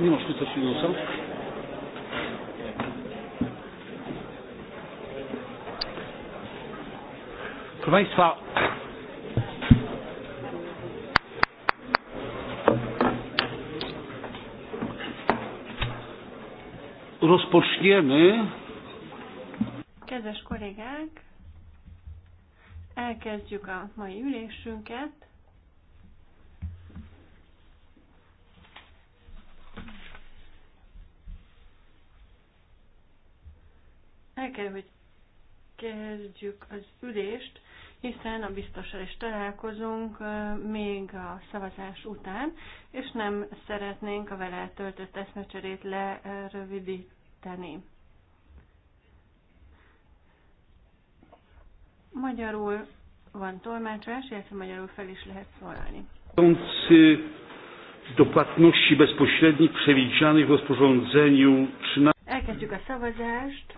Mi most Proszę Państwa, Kezdjemy. Kedves kollégák, elkezdjük a mai ülésünket. El kell, hogy kezdjük az ülést, hiszen a biztossal is találkozunk még a szavazás után, és nem szeretnénk a vele töltött eszmecserét lerövidíteni segíteni. Magyarul van tolmácsolás, illetve magyarul fel is lehet szólalni. Elkezdjük a szavazást.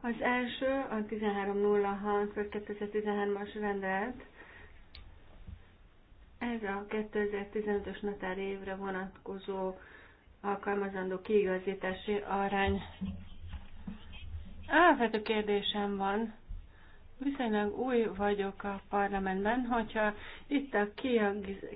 Az első a 1306 2013-as rendelt, Ez a 2015-ös natár évre vonatkozó alkalmazandó kiigazítási arány. Alapvető kérdésem van, viszonylag új vagyok a parlamentben, hogyha itt a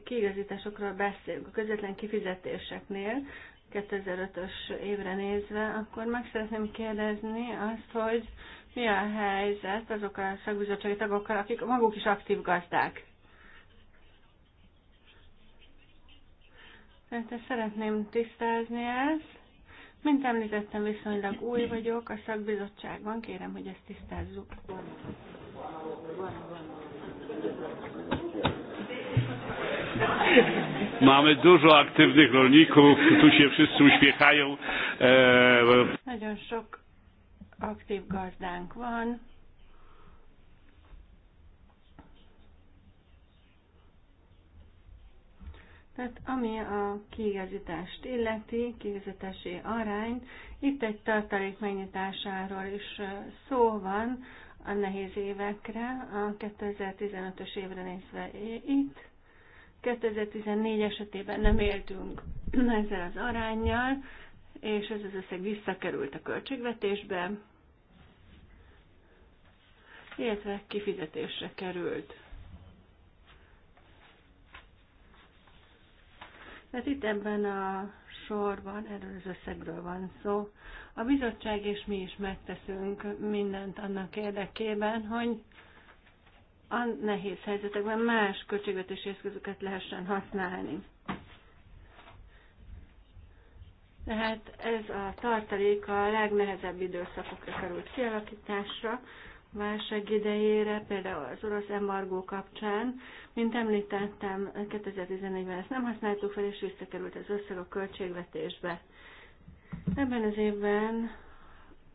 kiigazításokról beszélünk, a közvetlen kifizetéseknél, 2005-ös évre nézve, akkor meg szeretném kérdezni azt, hogy mi a helyzet azokkal a szakbizottsági tagokkal, akik maguk is aktív gazdák. Szerintem szeretném tisztázni ezt. Mint említettem, viszonylag új vagyok a szakbizottságban, kérem, hogy ezt tisztázzuk. Máme dużo aktywnych rolników, tu się wszyscy uśmiechają. E, Nagyon sok aktív gazdánk van, Tehát ami a kiigazítást illeti, kiigazítási arány, itt egy tartalék megnyitásáról is szó van a nehéz évekre, a 2015-ös évre nézve itt. 2014 esetében nem éltünk ezzel az arányjal, és ez az összeg visszakerült a költségvetésbe, illetve kifizetésre került. Tehát itt ebben a sorban erről az összegről van szó. A bizottság és mi is megteszünk mindent annak érdekében, hogy a nehéz helyzetekben más költségvetési eszközöket lehessen használni. Tehát ez a tartalék a legnehezebb időszakokra került kialakításra, válság idejére, például az orosz embargó kapcsán. Mint említettem, 2014-ben ezt nem használtuk fel, és visszakerült az összeg a költségvetésbe. Ebben az évben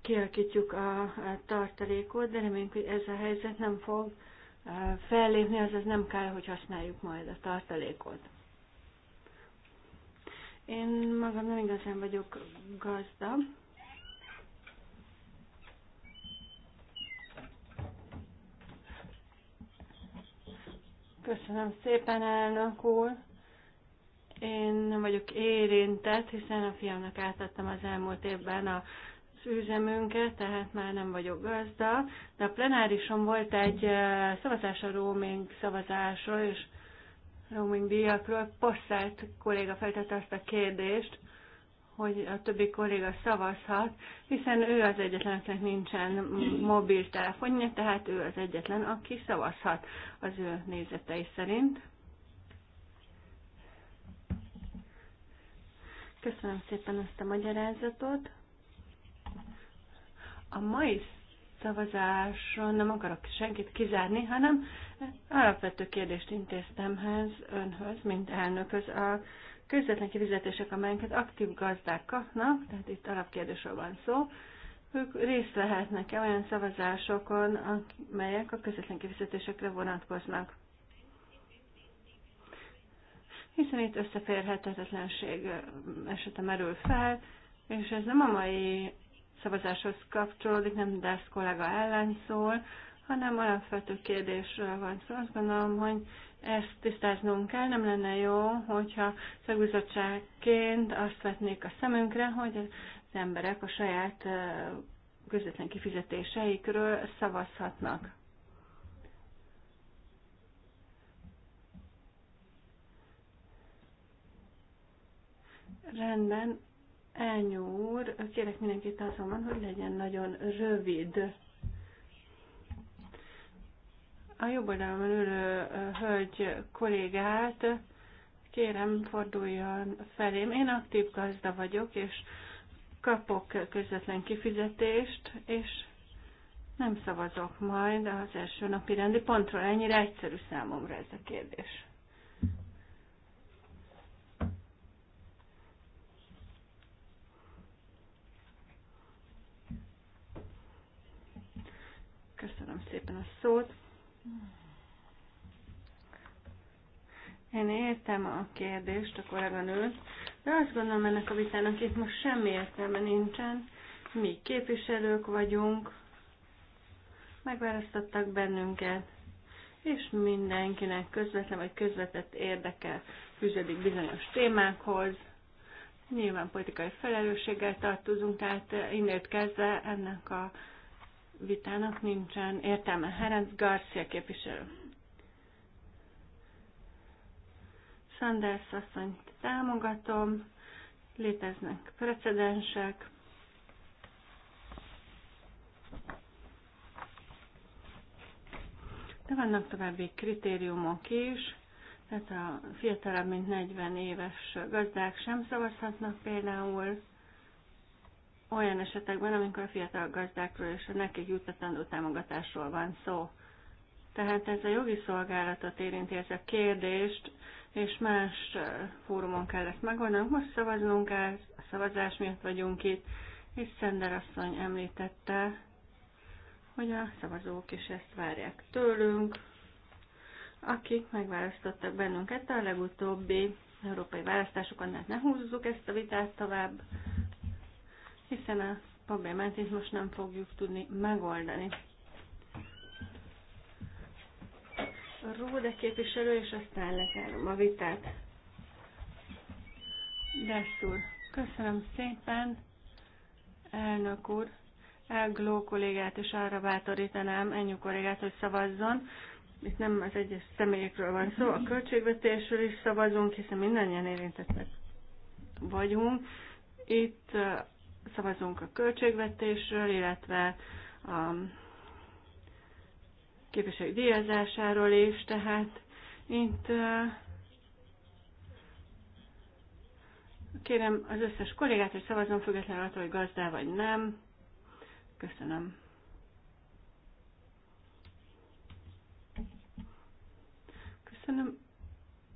kialakítjuk a tartalékot, de reméljük, hogy ez a helyzet nem fog fellépni, azaz nem kell, hogy használjuk majd a tartalékot. Én magam nem igazán vagyok gazda, Köszönöm szépen, elnök úr. Én nem vagyok érintett, hiszen a fiamnak átadtam az elmúlt évben a üzemünket, tehát már nem vagyok gazda, de a plenárison volt egy szavazás a roaming szavazásról, és roaming díjakról. Posszelt kolléga feltette azt a kérdést, hogy a többi kolléga szavazhat, hiszen ő az egyetlen, akinek nincsen mobiltelefonja, tehát ő az egyetlen, aki szavazhat az ő nézetei szerint. Köszönöm szépen ezt a magyarázatot. A mai szavazáson nem akarok senkit kizárni, hanem alapvető kérdést intéztem önhöz, mint elnökhöz. A közvetlen kifizetések, amelyeket aktív gazdák kapnak, tehát itt alapkérdésről van szó, ők részt vehetnek-e olyan szavazásokon, amelyek a közvetlen kifizetésekre vonatkoznak. Hiszen itt összeférhetetlenség esete merül fel, és ez nem a mai szavazáshoz kapcsolódik, nem Dász kollega ellen szól, hanem alapvető kérdésről van szó. Szóval azt gondolom, hogy ezt tisztáznunk kell, nem lenne jó, hogyha szakbizottságként azt vetnék a szemünkre, hogy az emberek a saját közvetlen kifizetéseikről szavazhatnak. Rendben, elnyúr, kérek mindenkit azonban, hogy legyen nagyon rövid a jobb oldalon ülő hölgy kollégát, kérem, forduljon felém. Én aktív gazda vagyok, és kapok közvetlen kifizetést, és nem szavazok majd az első napi rendi pontról. Ennyire egyszerű számomra ez a kérdés. Köszönöm szépen a szót. Én értem a kérdést a kolléganőt, de azt gondolom ennek a vitának itt most semmi értelme nincsen. Mi képviselők vagyunk, megválasztottak bennünket, és mindenkinek közvetlen vagy közvetett érdeke fűződik bizonyos témákhoz. Nyilván politikai felelősséggel tartozunk, tehát innét kezdve ennek a vitának nincsen értelme. Herenc Garcia képviselő. Sanders asszonyt támogatom, léteznek precedensek, de vannak további kritériumok is, tehát a fiatalabb, mint 40 éves gazdák sem szavazhatnak például, olyan esetekben, amikor a fiatal gazdákról és a nekik juttatandó támogatásról van szó. Tehát ez a jogi szolgálatot érinti ez a kérdést, és más fórumon ezt megoldanunk. Most szavaznunk kell, a szavazás miatt vagyunk itt, és Szender asszony említette, hogy a szavazók is ezt várják tőlünk, akik megválasztottak bennünket a legutóbbi európai választásokon, tehát ne húzzuk ezt a vitát tovább hiszen a problémát is most nem fogjuk tudni megoldani. Róde képviselő, és aztán lezárom a vitát. Dessur, köszönöm szépen, elnök úr. Elgló kollégát is arra bátorítanám, ennyi kollégát, hogy szavazzon. Itt nem az egyes személyekről van szó, a költségvetésről is szavazunk, hiszen mindannyian érintettek vagyunk. Itt szavazunk a költségvetésről, illetve a képviselők díjazásáról is, tehát mint kérem az összes kollégát, hogy szavazzon függetlenül attól, hogy gazdá vagy nem. Köszönöm. Köszönöm,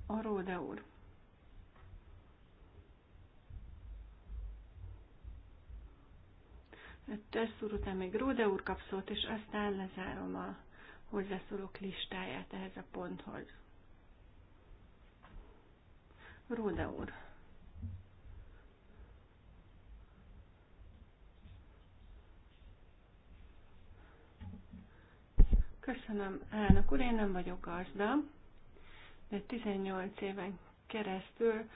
Aróde úr. Tesszúr után még Róde úr kap szót, és aztán lezárom a hozzászólók listáját ehhez a ponthoz. Róde úr. Köszönöm, elnök úr, én nem vagyok gazda, de 18 éven keresztül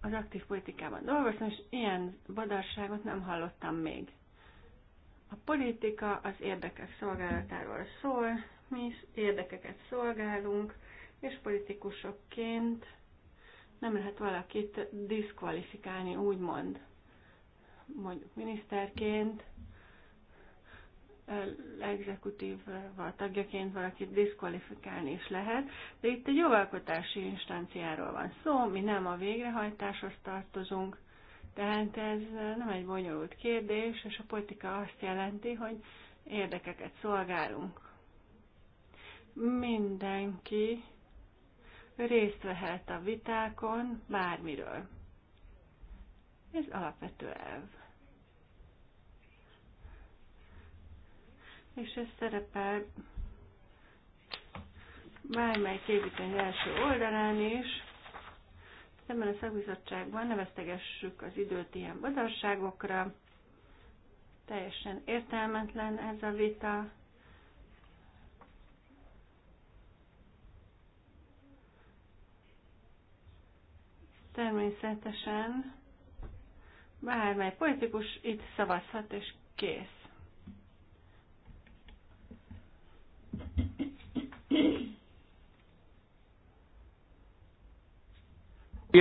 az aktív politikában dolgoztam, és ilyen badarságot nem hallottam még. A politika az érdekek szolgálatáról szól, mi is érdekeket szolgálunk, és politikusokként nem lehet valakit diszkvalifikálni, úgymond, mondjuk miniszterként, exekutív tagjaként valakit diszkvalifikálni is lehet, de itt egy jogalkotási instanciáról van szó, mi nem a végrehajtáshoz tartozunk, tehát ez nem egy bonyolult kérdés, és a politika azt jelenti, hogy érdekeket szolgálunk. Mindenki részt vehet a vitákon bármiről. Ez alapvető elv. és ez szerepel bármely kézikönyv első oldalán is. Szemben a szakbizottságban neveztegessük az időt ilyen badarságokra. Teljesen értelmetlen ez a vita. Természetesen bármely politikus itt szavazhat és kész.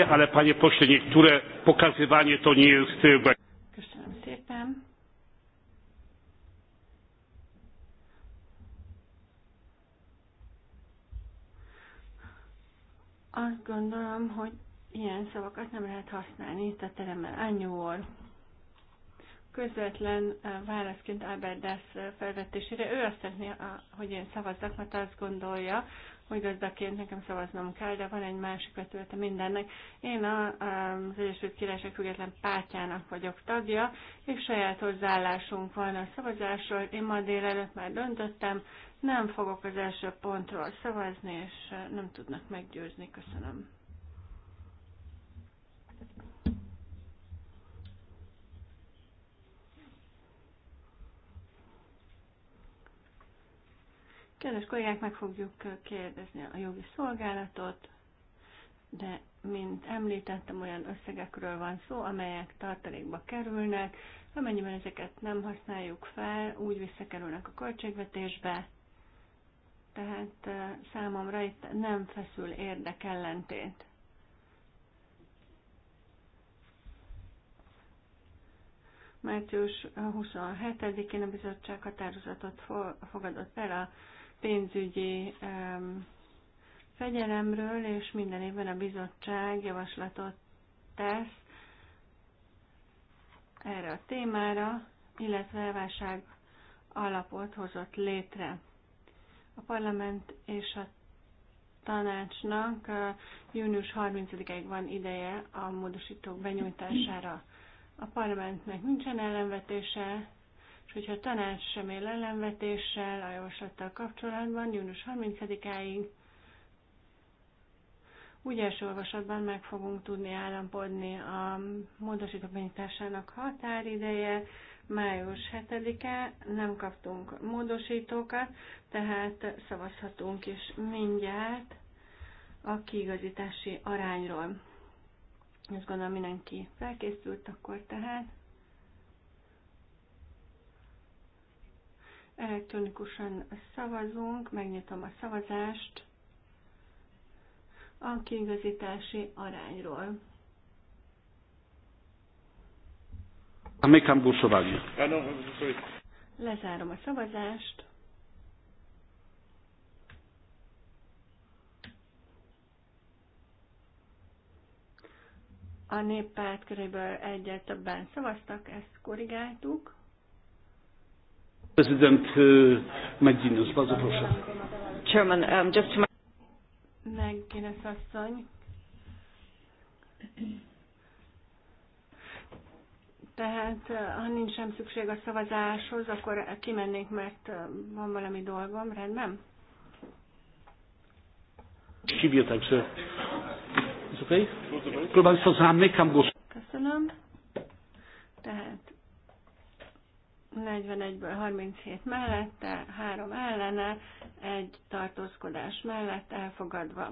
ale panie pośle, niektóre pokazywanie to nie jest... E, Köszönöm szépen. Azt gondolom, hogy ilyen szavakat nem lehet használni itt a teremben. Annyi volt közvetlen válaszként Albert Dász felvetésére. Ő azt szeretné, hogy én szavazzak, mert azt gondolja, hogy gazdaként nekem szavaznom kell, de van egy másik vetülete mindennek. Én az Egyesült Királyság független pártjának vagyok tagja, és saját hozzáállásunk van a szavazásról. Én ma délelőtt már döntöttem, nem fogok az első pontról szavazni, és nem tudnak meggyőzni. Köszönöm. Kedves kollégák, meg fogjuk kérdezni a jogi szolgálatot, de mint említettem, olyan összegekről van szó, amelyek tartalékba kerülnek, amennyiben ezeket nem használjuk fel, úgy visszakerülnek a költségvetésbe, tehát számomra itt nem feszül érdekellentét. Március 27-én a bizottság határozatot fogadott el a pénzügyi fegyelemről, és minden évben a bizottság javaslatot tesz erre a témára, illetve válság alapot hozott létre. A parlament és a tanácsnak június 30-ig van ideje a módosítók benyújtására. A parlamentnek nincsen ellenvetése, és hogyha a tanács sem él ellenvetéssel a javaslattal kapcsolatban, június 30-áig úgy első olvasatban meg fogunk tudni állapodni a módosítóbenyításának határideje, május 7-e, nem kaptunk módosítókat, tehát szavazhatunk is mindjárt a kiigazítási arányról. Ezt gondolom mindenki felkészült akkor tehát. Elektronikusan szavazunk, megnyitom a szavazást a kiigazítási arányról. Lezárom a szavazást. A néppárt körülbelül egyet többen szavaztak, ezt korrigáltuk. Prezydent e, McGuinness, bardzo proszę. Chairman, um, just to... Megkérdez asszony. Tehát, e, ha nincs sem szükség a szavazáshoz, akkor kimennék, mert e, van valami dolgom, rendben? Siwie także. Jest okej? Okay? Proszę Państwa, zamykam głos. Köszönöm. Tehát 41-ből 37 mellette, 3 ellene, egy tartózkodás mellett elfogadva.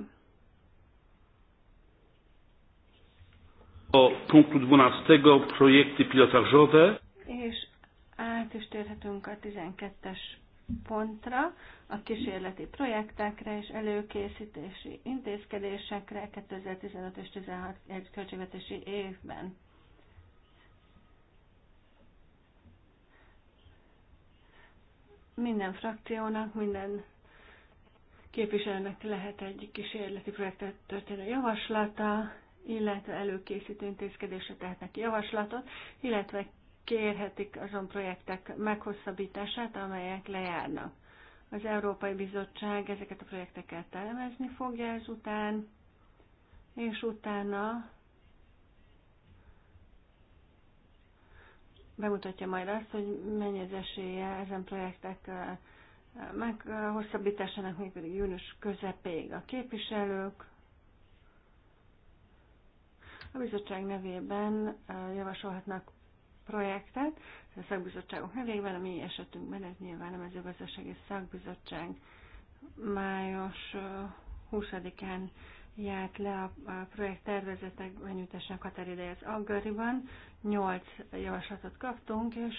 A punktu 12 projekty pilotázsóve. És át is térhetünk a 12-es pontra, a kísérleti projektekre és előkészítési intézkedésekre 2015 és 2016 költségvetési évben. minden frakciónak, minden képviselőnek lehet egy kísérleti projektet történő javaslata, illetve előkészítő intézkedésre tehetnek javaslatot, illetve kérhetik azon projektek meghosszabbítását, amelyek lejárnak. Az Európai Bizottság ezeket a projekteket elemezni fogja ezután, és utána bemutatja majd azt, hogy mennyi az esélye ezen projektek meghosszabbításának, pedig június közepéig a képviselők. A bizottság nevében javasolhatnak projektet, a szakbizottságok nevében, a mi esetünkben ez nyilván a mezőgazdasági szakbizottság május 20-án járt le a, a projekt tervezetek benyújtásának határideje az Aggariban. Nyolc javaslatot kaptunk, és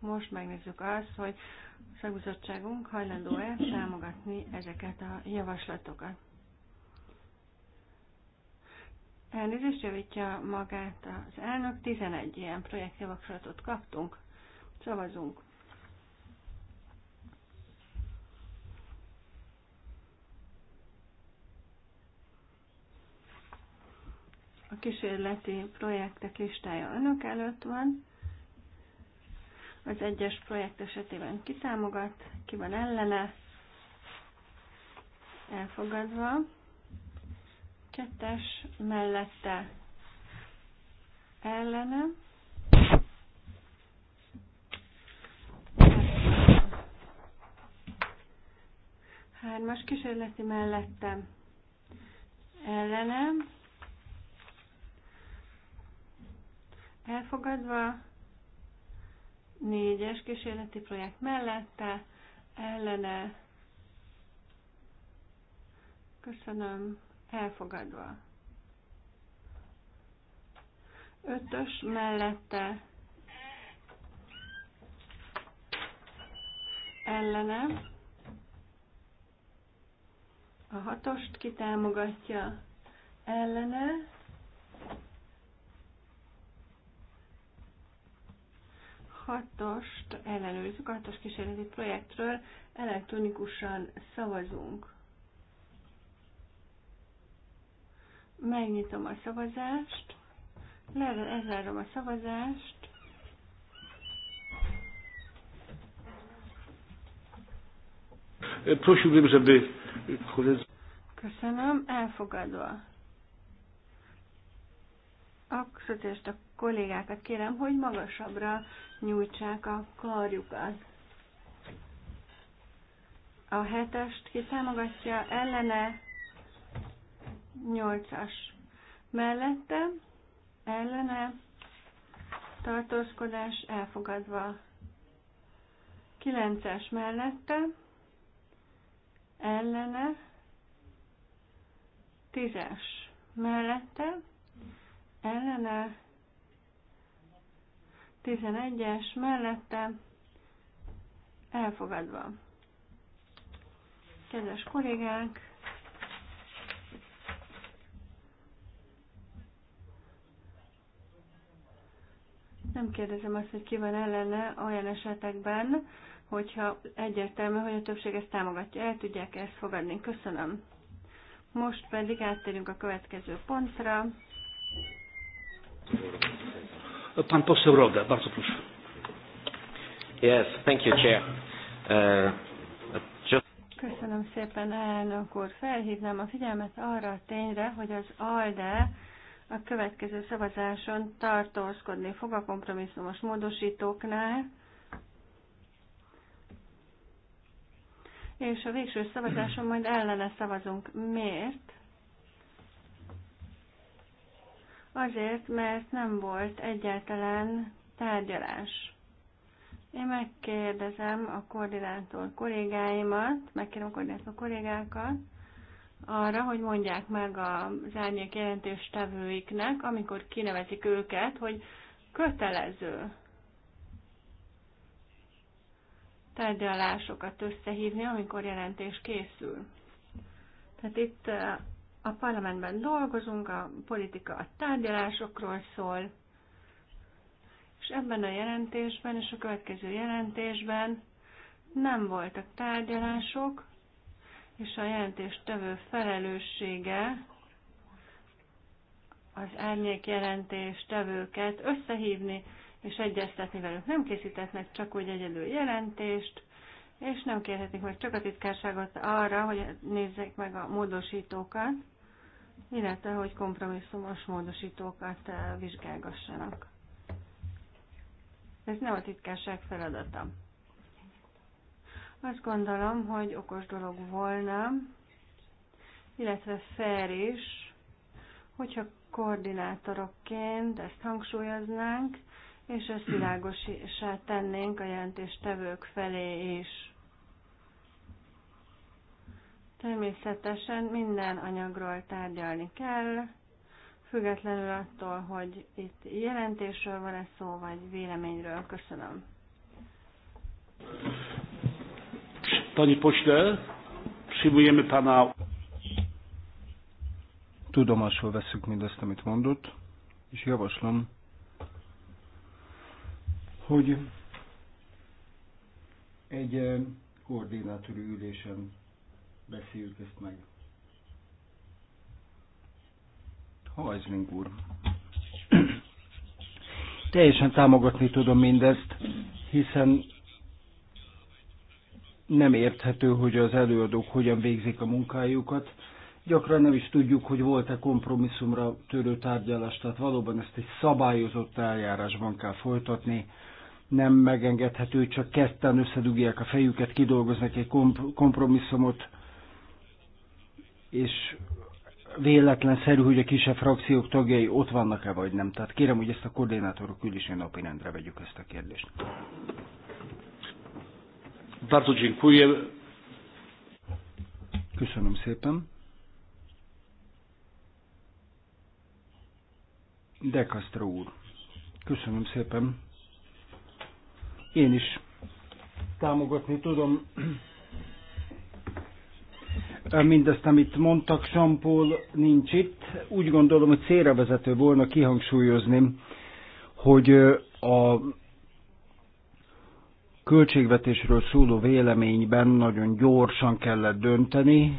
most megnézzük azt, hogy a szakbizottságunk hajlandó-e támogatni ezeket a javaslatokat. Elnézést javítja magát az elnök, 11 ilyen projektjavaslatot kaptunk, szavazunk. A kísérleti projektek listája önök előtt van. Az egyes projekt esetében kitámogat, ki van ellene, elfogadva. Kettes mellette ellene. Hármas kísérleti mellettem ellenem. elfogadva, négyes kísérleti projekt mellette, ellene, köszönöm, elfogadva. Ötös mellette, ellene, a hatost kitámogatja, ellene, hatost ellenőrizzük, a hatos kísérleti projektről elektronikusan szavazunk. Megnyitom a szavazást, lezárom a szavazást, Köszönöm, elfogadva. A kollégákat kérem, hogy magasabbra nyújtsák a karjukat. A hetest ki támogatja ellene, nyolcas mellette, ellene, tartózkodás elfogadva. Kilences mellette, ellene, tízes mellette, ellene, 11-es mellette elfogadva. Kedves kollégák, nem kérdezem azt, hogy ki van ellene olyan esetekben, hogyha egyértelmű, hogy a többség ezt támogatja, el tudják ezt fogadni. Köszönöm. Most pedig áttérünk a következő pontra. Thank you. Pan poseł Roga, bardzo proszę. Yes, thank you, Chair. Uh, Köszönöm szépen, elnök úr. Felhívnám a figyelmet arra a tényre, hogy az ALDE a következő szavazáson tartózkodni fog a kompromisszumos módosítóknál, és a végső szavazáson majd ellene szavazunk. Miért? Azért, mert nem volt egyáltalán tárgyalás. Én megkérdezem a koordinátor kollégáimat, megkérem a koordinátor kollégákat, arra, hogy mondják meg az árnyék jelentős tevőiknek, amikor kinevezik őket, hogy kötelező tárgyalásokat összehívni, amikor jelentés készül. Tehát itt a parlamentben dolgozunk, a politika a tárgyalásokról szól, és ebben a jelentésben és a következő jelentésben nem voltak tárgyalások, és a jelentés tevő felelőssége az árnyék jelentés tevőket összehívni és egyeztetni velük. Nem készítetnek csak úgy egyedül jelentést, és nem kérhetik meg csak a titkárságot arra, hogy nézzék meg a módosítókat illetve hogy kompromisszumos módosítókat eh, vizsgálgassanak. Ez nem a titkárság feladata. Azt gondolom, hogy okos dolog volna, illetve fair is, hogyha koordinátorokként ezt hangsúlyoznánk, és ezt világosá tennénk a jelentéstevők felé is. Természetesen minden anyagról tárgyalni kell, függetlenül attól, hogy itt jelentésről van-e szó, vagy véleményről. Köszönöm. Pani pośle, przyjmujemy pana. Tudomásul veszük mindezt, amit mondott, és javaslom, hogy egy eh, koordinátori ülésen beszéljük ezt meg. Hajzling úr. Teljesen támogatni tudom mindezt, hiszen nem érthető, hogy az előadók hogyan végzik a munkájukat. Gyakran nem is tudjuk, hogy volt-e kompromisszumra törő tárgyalás, tehát valóban ezt egy szabályozott eljárásban kell folytatni. Nem megengedhető, csak ketten összedugják a fejüket, kidolgoznak egy kompromisszumot, és véletlenszerű, hogy a kisebb frakciók tagjai ott vannak-e vagy nem. Tehát kérem, hogy ezt a koordinátorok ülésén napirendre vegyük ezt a kérdést. Bardzo dziękuję. Köszönöm szépen. De Castro úr, köszönöm szépen. Én is támogatni tudom mindezt, amit mondtak, Sampol nincs itt. Úgy gondolom, hogy célra vezető volna kihangsúlyozni, hogy a költségvetésről szóló véleményben nagyon gyorsan kellett dönteni,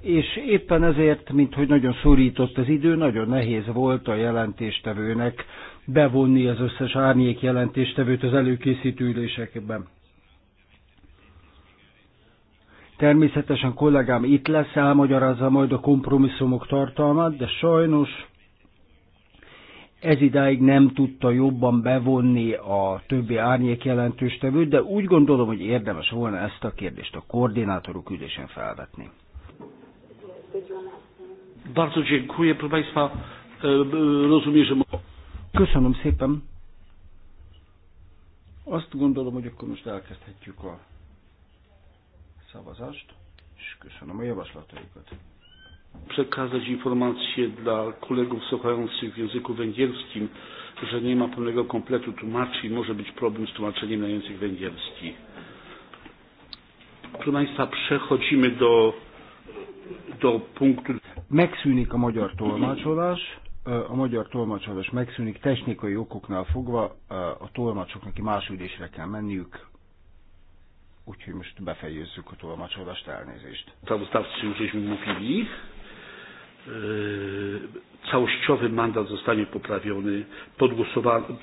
és éppen ezért, mint hogy nagyon szorított az idő, nagyon nehéz volt a jelentéstevőnek bevonni az összes árnyék jelentéstevőt az előkészítő ülésekben. Természetesen kollégám itt lesz, elmagyarázza majd a kompromisszumok tartalmát, de sajnos ez idáig nem tudta jobban bevonni a többi árnyék jelentőstevőt, de úgy gondolom, hogy érdemes volna ezt a kérdést a koordinátorok ülésen felvetni. E, e, Köszönöm szépen. Azt gondolom, hogy akkor most elkezdhetjük a szavazást, és köszönöm a javaslataikat. Przekazać informację dla kolegów słuchających w języku węgierskim, że nie ma pełnego kompletu tłumaczy i może być problem z tłumaczeniem na język węgierski. Proszę Państwa, przechodzimy do, do punktu. Megszűnik a magyar tolmácsolás a magyar tolmácsolás megszűnik technikai okoknál fogva, a tolmácsoknak más ülésre kell menniük, Úgyhogy most befejezzük a tolmácsolást, elnézést. Sprawozdawcy żeśmy mówili. E, całościowy mandat zostanie poprawiony,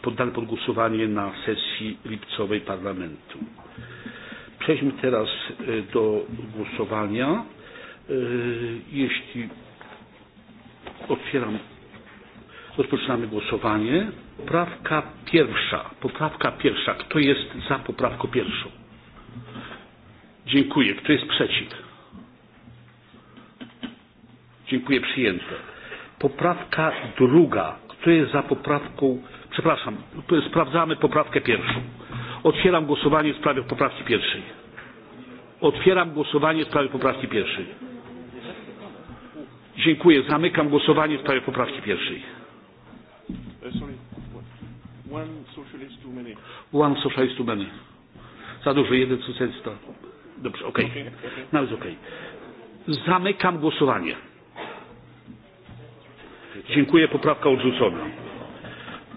poddany pod głosowanie na sesji lipcowej parlamentu. Przejdźmy teraz e, do głosowania. E, jeśli otwieram, rozpoczynamy głosowanie. Poprawka pierwsza. Poprawka pierwsza. Kto jest za poprawką pierwszą? Dziękuję. Kto jest przeciw? Dziękuję, przyjęte. Poprawka druga. Kto jest za poprawką? Przepraszam, sprawdzamy poprawkę pierwszą. Otwieram głosowanie w sprawie poprawki pierwszej. Otwieram głosowanie w sprawie poprawki pierwszej. Dziękuję. Zamykam głosowanie w sprawie poprawki pierwszej. Uh, One socialist too many. One socialist too many. Za dużo, jeden socjalista. Dobrze, okej. Okay. No jest okej. Okay. Zamykam głosowanie. Dziękuję, poprawka odrzucona.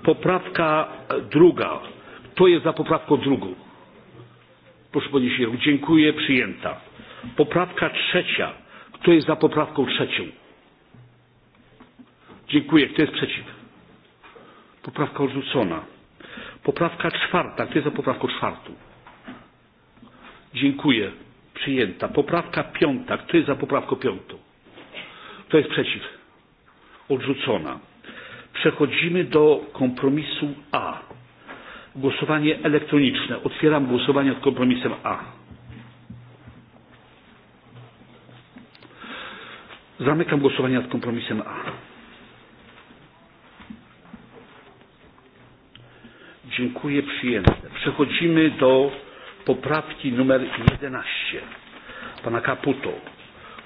Poprawka druga. Kto jest za poprawką drugą? Proszę podnieść rękę. Dziękuję, przyjęta. Poprawka trzecia. Kto jest za poprawką trzecią? Dziękuję. Kto jest przeciw? Poprawka odrzucona. Poprawka czwarta. Kto jest za poprawką czwartą? Dziękuję. Przyjęta. Poprawka piąta. Kto jest za poprawką piątą? Kto jest przeciw? Odrzucona. Przechodzimy do kompromisu A. Głosowanie elektroniczne. Otwieram głosowanie nad kompromisem A. Zamykam głosowanie nad kompromisem A. Dziękuję, przyjęte. Przechodzimy do poprawki numer 11 pana Kaputo.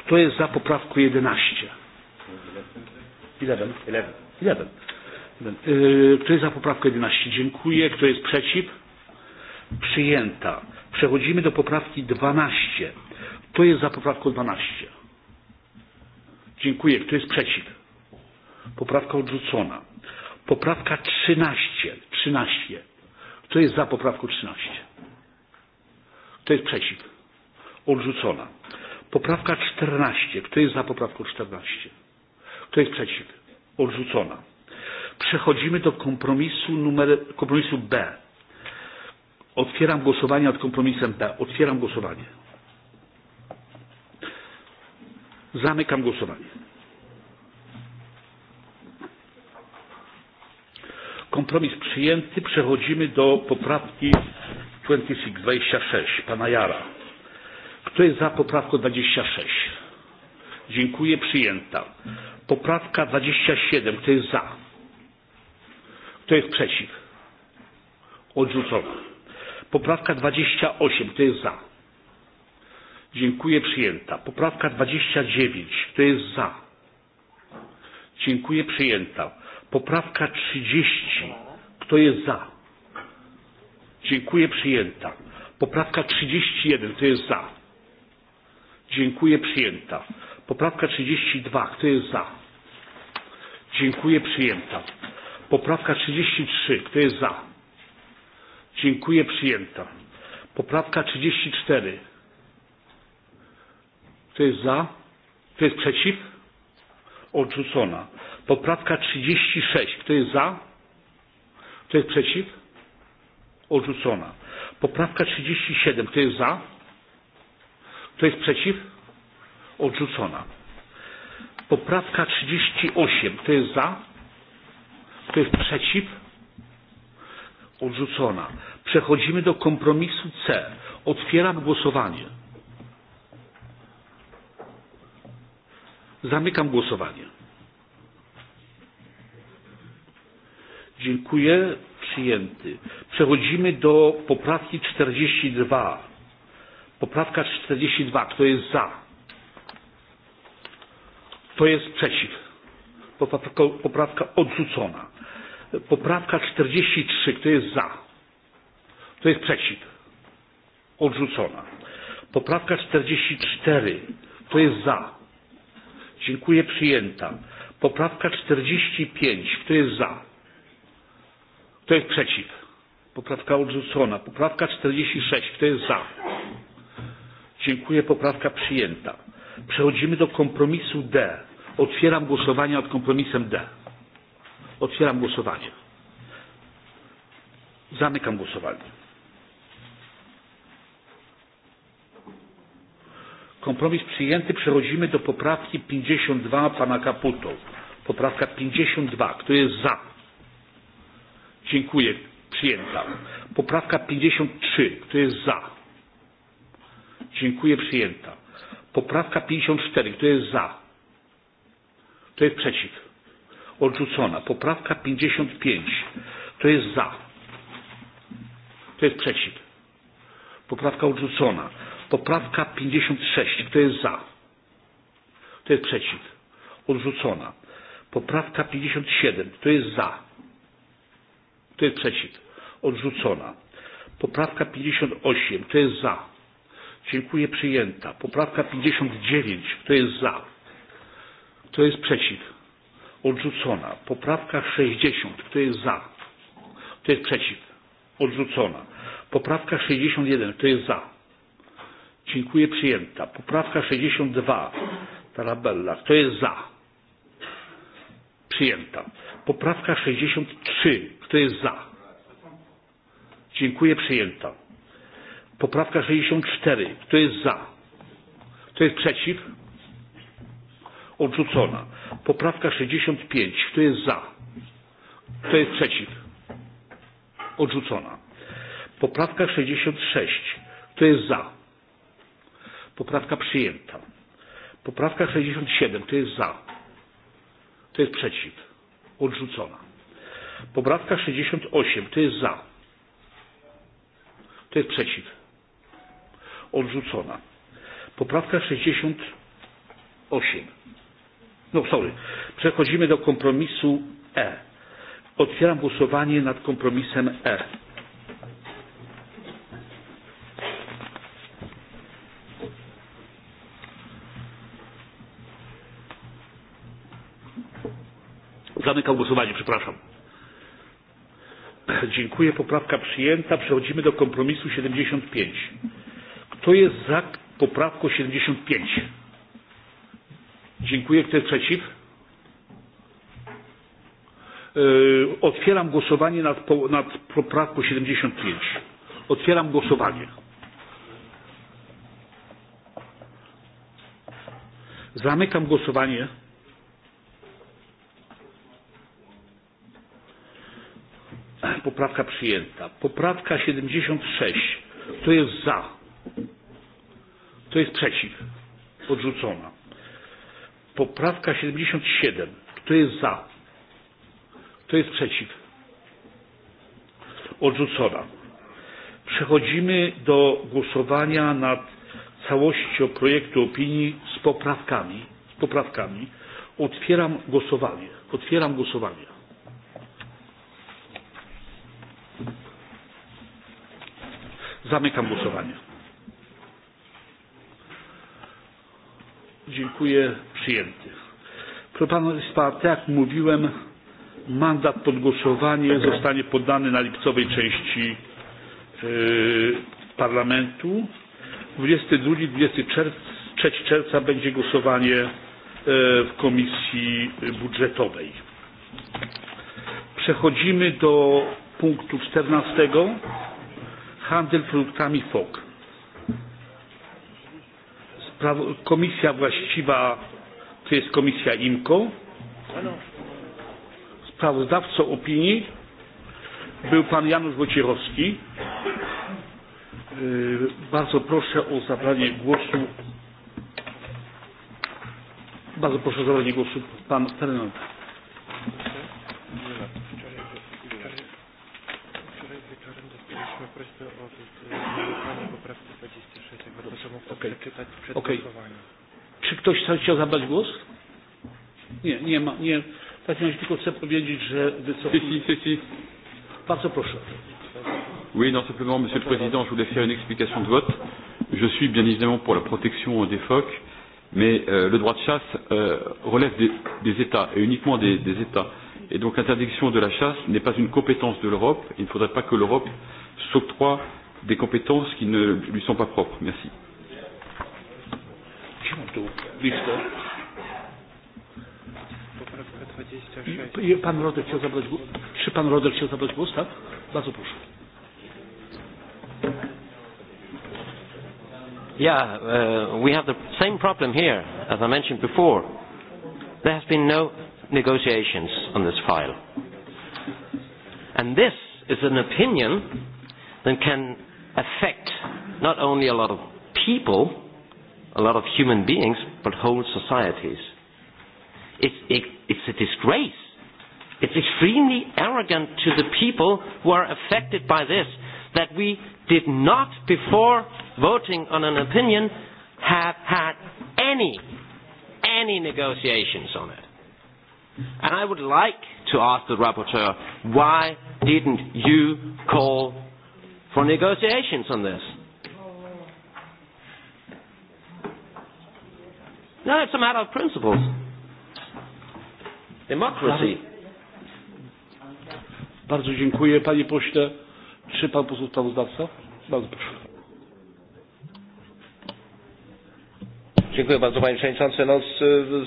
Kto jest za poprawką 11? 11. 11. 11. Kto jest za poprawką 11? Dziękuję. Kto jest przeciw? Przyjęta. Przechodzimy do poprawki 12. Kto jest za poprawką 12? Dziękuję. Kto jest przeciw? Poprawka odrzucona. Poprawka 13. 13. Kto jest za poprawką 13? Kto jest przeciw? Odrzucona. Poprawka 14. Kto jest za poprawką 14? Kto jest przeciw? Odrzucona. Przechodzimy do kompromisu, numer, kompromisu B. Otwieram głosowanie nad kompromisem B. Otwieram głosowanie. Zamykam głosowanie. Kompromis przyjęty. Przechodzimy do poprawki 26, pana Jara. Kto jest za poprawką 26? Dziękuję, przyjęta. Poprawka 27. Kto jest za? Kto jest przeciw? Odrzucona. Poprawka 28. Kto jest za? Dziękuję, przyjęta. Poprawka 29. Kto jest za? Dziękuję, przyjęta. Poprawka 30. Kto jest za? Dziękuję, przyjęta. Poprawka 31, kto jest za? Dziękuję, przyjęta. Poprawka 32, kto jest za? Dziękuję, przyjęta. Poprawka 33, kto jest za? Dziękuję, przyjęta. Poprawka 34. Kto jest za? Kto jest przeciw? Odrzucona. Poprawka 36. Kto jest za? Kto jest przeciw? Odrzucona. Poprawka 37. Kto jest za? Kto jest przeciw? Odrzucona. Poprawka 38. Kto jest za? Kto jest przeciw? Odrzucona. Przechodzimy do kompromisu C. Otwieram głosowanie. Zamykam głosowanie. Dziękuję przyjęty. Przechodzimy do poprawki 42. Poprawka 42. Kto jest za? Kto jest przeciw? Poprawka, poprawka odrzucona. Poprawka 43. Kto jest za? Kto jest przeciw? Odrzucona. Poprawka 44. Kto jest za? Dziękuję, przyjęta. Poprawka 45. Kto jest za? Kto jest przeciw? Poprawka odrzucona. Poprawka 46. Kto jest za? Dziękuję. Poprawka przyjęta. Przechodzimy do kompromisu D. Otwieram głosowanie nad kompromisem D. Otwieram głosowanie. Zamykam głosowanie. Kompromis przyjęty. Przechodzimy do poprawki 52 pana Kaputo. Poprawka 52. Kto jest za? Dziękuję. Przyjęta. Poprawka 53. Kto jest za? Dziękuję. Przyjęta. Poprawka 54. Kto jest za? Kto jest przeciw? Odrzucona. Poprawka 55. Kto jest za? Kto jest przeciw? Poprawka odrzucona. Poprawka 56. Kto jest za? Kto jest przeciw? Odrzucona. Poprawka 57. Kto jest za? To jest przeciw? Odrzucona. Poprawka 58. To jest za? Dziękuję. Przyjęta. Poprawka 59. To jest za? Kto jest przeciw? Odrzucona. Poprawka 60. Kto jest za? Kto jest przeciw? Odrzucona. Poprawka 61. Kto jest za? Dziękuję. Przyjęta. Poprawka 62. Tarabella. Kto jest za? Przyjęta. Poprawka 63. Kto jest za? Dziękuję. Przyjęta. Poprawka 64. Kto jest za? Kto jest przeciw? Odrzucona. Poprawka 65. Kto jest za? Kto jest przeciw? Odrzucona. Poprawka 66. Kto jest za? Poprawka przyjęta. Poprawka 67. Kto jest za? Kto jest przeciw? Odrzucona. Poprawka 68. Kto jest za? Kto jest przeciw? Odrzucona. Poprawka 68. No sorry. Przechodzimy do kompromisu E. Otwieram głosowanie nad kompromisem E. Zamykam głosowanie, przepraszam. Dziękuję. Poprawka przyjęta. Przechodzimy do kompromisu 75. Kto jest za poprawką 75? Dziękuję. Kto jest przeciw? otwieram głosowanie nad, nad poprawką 75. Otwieram głosowanie. Zamykam głosowanie. poprawka przyjęta. Poprawka 76. Kto jest za? Kto jest przeciw? Odrzucona. Poprawka 77. Kto jest za? Kto jest przeciw? Odrzucona. Przechodzimy do głosowania nad całością projektu opinii z poprawkami. Z poprawkami. Otwieram głosowanie. Otwieram głosowanie. Zamykam głosowanie. Dziękuję. Przyjęty. Proszę Państwa, tak jak mówiłem, mandat pod głosowanie zostanie poddany na lipcowej części yy, parlamentu. 22-23 czerwca, czerwca będzie głosowanie w komisji budżetowej. Przechodzimy do punktu 14 handel produktami FOG. Spraw- komisja właściwa to jest komisja IMCO. Sprawozdawcą opinii był pan Janusz Wojciechowski. Bardzo proszę o zabranie głosu. Bardzo proszę o zabranie głosu pan Fernandez. попросите вот пані поправки 26, 206, якби дуже okay. прочитати przed okay. głosowaniem. Czy ktoś chciał zabrać głos? Nie, nie ma. Nie. W takim razie tylko chcę powiedzieć, że wycofuję. Bardzo proszę. Oui, non, simplement, Monsieur le Président, je voulais faire une explication de vote. Je suis bien évidemment pour la protection des phoques, mais euh, le droit de chasse euh, relève des, des États, et uniquement des, des États. Euh, Et donc l'interdiction de la chasse n'est pas une compétence de l'Europe. Il ne faudrait pas que l'Europe s'octroie des compétences qui ne lui sont pas propres. Merci. Pan Rodek chciał zabrać głos. Czy pan Rodek chciał zabrać głos, tak? Bardzo proszę. Yeah, uh, we have the same problem here, as I mentioned before. There has been no negotiations on this file. And this is an opinion that can affect not only a lot of people, a lot of human beings, but whole societies. It's, it, it's a disgrace. It's extremely arrogant to the people who are affected by this that we did not, before voting on an opinion, have had any, any negotiations on it. And I would like to ask the rapporteur, why didn't you call for negotiations on this? No, it's a matter of principles. Democracy. Bardzo dziękuję, panie pośle. Czy pan poseł sprawozdawca? Bardzo proszę. Dziękuję bardzo, panie przewodniczący. No, z,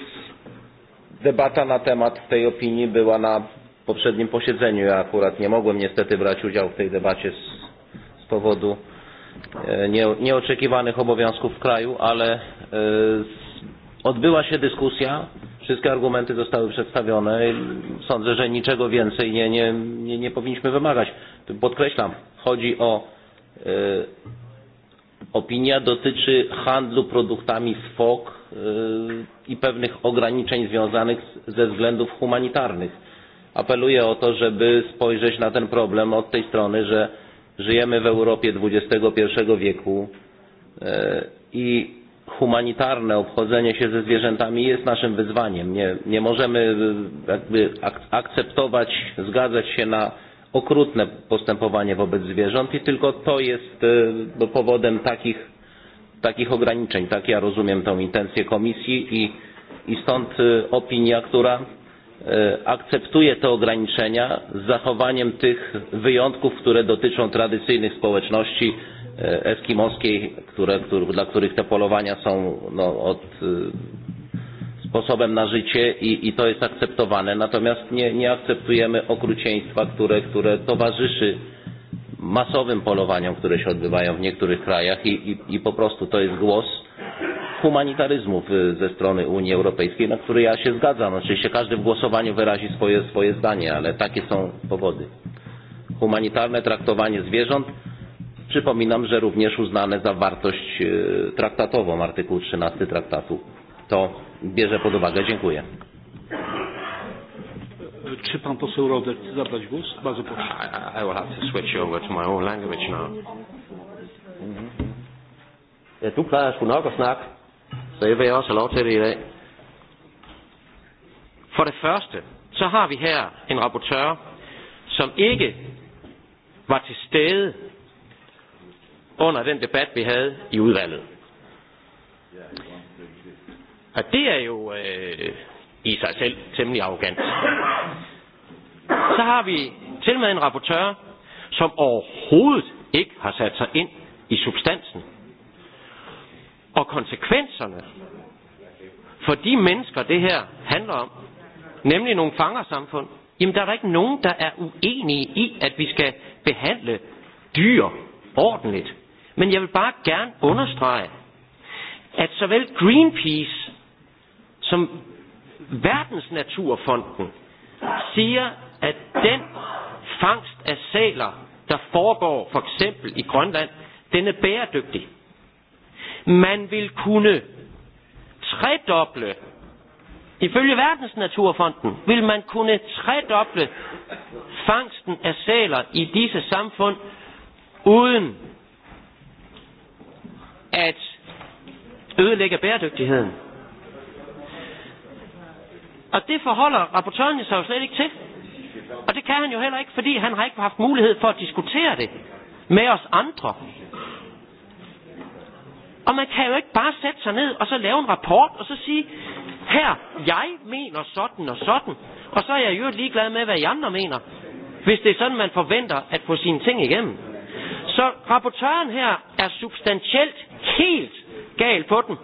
z Debata na temat tej opinii była na poprzednim posiedzeniu. Ja akurat nie mogłem niestety brać udziału w tej debacie z, z powodu e, nie, nieoczekiwanych obowiązków w kraju, ale e, odbyła się dyskusja, wszystkie argumenty zostały przedstawione. Sądzę, że niczego więcej nie, nie, nie, nie powinniśmy wymagać. Podkreślam, chodzi o e, opinia dotyczy handlu produktami z FOK i pewnych ograniczeń związanych ze względów humanitarnych. Apeluję o to, żeby spojrzeć na ten problem od tej strony, że żyjemy w Europie XXI wieku e, i humanitarne obchodzenie się ze zwierzętami jest naszym wyzwaniem. Nie, nie możemy e, jakby akceptować, zgadzać się na okrutne postępowanie wobec zwierząt i tylko to jest e, powodem takich takich ograniczeń. Tak ja rozumiem tą intencję komisji i, i stąd opinia, która akceptuje te ograniczenia z zachowaniem tych wyjątków, które dotyczą tradycyjnych społeczności eskimowskiej, które, które, dla których te polowania są no, od, sposobem na życie i, i to jest akceptowane. Natomiast nie, nie akceptujemy okrucieństwa, które, które towarzyszy masowym polowaniom, które się odbywają w niektórych krajach i, i, i po prostu to jest głos humanitaryzmu ze strony Unii Europejskiej, na który ja się zgadzam. Oczywiście każdy w głosowaniu wyrazi swoje, swoje zdanie, ale takie są powody. Humanitarne traktowanie zwierząt. Przypominam, że również uznane za wartość e, traktatową artykuł 13 traktatu. To bierze pod uwagę. Dziękuję. Czy pan poseł Robert chce zabrać głos? Bardzo proszę. I, I will have to switch over to my own language now. Ja, du plejer sgu nok at snakke, så jeg vil også have lov til det i dag. For det første, så har vi her en rapportør, som ikke var til stede under den debat, vi havde i udvalget. Og det er jo øh, i sig selv temmelig arrogant. Så har vi til med en rapportør, som overhovedet ikke har sat sig ind i substansen og konsekvenserne for de mennesker, det her handler om, nemlig nogle fangersamfund, jamen der er der ikke nogen, der er uenige i, at vi skal behandle dyr ordentligt. Men jeg vil bare gerne understrege, at såvel Greenpeace som Verdensnaturfonden siger, at den fangst af saler, der foregår for eksempel i Grønland, den er bæredygtig. Man vil kunne tredoble, ifølge Verdensnaturfonden, vil man kunne tredoble fangsten af saler i disse samfund, uden at ødelægge bæredygtigheden. Og det forholder rapportøren sig jo slet ikke til. Og det kan han jo heller ikke, fordi han har ikke haft mulighed for at diskutere det med os andre. Og man kan jo ikke bare sætte sig ned og så lave en rapport og så sige, her, jeg mener sådan og sådan, og så er jeg jo øvrigt ligeglad med, hvad I andre mener, hvis det er sådan, man forventer at få sine ting igennem. Så rapportøren her er substantielt helt gal på den.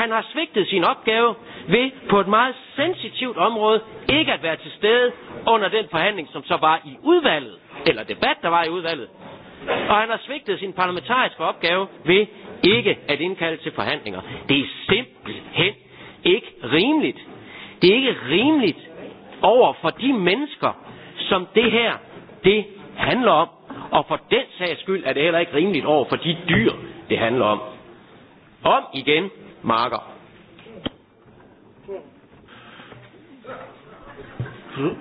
Han har svigtet sin opgave ved på et meget sensitivt område ikke at være til stede under den forhandling, som så var i udvalget, eller debat, der var i udvalget. Og han har svigtet sin parlamentariske opgave ved ikke at indkalde til forhandlinger. Det er simpelthen ikke rimeligt. Det er ikke rimeligt over for de mennesker, som det her det handler om. Og for den sags skyld er det heller ikke rimeligt over for de dyr, det handler om. Om igen marker.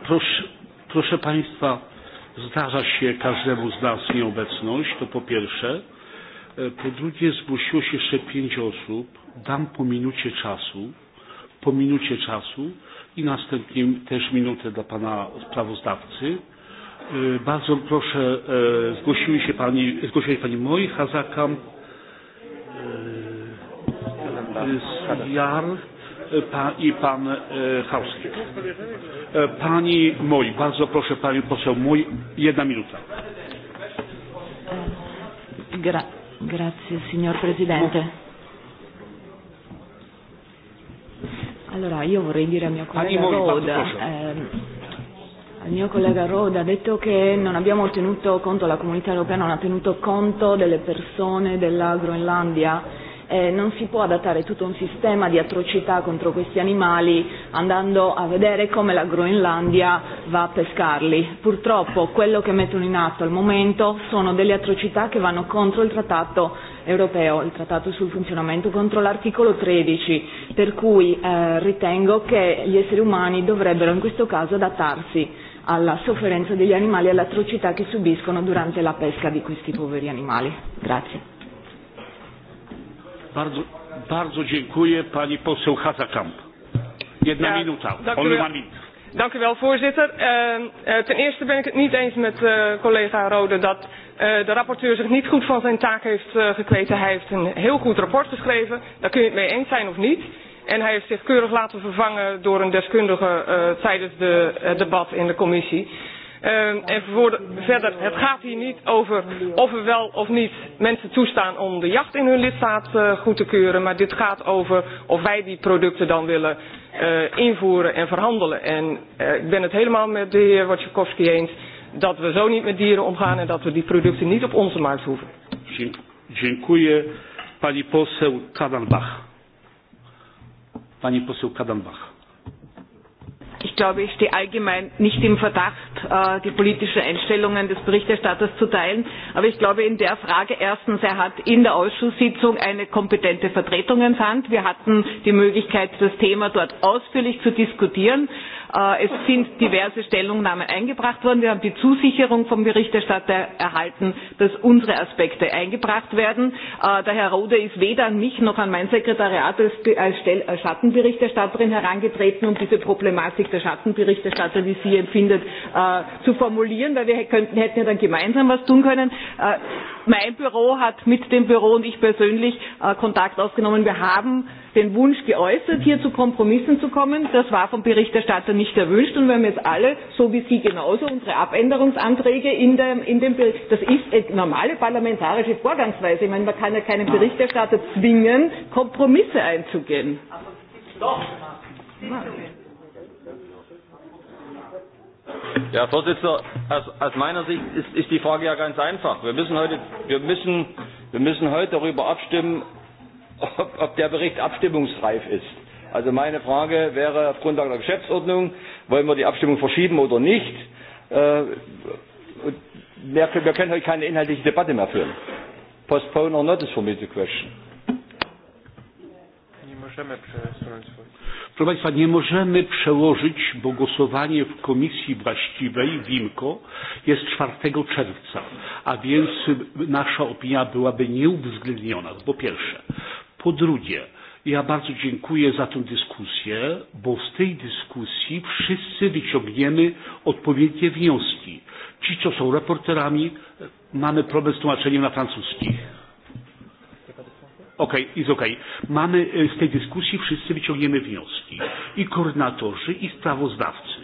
Proszę, proszę Państwa, zdarza się każdemu z nas nieobecność, to po pierwsze. E, po drugie, zgłosiło się jeszcze pięć osób. Dam po minucie czasu, po minucie czasu i następnie też minutę dla Pana sprawozdawcy. E, bardzo proszę, e, zgłosiły się Pani, zgłosiła się Pani Moi, Hazakam, Jar e, pan, i pan e, Hauski. E, pani Moi, bardzo proszę pani poseł Moi, jedna minuta. Gra grazie signor Presidente. Allora io vorrei dire al mio collega Roda, eh, al mio collega Roda ha detto che non abbiamo tenuto conto, la comunità europea non ha tenuto conto delle persone della Groenlandia eh, non si può adattare tutto un sistema di atrocità contro questi animali andando a vedere come la Groenlandia va a pescarli. Purtroppo quello che mettono in atto al momento sono delle atrocità che vanno contro il trattato europeo, il trattato sul funzionamento, contro l'articolo 13, per cui eh, ritengo che gli esseri umani dovrebbero in questo caso adattarsi alla sofferenza degli animali e all'atrocità che subiscono durante la pesca di questi poveri animali. Grazie. Bardzo, bardzo dziękuję pani poseł Hazakamp. Jedna ja, minuta. Ona ma minut. Dank u wel, voorzitter. Uh, uh, ten eerste ben ik het niet eens met uh, collega Rode dat uh, de rapporteur zich niet goed van zijn taak heeft uh, gekweten. Hij heeft een heel goed rapport geschreven, daar kun je het mee eens zijn of niet. En hij heeft zich keurig laten vervangen door een deskundige uh, tijdens het de, uh, debat in de commissie. Uh, ehm, en voor verder, het gaat hier niet over of we wel of niet mensen toestaan om de jacht in hun lidstaat uh, goed te keuren. Maar dit gaat over of wij die producten dan willen uh, invoeren en verhandelen. En uh, ik ben het helemaal met de heer Wojciechowski eens dat we zo niet met dieren omgaan en dat we die producten niet op onze markt hoeven. Dziękuję. Pani poseł Kadanbach. Pani poseł Kadanbach. Ich glaube ich, die allgemein nicht im Verdacht, äh, die politischen Einstellungen des Berichterstatters zu teilen. Aber ich glaube in der Frage erstens, er hat in der Ausschusssitzung eine kompetente Vertretung entsandt. Wir hatten die Möglichkeit, das Thema dort ausführlich zu diskutieren. Äh, es sind diverse Stellungnahmen eingebracht worden. Wir haben die Zusicherung vom Berichterstatter erhalten, dass unsere Aspekte eingebracht werden. Äh, der Herr Rode ist weder an mich noch an mein Sekretariat als Schattenberichterstatterin herangetreten, um diese Problematik der Schattenberichterstatter, wie sie empfindet, äh, zu formulieren, weil wir könnten, hätten ja dann gemeinsam was tun können. Äh, mein Büro hat mit dem Büro und ich persönlich äh, Kontakt aufgenommen. Wir haben den Wunsch geäußert, hier zu Kompromissen zu kommen. Das war vom Berichterstatter nicht erwünscht und wir haben jetzt alle, so wie Sie genauso, unsere Abänderungsanträge in dem, in dem Bericht. Das ist eine normale parlamentarische Vorgangsweise. Ich meine, man kann ja keinen Berichterstatter zwingen, Kompromisse einzugehen. Aber es gibt doch Sitzungen. Ja, Herr Vorsitzender, aus, aus meiner Sicht ist, ist die Frage ja ganz einfach. Wir müssen heute, wir müssen, wir müssen heute darüber abstimmen, ob, ob der Bericht abstimmungsreif ist. Also meine Frage wäre auf Grundlage der Geschäftsordnung, wollen wir die Abstimmung verschieben oder nicht? Äh, wir, wir können heute keine inhaltliche Debatte mehr führen. Postpone or not is for me the question. Nie możemy przesunąć swój. Proszę Państwa, nie możemy przełożyć, bo głosowanie w komisji właściwej, w IMCO, jest 4 czerwca, a więc nasza opinia byłaby nieuwzględniona, po pierwsze. Po drugie, ja bardzo dziękuję za tę dyskusję, bo z tej dyskusji wszyscy wyciągniemy odpowiednie wnioski. Ci, co są reporterami, mamy problem z tłumaczeniem na francuskich Okej, okay, jest okej. Okay. Mamy e, z tej dyskusji wszyscy wyciągniemy wnioski. I koordynatorzy, i sprawozdawcy.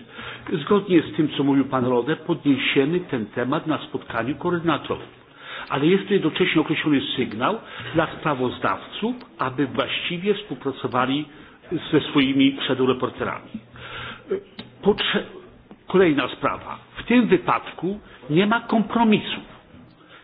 Zgodnie z tym, co mówił pan Rodę, podniesiemy ten temat na spotkaniu koordynatorów. Ale jest to jednocześnie określony sygnał dla sprawozdawców, aby właściwie współpracowali ze swoimi przedureporterami. E, kolejna sprawa. W tym wypadku nie ma kompromisów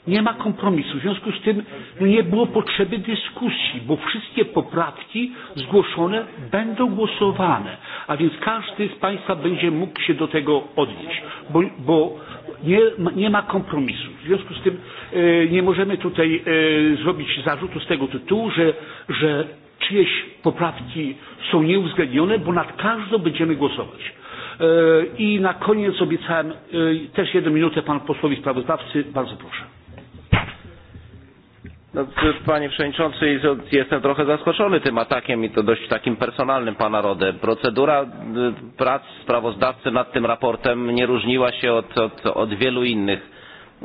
Nie ma kompromisu. W związku z tym nie było potrzeby dyskusji, bo wszystkie poprawki zgłoszone będą głosowane, a więc każdy z Państwa będzie mógł się do tego odnieść, bo, bo nie, nie ma kompromisu. W związku z tym e, nie możemy tutaj e, zrobić zarzutu z tego tytułu, że, że czyjeś poprawki są nieuwzględnione, bo nad każdą będziemy głosować. E, I na koniec obiecałem e, też jedną minutę panu posłowi sprawozdawcy. Bardzo proszę. No, panie Przewodniczący, jestem trochę zaskoczony tym atakiem i to dość takim personalnym Pana Rodę. Procedura prac sprawozdawcy nad tym raportem nie różniła się od, od, od wielu innych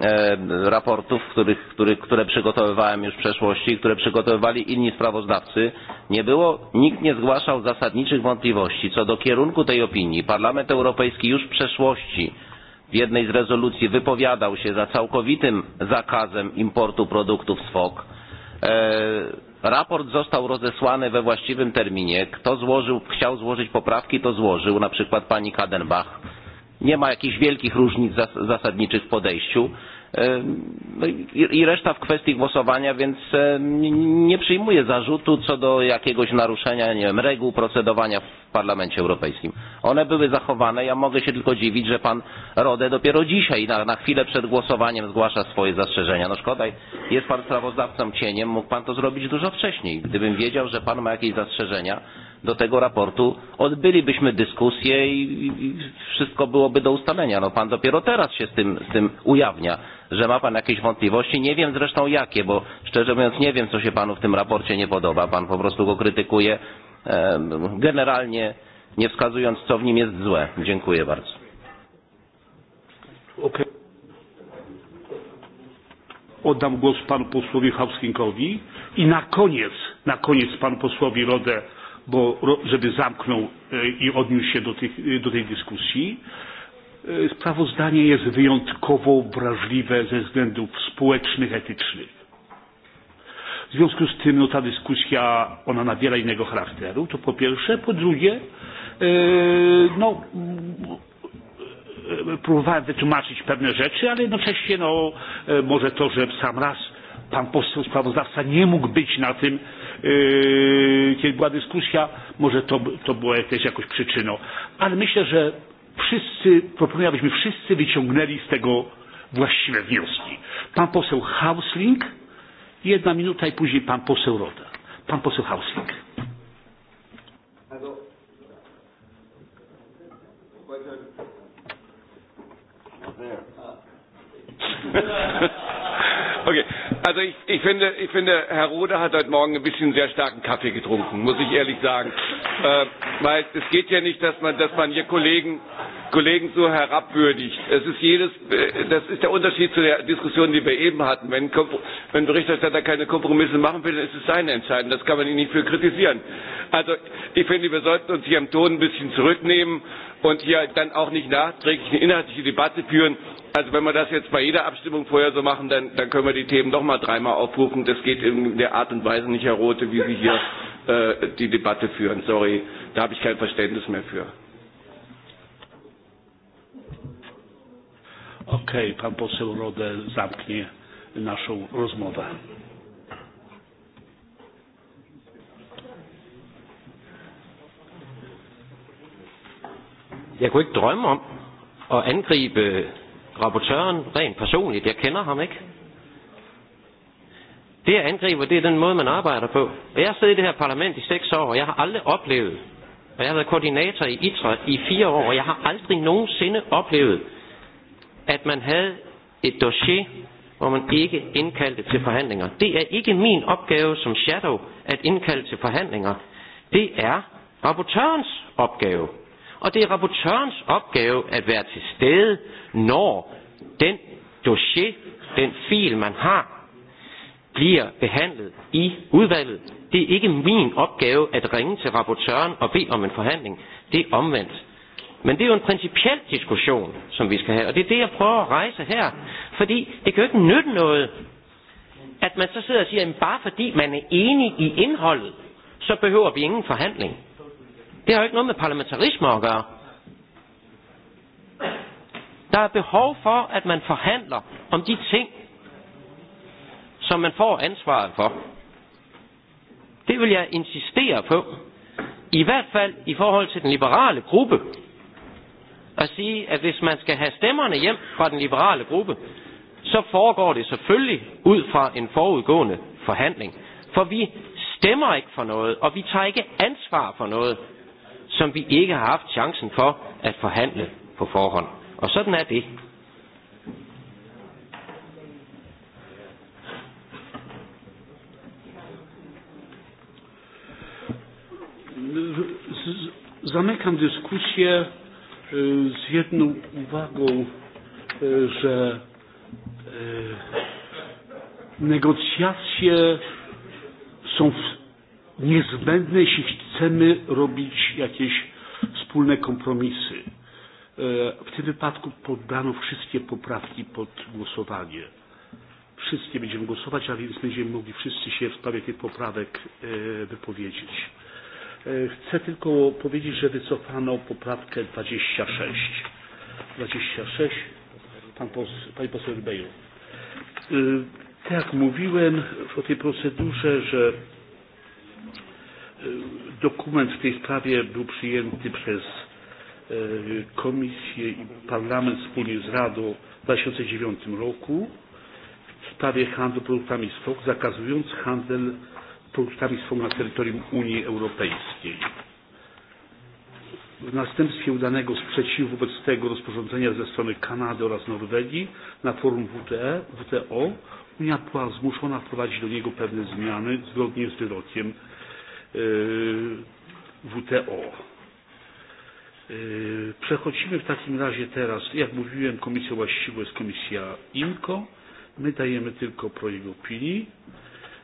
e, raportów, których, których, które przygotowywałem już w przeszłości, które przygotowywali inni sprawozdawcy, nie było, nikt nie zgłaszał zasadniczych wątpliwości co do kierunku tej opinii. Parlament Europejski już w przeszłości w jednej z rezolucji wypowiadał się za całkowitym zakazem importu produktów z fok. E, raport został rozesłany we właściwym terminie. Kto złożył, chciał złożyć poprawki, to złożył, na przykład pani Kadenbach. Nie ma jakichś wielkich różnic zasadniczych w podejściu i reszta w kwestii głosowania, więc nie przyjmuję zarzutu co do jakiegoś naruszenia nie wiem, reguł procedowania w Parlamencie Europejskim. One były zachowane. Ja mogę się tylko dziwić, że pan Rodę dopiero dzisiaj, na, na chwilę przed głosowaniem, zgłasza swoje zastrzeżenia. No szkoda, jest pan sprawozdawcą cieniem, mógł pan to zrobić dużo wcześniej. Gdybym wiedział, że pan ma jakieś zastrzeżenia, do tego raportu odbylibyśmy dyskusję i, i wszystko byłoby do ustalenia. No pan dopiero teraz się z tym, z tym ujawnia, że ma pan jakieś wątpliwości. Nie wiem zresztą jakie, bo szczerze mówiąc nie wiem, co się panu w tym raporcie nie podoba. Pan po prostu go krytykuje e, generalnie, nie wskazując, co w nim jest złe. Dziękuję bardzo. Okay. Oddam głos panu posłowi Hawskinkowi i na koniec, na koniec panu posłowi Rodę bo żeby zamknął e, i odniósł się do, tych, e, do tej dyskusji. E, sprawozdanie jest wyjątkowo wrażliwe ze względów społecznych, etycznych. W związku z tym no, ta dyskusja ona nabiera innego charakteru, to po pierwsze. Po drugie, yy, no, próbowałem wytłumaczyć pewne rzeczy, ale jednocześnie no, może to, że sam raz pan poseł sprawozdawca nie mógł być na tym yy, kiedy była dyskusja, może to, to było też jakoś przyczyną. Ale myślę, że wszyscy, proponuję, abyśmy wszyscy wyciągnęli z tego właściwe wnioski. Pan poseł Hausling, jedna minuta i później pan poseł Roda. Pan poseł Hausling. okay. Also ich, ich, finde, ich finde, Herr Rode hat heute Morgen ein bisschen sehr starken Kaffee getrunken, muss ich ehrlich sagen. Äh, weil es geht ja nicht, dass man, dass man hier Kollegen, Kollegen so herabwürdigt. Es ist jedes, äh, das ist der Unterschied zu der Diskussion, die wir eben hatten. Wenn, wenn Berichterstatter keine Kompromisse machen will, dann ist es seine Entscheidung. Das kann man ihn nicht für kritisieren. Also ich finde, wir sollten uns hier im Ton ein bisschen zurücknehmen und hier dann auch nicht nachträglich eine inhaltliche Debatte führen. Also wenn wir das jetzt bei jeder Abstimmung vorher so machen, dann, dann können wir die Themen doch mal nochmal dreimal aufrufen. Das geht in der Art und Weise nicht, Herr Rote, wie Sie hier äh, die Debatte führen. Sorry, da habe ich kein Verständnis mehr für. okay, pan poseł Rode zamknie naszą rozmowę. Jeg kunne ikke drømme om at angribe rapportøren rent personligt. Jeg kender ham ikke. Det jeg angriber, det er den måde, man arbejder på. Og jeg har siddet i det her parlament i seks år, og jeg har aldrig oplevet, og jeg har været koordinator i ITRA i fire år, og jeg har aldrig nogensinde oplevet, at man havde et dossier, hvor man ikke indkaldte til forhandlinger. Det er ikke min opgave som shadow at indkalde til forhandlinger. Det er rapportørens opgave. Og det er rapportørens opgave at være til stede, når den dossier, den fil man har, bliver behandlet i udvalget. Det er ikke min opgave at ringe til rapportøren og bede om en forhandling. Det er omvendt. Men det er jo en principiel diskussion, som vi skal have, og det er det, jeg prøver at rejse her. Fordi det kan jo ikke nytte noget, at man så sidder og siger, at bare fordi man er enig i indholdet, så behøver vi ingen forhandling. Det har jo ikke noget med parlamentarisme at gøre. Der er behov for, at man forhandler om de ting, som man får ansvaret for. Det vil jeg insistere på. I hvert fald i forhold til den liberale gruppe. At sige, at hvis man skal have stemmerne hjem fra den liberale gruppe, så foregår det selvfølgelig ud fra en forudgående forhandling. For vi stemmer ikke for noget, og vi tager ikke ansvar for noget, som vi ikke har haft chancen for at forhandle på forhånd. Og sådan er det. Zamykam dyskusję z jedną uwagą, że negocjacje są niezbędne, jeśli chcemy robić jakieś wspólne kompromisy. W tym wypadku poddano wszystkie poprawki pod głosowanie. Wszystkie będziemy głosować, a więc będziemy mogli wszyscy się w sprawie tych poprawek wypowiedzieć. E, chcę tylko powiedzieć, że wycofano poprawkę 26. 26. Pan pos, pani poseł Rybeju. E, tak jak mówiłem o tej procedurze, że e, dokument w tej sprawie był przyjęty przez Komisję i Parlament wspólnie z Radą w 2009 roku w sprawie handlu produktami stok zakazując handel punktami swą na terytorium Unii Europejskiej. W następstwie udanego sprzeciwu wobec tego rozporządzenia ze strony Kanady oraz Norwegii na forum WTE, WTO Unia była zmuszona wprowadzić do niego pewne zmiany zgodnie z wyrokiem e, WTO. E, przechodzimy w takim razie teraz, jak mówiłem, komisja właściwa jest komisja INCO. My dajemy tylko projekt opinii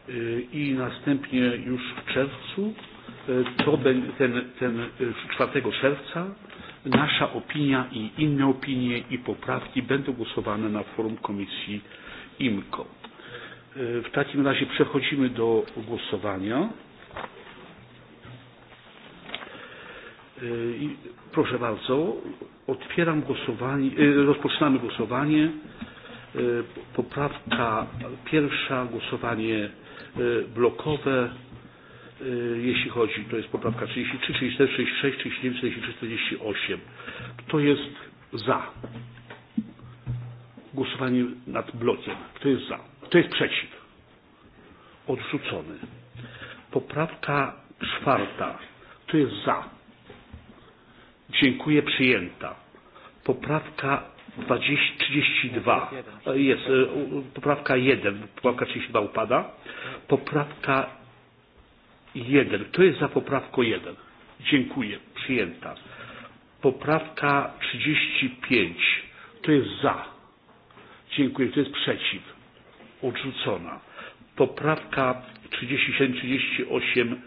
E, i następnie już w czerwcu, e, to ten, ten 4 e, czerwca nasza opinia i inne opinie i poprawki będą głosowane na forum komisji IMCO. W takim razie przechodzimy do głosowania. Proszę bardzo, otwieram głosowanie, rozpoczynamy głosowanie. Poprawka pierwsza, głosowanie E, blokowe, e, jeśli chodzi, to jest poprawka 33, 34, 36, 37, 43, 48. Kto jest za głosowaniem nad blokiem? Kto jest za? Kto jest przeciw? Odrzucony. Poprawka czwarta. Kto jest za? Dziękuję, przyjęta. Poprawka 20, 32. E, jest e, poprawka 1. Poprawka 32 upada. Poprawka 1. Kto jest za poprawką 1? Dziękuję. Przyjęta. Poprawka 35. Kto jest za? Dziękuję. Kto jest przeciw? Odrzucona. Poprawka 37, 38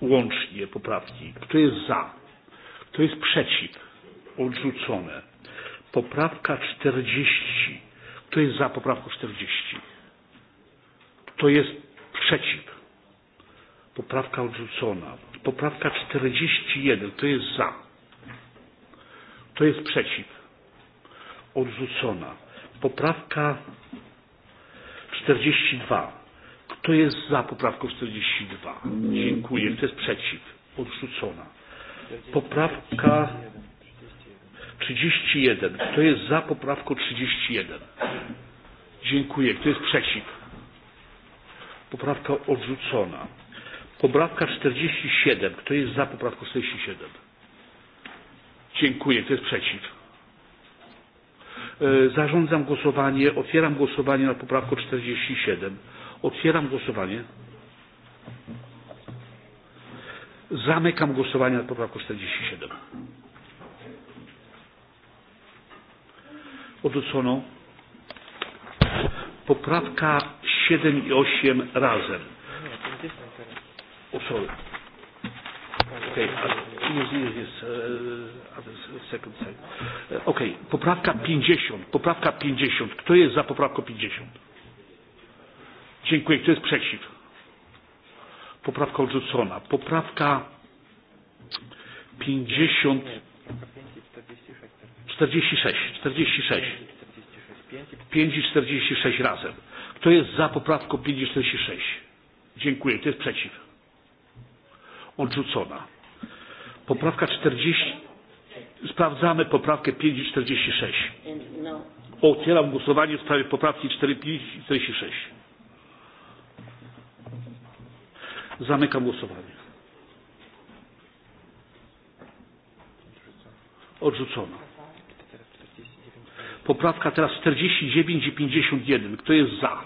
łącznie poprawki. Kto jest za? Kto jest przeciw? Odrzucone Poprawka 40. Kto jest za poprawką 40? Kto jest przeciw? Poprawka odrzucona. Poprawka 41. Kto jest za? Kto jest przeciw? Odrzucona. Poprawka 42. Kto jest za poprawką 42? Dziękuję. Kto jest przeciw? Odrzucona. Poprawka 31. Kto jest za poprawką 31? Dziękuję. Kto jest przeciw? Poprawka odrzucona. Poprawka 47. Kto jest za poprawką 47? Dziękuję. Kto jest przeciw? E, zarządzam głosowanie. Otwieram głosowanie na poprawkę 47. Otwieram głosowanie. Zamykam głosowanie na poprawkę 47. Odrzucono. Poprawka 7 i 8 razem. O, sorry. Okay. E, e, okay. Poprawka 50. Poprawka 50. Kto jest za poprawką 50? Dziękuję. Kto jest przeciw? Poprawka odrzucona. Poprawka 50. 46, 46. 5 i 46 razem. Kto jest za poprawką 5 i 46? Dziękuję. To jest przeciw? Odrzucona. Poprawka 40. Sprawdzamy poprawkę 5 i 46. Otwieram głosowanie w sprawie poprawki 45 i 46. Zamykam głosowanie. Odrzucona. Poprawka teraz 49 i 51. Kto jest za?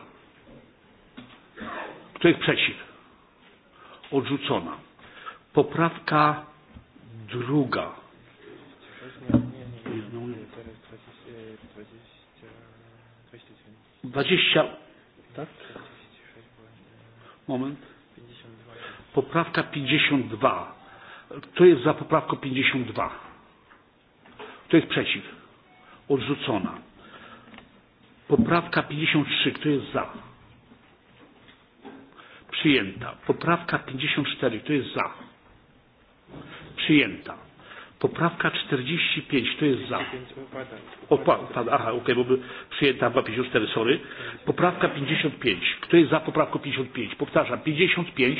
Kto jest przeciw? Odrzucona. Poprawka druga. Dwadzieścia. Tak? Moment. Poprawka 52. Kto jest za poprawką 52? Kto jest przeciw? Odrzucona. Poprawka 53. Kto jest za? Przyjęta. Poprawka 54. Kto jest za? Przyjęta. Poprawka 45. Kto jest za? Opada. Aha, okej, okay, bo by przyjęta była 54, sorry. Poprawka 55. Kto jest za poprawką 55? Powtarzam, 55.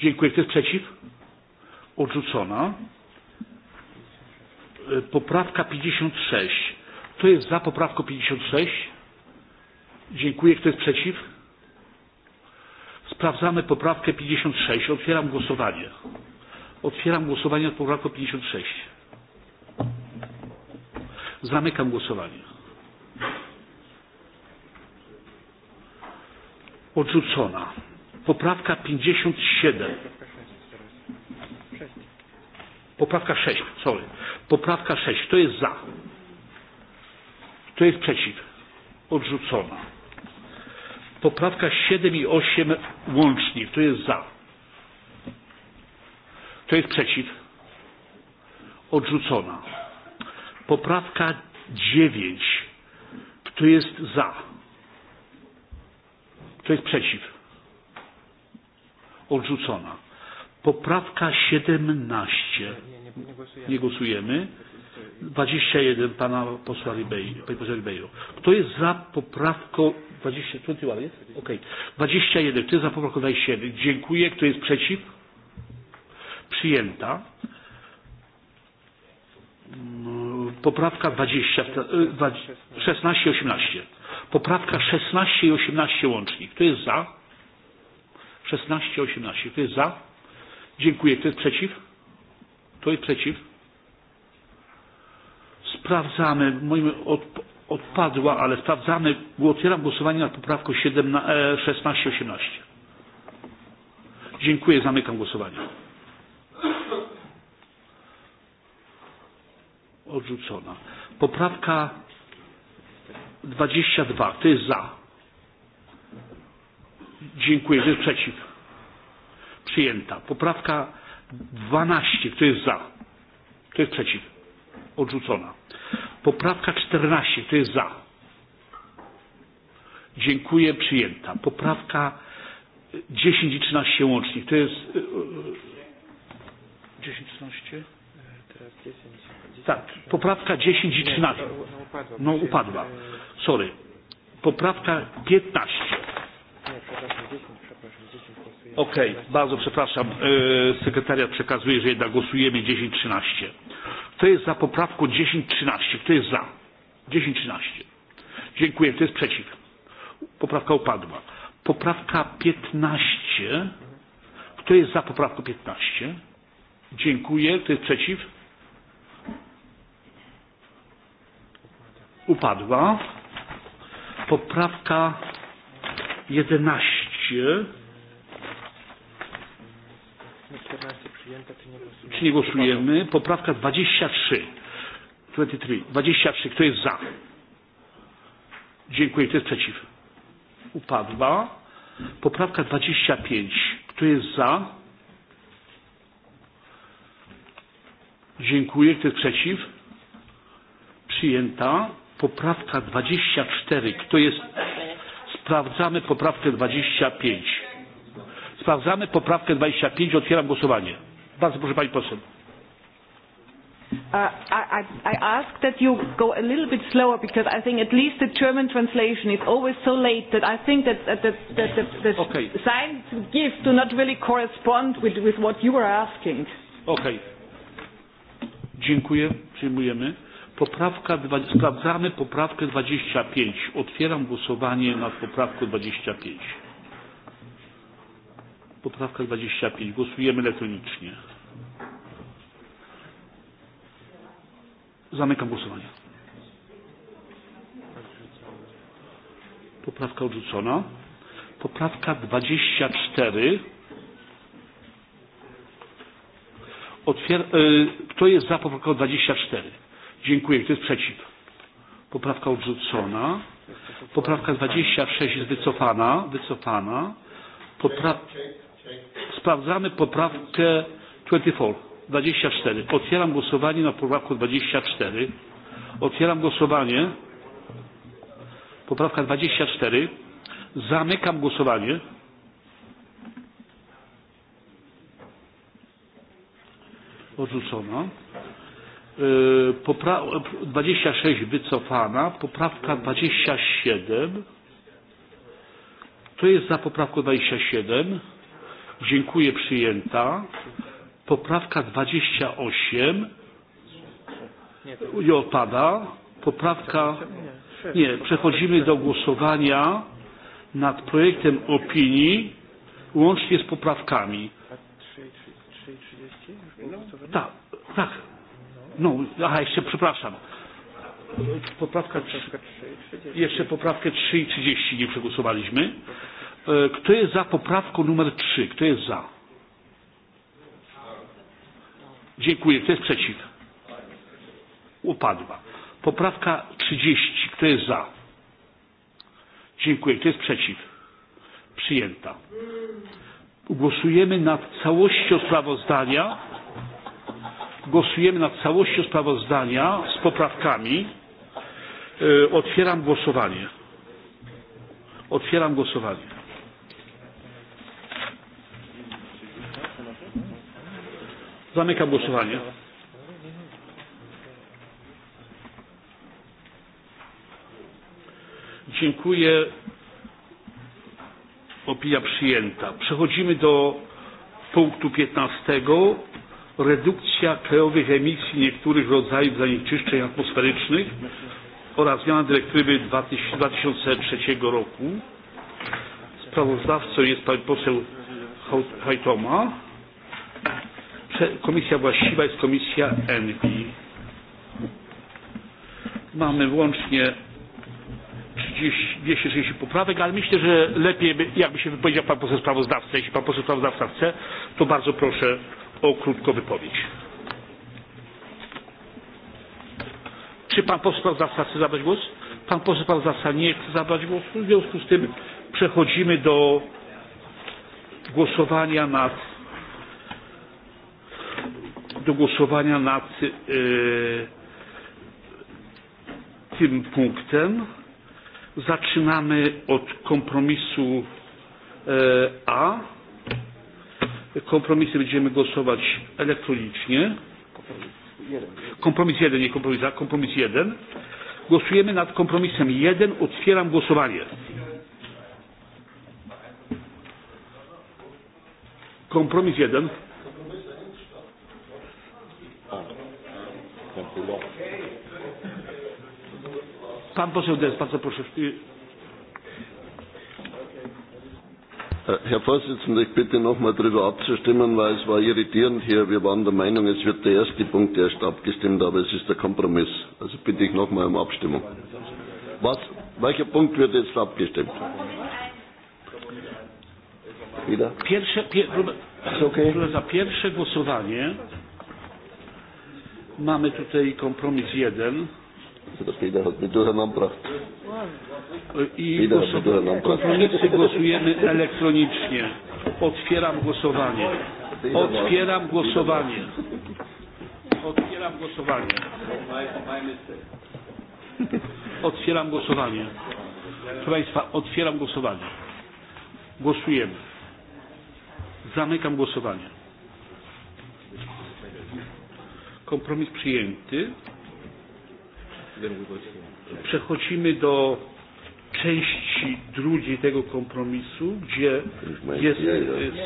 Dziękuję. Kto jest przeciw? Odrzucona poprawka 56. Kto jest za poprawką 56? Dziękuję. Kto jest przeciw? Sprawdzamy poprawkę 56. Otwieram głosowanie. Otwieram głosowanie nad poprawką 56. Zamykam głosowanie. Odrzucona. Poprawka 57. Poprawka 6, sorry. Poprawka 6. Kto jest za? Kto jest przeciw? Odrzucona. Poprawka 7 i 8 łącznie. Kto jest za? Kto jest przeciw? Odrzucona. Poprawka 9. Kto jest za? Kto jest przeciw? Odrzucona. Poprawka 17. Nie głosujemy. 21 pana posła Ribeiro. Posła Ribeiro. Kto jest za poprawką 20, 21 jest? Okay. 21. Kto jest za poprawką 27? Dziękuję. Kto jest przeciw? Przyjęta. Poprawka 20, 16 e, i 18. Poprawka 16 i 18 łącznie. Kto jest za? 16 i 18. Kto jest za? Dziękuję. Kto jest przeciw? Kto jest przeciw? Sprawdzamy, moim od, odpadła, ale sprawdzamy, otwieram głosowanie nad poprawką 16-18. E, Dziękuję, zamykam głosowanie. Odrzucona. Poprawka 22. Kto jest za? Dziękuję. Kto jest przeciw? Przyjęta. Poprawka 12. Kto jest za? Kto jest przeciw? Odrzucona. Poprawka 14. Kto jest za? Dziękuję. Przyjęta. Poprawka 10 i 13 łącznie. To jest 10, 13? Teraz 10. tak, poprawka 10 i 13. No upadła. Sorry. Poprawka 15. Okej, okay, bardzo przepraszam. E, sekretariat przekazuje, że jednak głosujemy 10-13. Kto jest za poprawką 10-13? Kto jest za? 10-13. Dziękuję. Kto jest przeciw? Poprawka upadła. Poprawka 15. Kto jest za poprawką 15? Dziękuję. Kto jest przeciw? Upadła. Poprawka 11. Czy nie głosujemy? Poprawka 23. 23. 23. Kto jest za? Dziękuję. Kto jest przeciw? Upadła. Poprawka 25. Kto jest za? Dziękuję. Kto jest przeciw? Przyjęta. Poprawka 24. Kto jest? Sprawdzamy poprawkę 25. Sprawdzamy poprawkę 25. Otwieram głosowanie. Bardzo proszę Pani poseł. Uh, I, I ask that you go a little bit slower because I think at least the German translation is always so late that I think that, that, that, that, that the okay. signs you give do not really correspond with, with what you are asking. Okay. Dziękuję. Przyjmujemy. Poprawka, sprawdzamy poprawkę 25. Otwieram głosowanie nad poprawką 25. Poprawka 25. Głosujemy elektronicznie. Zamykam głosowanie. Poprawka odrzucona. Poprawka 24. Otwier Kto jest za poprawką 24? Dziękuję. Kto jest przeciw? Poprawka odrzucona. Poprawka 26 jest wycofana. Wycofana. Poprawka... Sprawdzamy poprawkę 24. 24. Otwieram głosowanie na poprawkę 24. Otwieram głosowanie. Poprawka 24. Zamykam głosowanie. Odrzucona. Popra 26 wycofana. Poprawka 27. Kto jest za poprawką 27? Dziękuję, przyjęta. Poprawka 28 nie opada. Poprawka. Nie, przechodzimy do głosowania nad projektem opinii łącznie z poprawkami. Tak, tak. No, aha, jeszcze przepraszam. Poprawka 3, jeszcze poprawkę 3 i 30 nie przegłosowaliśmy. E, kto jest za poprawką numer 3? Kto jest za? Dziękuję. Kto jest przeciw? Upadła. Poprawka 30. Kto jest za? Dziękuję. Kto jest przeciw? Przyjęta. Głosujemy nad całością sprawozdania. Głosujemy nad całością sprawozdania z poprawkami. E, otwieram głosowanie. Otwieram głosowanie. Zamykam głosowanie. Dziękuję. Opinia przyjęta. Przechodzimy do punktu 15. Redukcja krajowych emisji niektórych rodzajów zanieczyszczeń atmosferycznych oraz zmiana dyrektywy 2003 roku. Sprawozdawcą jest pan poseł Hajtoma komisja właściwa jest komisja ENVI. Mamy łącznie 30, 260 poprawek, ale myślę, że lepiej jakby się wypowiedział pan poseł sprawozdawca. Jeśli pan poseł sprawozdawca chce, to bardzo proszę o krótką wypowiedź. Czy pan poseł sprawozdawca chce zabrać głos? Pan poseł sprawozdawca nie chce zabrać głosu. W związku z tym przechodzimy do głosowania nad do głosowania nad e, tym punktem. Zaczynamy od kompromisu e, A. Kompromisy będziemy głosować elektronicznie. Kompromis 1, nie kompromis A, kompromis 1. Głosujemy nad kompromisem 1. Otwieram głosowanie. Kompromis 1. Pan poseł Des, bardzo proszę. Herr Vorsitzender, ich bitte nochmal darüber abzustimmen, weil es war irritierend hier. Wir waren der Meinung, es wird der erste Punkt erst abgestimmt, aber es ist der Kompromiss. Also bitte ich nochmal um Abstimmung. Was, welcher Punkt wird jetzt abgestimmt? Wieder? Pierwsze, pier, okay. pierwsze głosowanie Mamy tutaj kompromis jeden. I kompromisy głosujemy elektronicznie. Otwieram głosowanie. Otwieram głosowanie. Otwieram głosowanie. Otwieram głosowanie. Proszę Państwa, otwieram głosowanie. Głosujemy. Zamykam głosowanie. Kompromis przyjęty. Przechodzimy do części drugiej tego kompromisu, gdzie jest, e, jest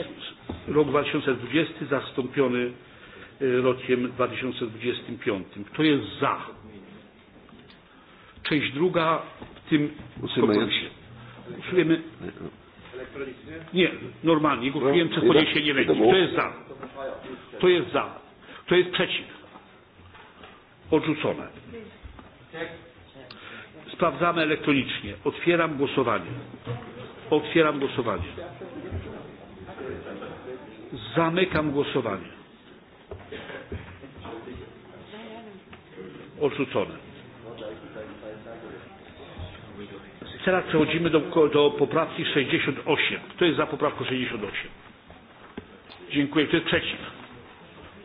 rok 2020 zastąpiony e, rokiem 2025. Kto jest za? Część druga w tym kompromisie. Głosujemy. Nie, normalnie. Głosujemy przez podniesienie ręki. Kto jest za? Kto jest za? Kto jest przeciw? Odrzucone. Sprawdzamy elektronicznie. Otwieram głosowanie. Otwieram głosowanie. Zamykam głosowanie. Odrzucone. Teraz przechodzimy do, do poprawki 68. Kto jest za poprawką 68? Dziękuję. Kto jest przeciw?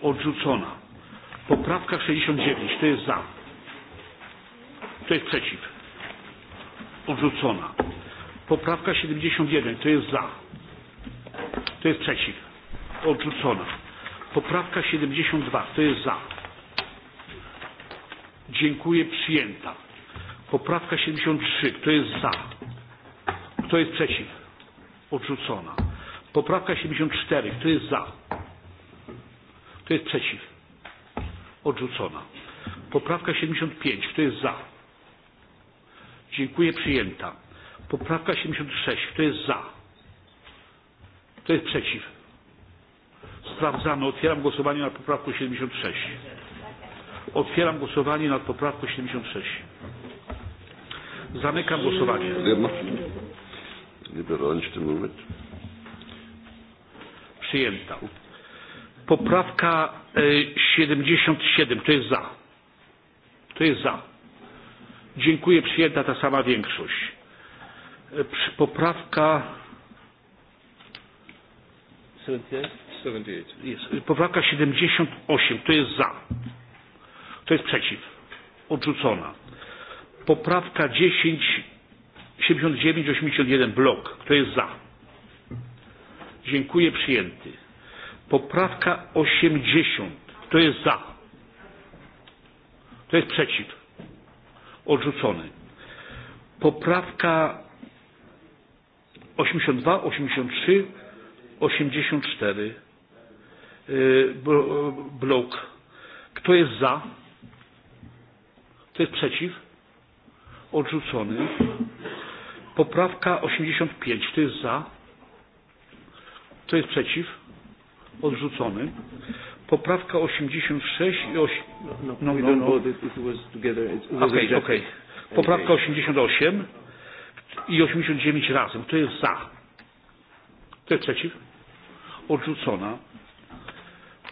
Odrzucona. Poprawka 69. To jest za? To jest przeciw? Odrzucona. Poprawka 71. To jest za? To jest przeciw? Odrzucona. Poprawka 72. To jest za? Dziękuję. Przyjęta. Poprawka 73. To jest za? Kto jest przeciw? Odrzucona. Poprawka 74. Kto jest za? Kto jest przeciw? Odrzucona. Poprawka 75. Kto jest za? Dziękuję. Przyjęta. Poprawka 76. Kto jest za? Kto jest przeciw? Sprawdzamy. Otwieram głosowanie nad poprawką 76. Otwieram głosowanie nad poprawką 76. Zamykam głosowanie. Liberalni w tym momencie. Przyjęta. Poprawka 77. E, to jest za? To jest za? Dziękuję. Przyjęta ta sama większość. E, poprawka 78. Jest. Poprawka 78. To jest za? To jest przeciw? Odrzucona. Poprawka 10, 79, 81 blok. Kto jest za? Dziękuję. Przyjęty. Poprawka 80. Kto jest za? Kto jest przeciw? Odrzucony. Poprawka 82, 83, 84. Blok. Kto jest za? Kto jest przeciw? Odrzucony. Poprawka 85. Kto jest za? Kto jest przeciw? odrzucony. Poprawka 86 i 8. No, no, no, no. okay, okay. Poprawka 88 i 89 razem. Kto jest za? Kto jest przeciw? Odrzucona.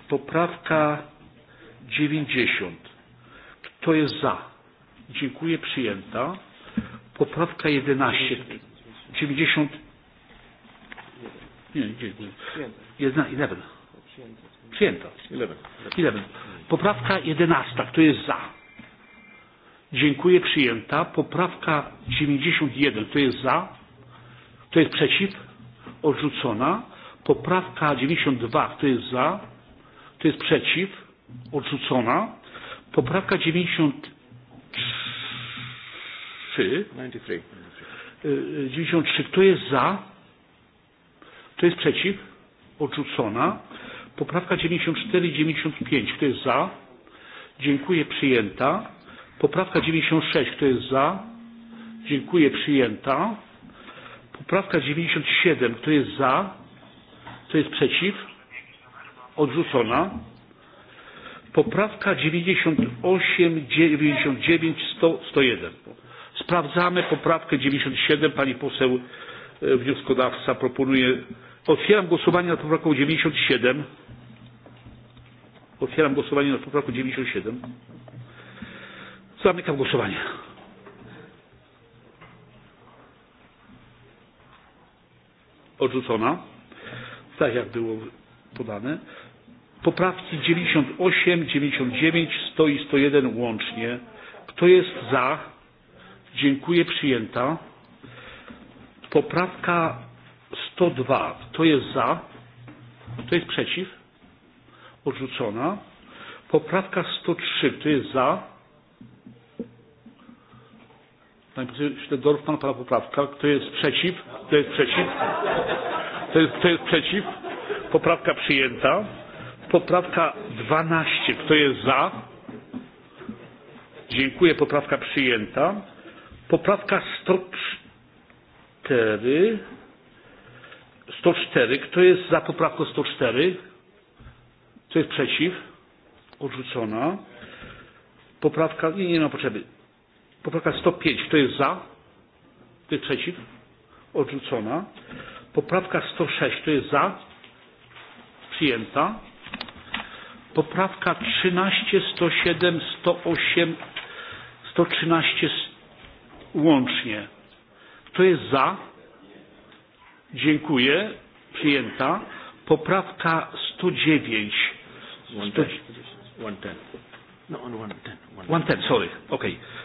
Poprawka 90. Kto jest za? Dziękuję, przyjęta. Poprawka 11. 90 Nie, dziękuję. Jedna, 11. Przyjęto. 11. 11. Poprawka 11. Kto jest za? Dziękuję, przyjęta. Poprawka 91. Kto jest za? Kto jest przeciw? Odrzucona. Poprawka 92. Kto jest za? Kto jest przeciw? Odrzucona. Poprawka 93. 93. 93. Kto jest za? Kto jest przeciw? Odrzucona. Poprawka 94 i 95. Kto jest za? Dziękuję. Przyjęta. Poprawka 96. Kto jest za? Dziękuję. Przyjęta. Poprawka 97. Kto jest za? Kto jest przeciw? Odrzucona. Poprawka 98, 99, 100, 101. Sprawdzamy poprawkę 97. Pani poseł e, wnioskodawca proponuje Otwieram głosowanie nad poprawką 97. Otwieram głosowanie nad poprawką 97. Zamykam głosowanie. Odrzucona. Tak jak było podane. Poprawki 98, 99, 100 i 101 łącznie. Kto jest za? Dziękuję, przyjęta. Poprawka 102. to jest za? to jest przeciw? Odrzucona. Poprawka 103. to jest za? Panie profesorze Śledorów, pan pana poprawka. Kto jest przeciw? Kto jest przeciw? Kto jest, kto jest przeciw? Poprawka przyjęta. Poprawka 12. Kto jest za? Dziękuję. Poprawka przyjęta. Poprawka 104. 104. Kto jest za poprawką 104? Kto jest przeciw? Odrzucona. Poprawka. Nie, nie ma potrzeby. Poprawka 105. Kto jest za? Kto jest przeciw? Odrzucona. Poprawka 106. Kto jest za? Przyjęta. Poprawka 13, 107, 108, 113 łącznie. Kto jest za? Dziękuję. Przyjęta. Poprawka 109. 110. 110. sorry. Ok.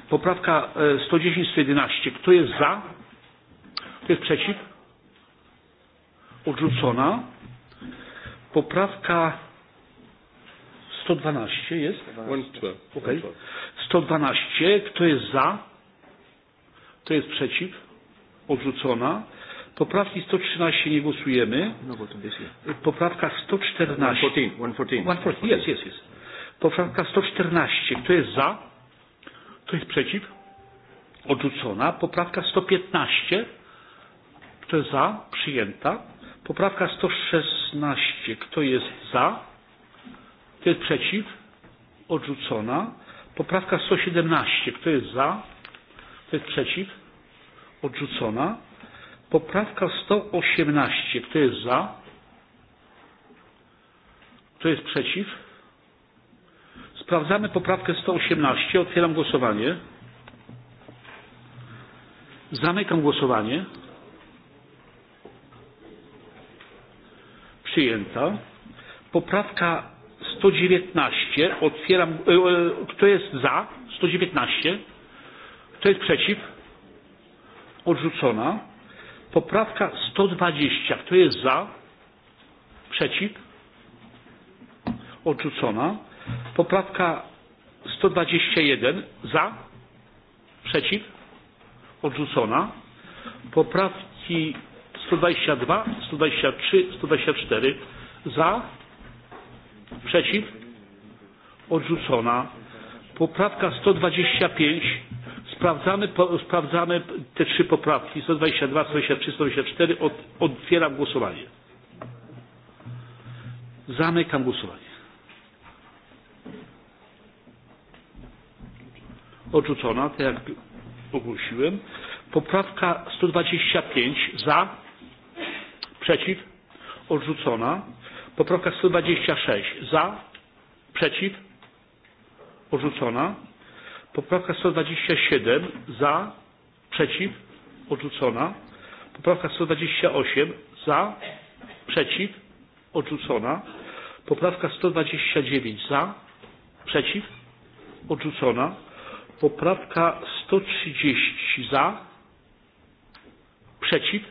Poprawka 110, e, 111. Kto jest za? Kto jest przeciw? Odrzucona. Poprawka 112 jest? 112. Okay. 112. Kto jest za? Kto jest przeciw? Odrzucona. Poprawki 113 nie głosujemy. Poprawka 114. 114. 114. Yes, yes, yes. Poprawka 114. Kto jest za? Kto jest przeciw? Odrzucona. Poprawka 115. Kto jest za? Przyjęta. Poprawka 116. Kto jest za? Kto jest przeciw? Odrzucona. Poprawka 117. Kto jest za? Kto jest przeciw? Odrzucona. Poprawka 118. Kto jest za? Kto jest przeciw? Sprawdzamy poprawkę 118. Otwieram głosowanie. Zamykam głosowanie. Przyjęta. Poprawka 119. Otwieram. E, e, kto jest za? 119. Kto jest przeciw? Odrzucona Poprawka 120. Kto jest za? Przeciw? Odrzucona. Poprawka 121. Za? Przeciw? Odrzucona. Poprawki 122, 123, 124. Za? Przeciw? Odrzucona. Poprawka 125 Sprawdzamy, po, sprawdzamy te trzy poprawki 122, 123, 124. Od, otwieram głosowanie. Zamykam głosowanie. Odrzucona, tak jak ogłosiłem. Poprawka 125 za, przeciw, odrzucona. Poprawka 126 za, przeciw, odrzucona Poprawka 127 za, przeciw, odrzucona. Poprawka 128 za, przeciw, odrzucona. Poprawka 129 za, przeciw, odrzucona. Poprawka 130 za, przeciw,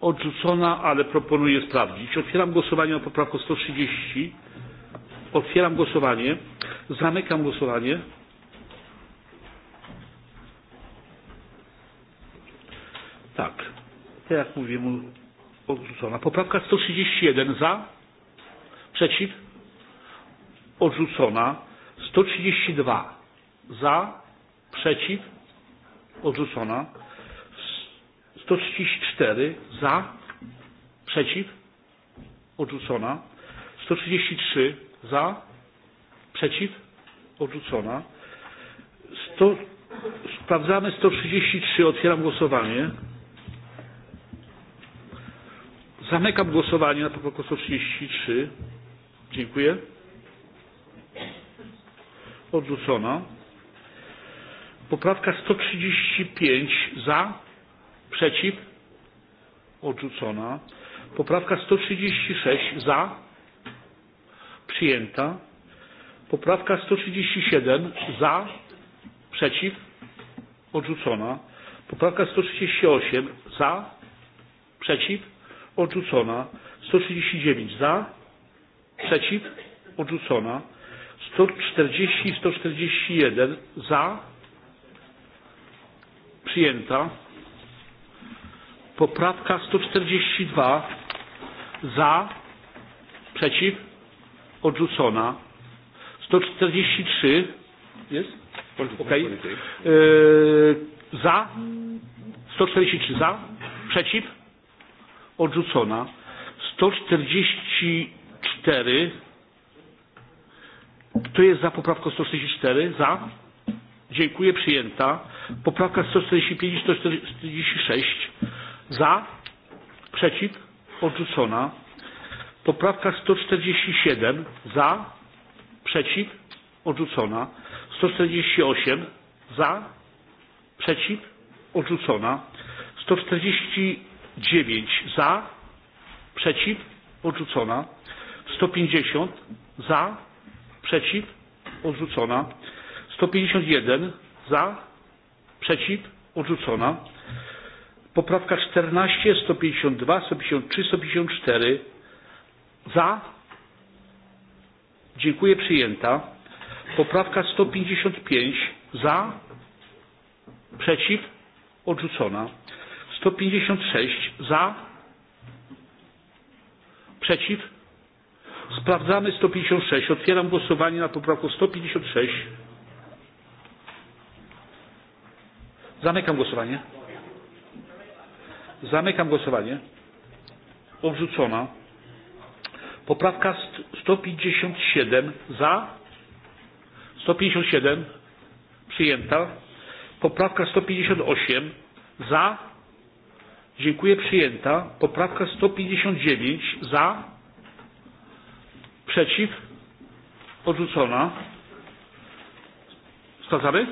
odrzucona, ale proponuję sprawdzić. Otwieram głosowanie nad poprawką 130. Otwieram głosowanie. Zamykam głosowanie. Tak. Tak jak mówiłem, odrzucona. Poprawka 131 za, przeciw, odrzucona. 132 za, przeciw, odrzucona. 134 za, przeciw, odrzucona. 133 Za? Przeciw? Odrzucona. Sto, sprawdzamy 133. Otwieram głosowanie. Zamykam głosowanie na poprawkę 133. Dziękuję. Odrzucona. Poprawka 135 za, przeciw, odrzucona. Poprawka 136 za, Przyjęta. Poprawka 137 za, przeciw, odrzucona. Poprawka 138 za, przeciw, odrzucona. 139 za, przeciw, odrzucona. 140 i 141 za, przyjęta. Poprawka 142 za, przeciw, odrzucona. 143 jest? Okej. Yy, e, Za? 143 za? Przeciw? Odrzucona. 144. Kto jest za poprawką 144? Za? Dziękuję, przyjęta. Poprawka 145 i 146. Za? Przeciw? Odrzucona. Poprawka 147 za, przeciw, odrzucona. 148 za, przeciw, odrzucona. 149 za, przeciw, odrzucona. 150 za, przeciw, odrzucona. 151 za, przeciw, odrzucona. Poprawka 14, 152, 153, 154 Za? Dziękuję, przyjęta. Poprawka 155. Za? Przeciw? Odrzucona. 156. Za? Przeciw? Sprawdzamy 156. Otwieram głosowanie na poprawkę 156. Zamykam głosowanie. Zamykam głosowanie. Odrzucona. Poprawka 157 za. 157 przyjęta. Poprawka 158 za. Dziękuję, przyjęta. Poprawka 159 za. Przeciw. Odrzucona. Sprawdzamy?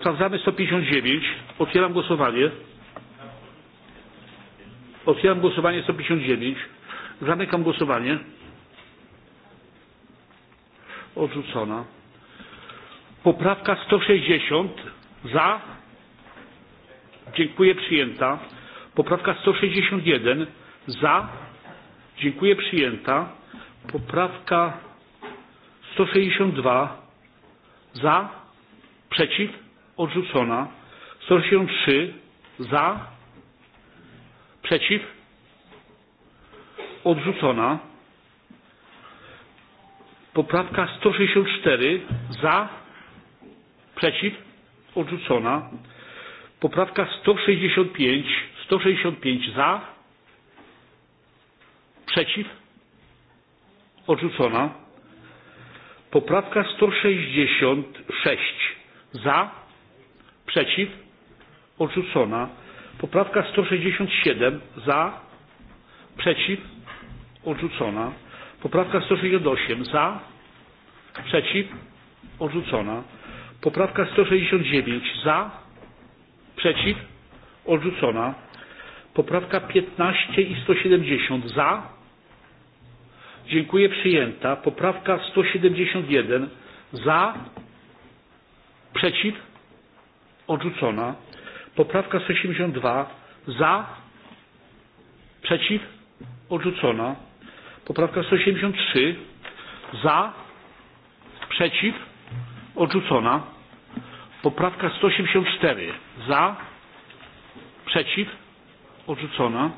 Sprawdzamy 159. Otwieram głosowanie. Otwieram głosowanie 159. Zamykam głosowanie. Odrzucona. Poprawka 160 za. Dziękuję, przyjęta. Poprawka 161 za. Dziękuję, przyjęta. Poprawka 162 za. Przeciw. Odrzucona. 163 za. Przeciw odrzucona. Poprawka 164 za, przeciw, odrzucona. Poprawka 165, 165 za, przeciw, odrzucona. Poprawka 166 za, przeciw, odrzucona. Poprawka 167 za, przeciw, Odrzucona. Poprawka 168. Za. Przeciw. Odrzucona. Poprawka 169. Za. Przeciw. Odrzucona. Poprawka 15 i 170. Za. Dziękuję. Przyjęta. Poprawka 171. Za. Przeciw. Odrzucona. Poprawka 182. Za. Przeciw. Odrzucona Poprawka 173. Za. Przeciw. Odrzucona. Poprawka 184. Za. Przeciw. Odrzucona.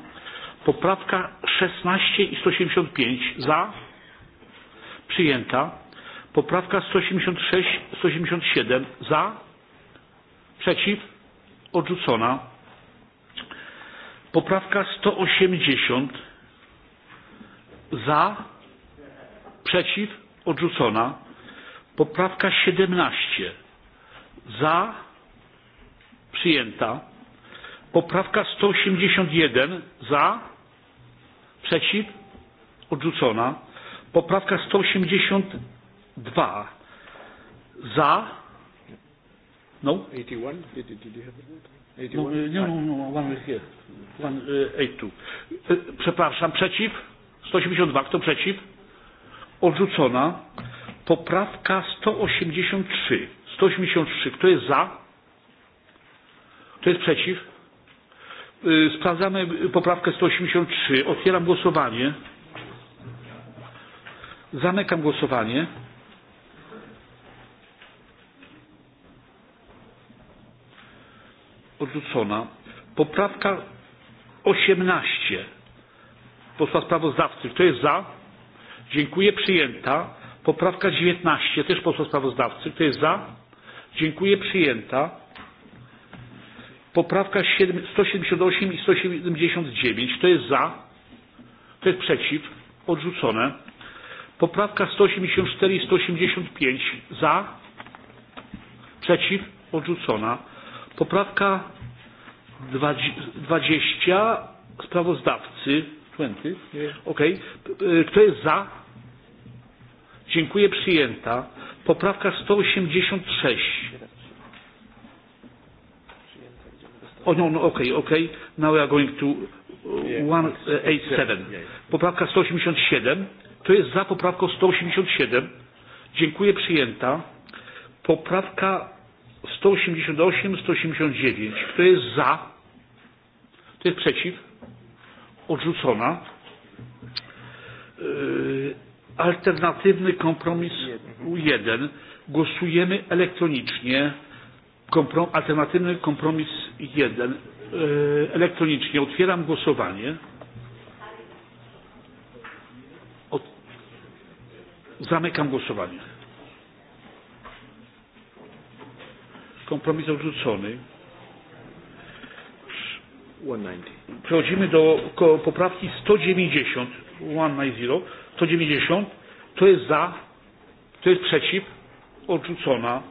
Poprawka 16 i 185. Za. Przyjęta. Poprawka 186, 187. Za. Przeciw. Odrzucona. Poprawka 180 za, przeciw, odrzucona. Poprawka 17 za, przyjęta. Poprawka 181 za, przeciw, odrzucona. Poprawka 182 za, no. 81? No, no, no, no, one here. One, uh, eight, two. E, przepraszam, przeciw? 182. Kto przeciw? Odrzucona. Poprawka 183. 183. Kto jest za? Kto jest przeciw? Sprawdzamy poprawkę 183. Otwieram głosowanie. Zamykam głosowanie. Odrzucona. Poprawka 18 posła sprawozdawcy. Kto jest za? Dziękuję. Przyjęta. Poprawka 19 też posła sprawozdawcy. Kto jest za? Dziękuję. Przyjęta. Poprawka 7, 178 i 179. Kto jest za? Kto jest przeciw? Odrzucone. Poprawka 184 i 185. Za? Przeciw? Odrzucona. Poprawka 20 sprawozdawcy 20? Ok. Kto jest za? Dziękuję, przyjęta. Poprawka 186. O, oh, no, no, ok, okay, Now we are going to 187. E, Poprawka 187. Kto jest za poprawką 187? Dziękuję, przyjęta. Poprawka 188, 189. Kto jest za? Kto jest przeciw? odrzucona. E, alternatywny kompromis U1. Głosujemy elektronicznie. Komprom alternatywny kompromis 1. E, elektronicznie otwieram głosowanie. Od... Zamykam głosowanie. Kompromis odrzucony. 190. Przechodzimy do poprawki 190. 190. 190. To jest za? To jest przeciw? Odrzucona.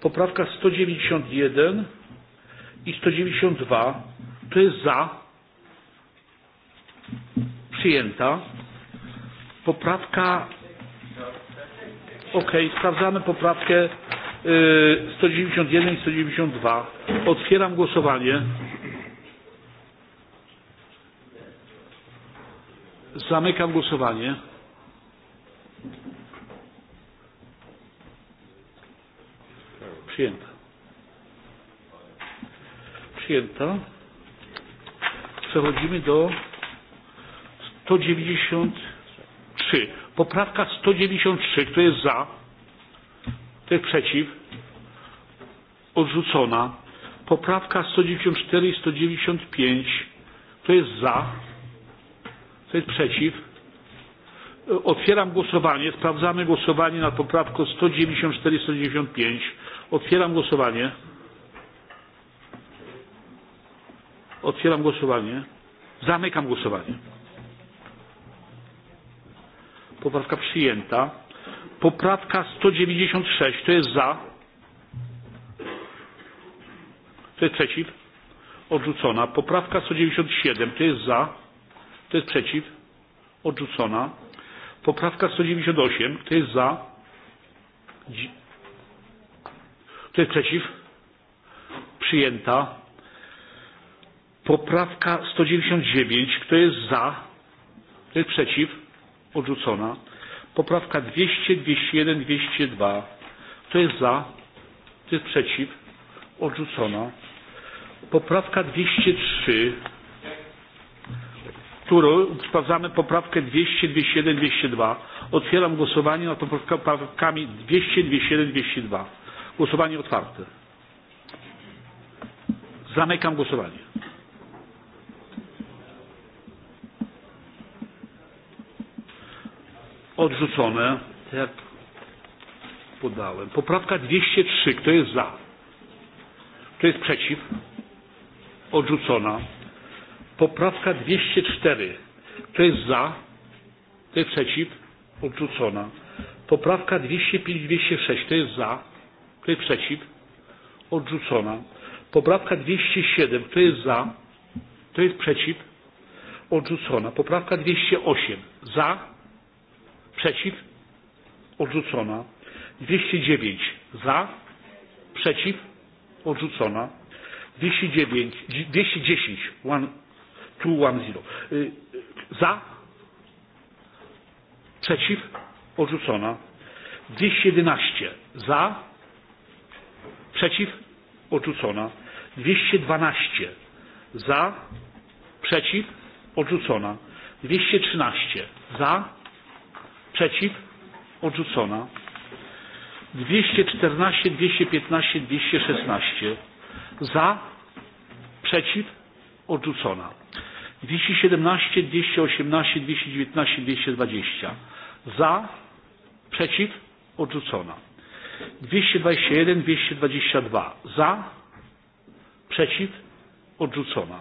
Poprawka 191 i 192. To jest za? Przyjęta. Poprawka. Ok, sprawdzamy poprawkę 191 i 192. Otwieram głosowanie. Zamykam głosowanie. Przyjęta. Przyjęta. Przechodzimy do 193. Poprawka 193. Kto jest za? Kto jest przeciw? Odrzucona. Poprawka 194 i 195. Kto jest za? Kto jest przeciw? E, otwieram głosowanie. Sprawdzamy głosowanie nad poprawką 194-195. Otwieram głosowanie. Otwieram głosowanie. Zamykam głosowanie. Poprawka przyjęta. Poprawka 196. Kto jest za? Kto jest przeciw? Odrzucona. Poprawka 197. Kto jest za? Kto jest przeciw? Odrzucona. Poprawka 198. Kto jest za? Kto jest przeciw? Przyjęta. Poprawka 199. Kto jest za? Kto jest przeciw? Odrzucona. Poprawka 200, 201, 202. Kto jest za? Kto jest przeciw? Odrzucona. Poprawka 203 którą sprawdzamy poprawkę 200, 201, 202. Otwieram głosowanie nad poprawkami 200, 201, 202. Głosowanie otwarte. Zamykam głosowanie. Odrzucone, tak jak podałem. Poprawka 203. Kto jest za? Kto jest przeciw? Odrzucona. Poprawka 204. Kto jest za? Kto jest przeciw? Odrzucona. Poprawka 205, 206. Kto jest za? Kto jest przeciw? Odrzucona. Poprawka 207. Kto jest za? Kto jest przeciw? Odrzucona. Poprawka 208. Za? Przeciw? Odrzucona. 209. Za? Przeciw? Odrzucona. 209, 210. 210. Za? Przeciw? Odrzucona. 211. Za? Przeciw? Odrzucona. 212. Za? Przeciw? Odrzucona. 213. Za? Przeciw? Odrzucona. 214, 215, 216. Za? Przeciw? Odrzucona. 217, 218, 219, 220. Za, przeciw, odrzucona. 221, 222. Za, przeciw, odrzucona.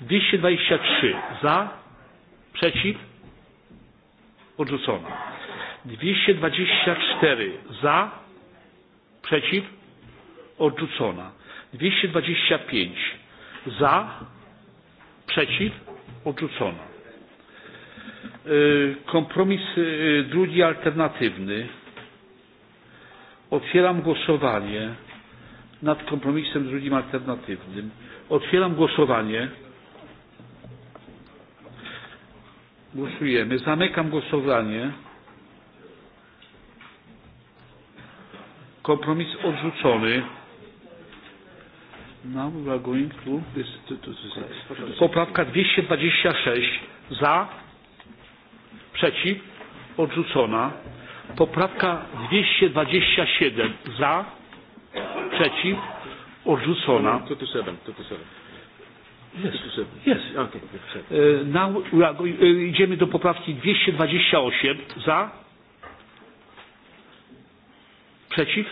223. Za, przeciw, odrzucona. 224. Za, przeciw, odrzucona. 225. Za, przeciw, Odrzucona. E, kompromis e, drugi alternatywny. Otwieram głosowanie nad kompromisem drugim alternatywnym. Otwieram głosowanie. Głosujemy. Zamykam głosowanie. Kompromis odrzucony. Now we are going to, this, to, to, to, poprawka 226 za, przeciw, odrzucona. Poprawka 227 za, przeciw, odrzucona. to seven. Yes. Yes. Okay. Now we uh, idziemy do poprawki 228 za, przeciw.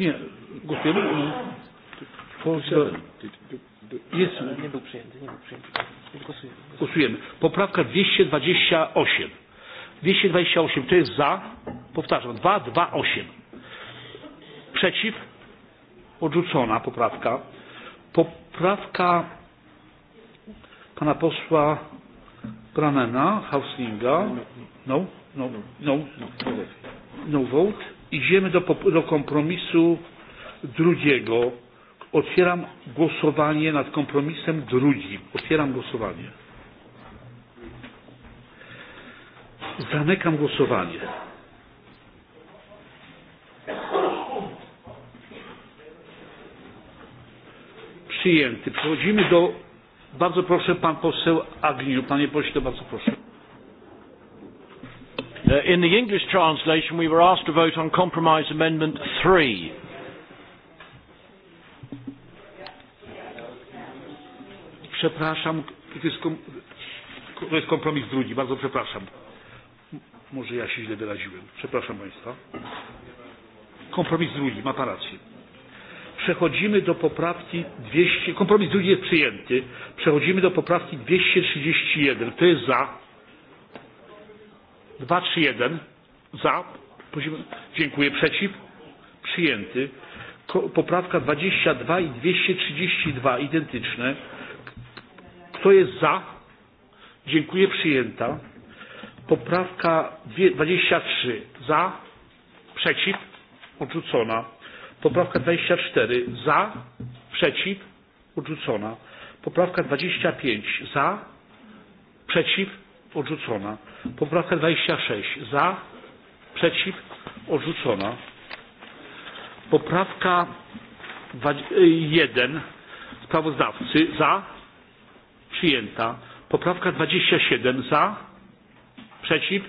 Nie, głosujemy. Głosujemy. Poprawka 228. 228. to jest za? Powtarzam. 2, 2, 8. Przeciw? Odrzucona poprawka. Poprawka pana posła Bramena, Hauslinga. No, no, no, no, no vote. Idziemy do, do kompromisu drugiego. Otwieram głosowanie nad kompromisem drugim. Otwieram głosowanie. Zamykam głosowanie. Przyjęty. Przechodzimy do. Bardzo proszę, pan poseł Agniu. Panie pośle, bardzo proszę. Uh, in the English translation, we were asked to vote on compromise amendment 3 Przepraszam, to jest, kom, to jest kompromis drugi, bardzo przepraszam. Może ja się źle wyraziłem. Przepraszam Państwa. Kompromis drugi, ma Pan rację. Przechodzimy do poprawki 200. Kompromis drugi jest przyjęty. Przechodzimy do poprawki 231. Kto jest za? 231. Za. Prosimy. Dziękuję. Przeciw? Przyjęty. Ko, Poprawka 22 i 232 identyczne. Kto jest za? Dziękuję, przyjęta. Poprawka 23. Za? Przeciw? Odrzucona. Poprawka 24. Za? Przeciw? Odrzucona. Poprawka 25. Za? Przeciw? Odrzucona. Poprawka 26. Za? Przeciw? Odrzucona. Poprawka 1 sprawozdawcy za Przyjęta. Poprawka 27 za. Przeciw.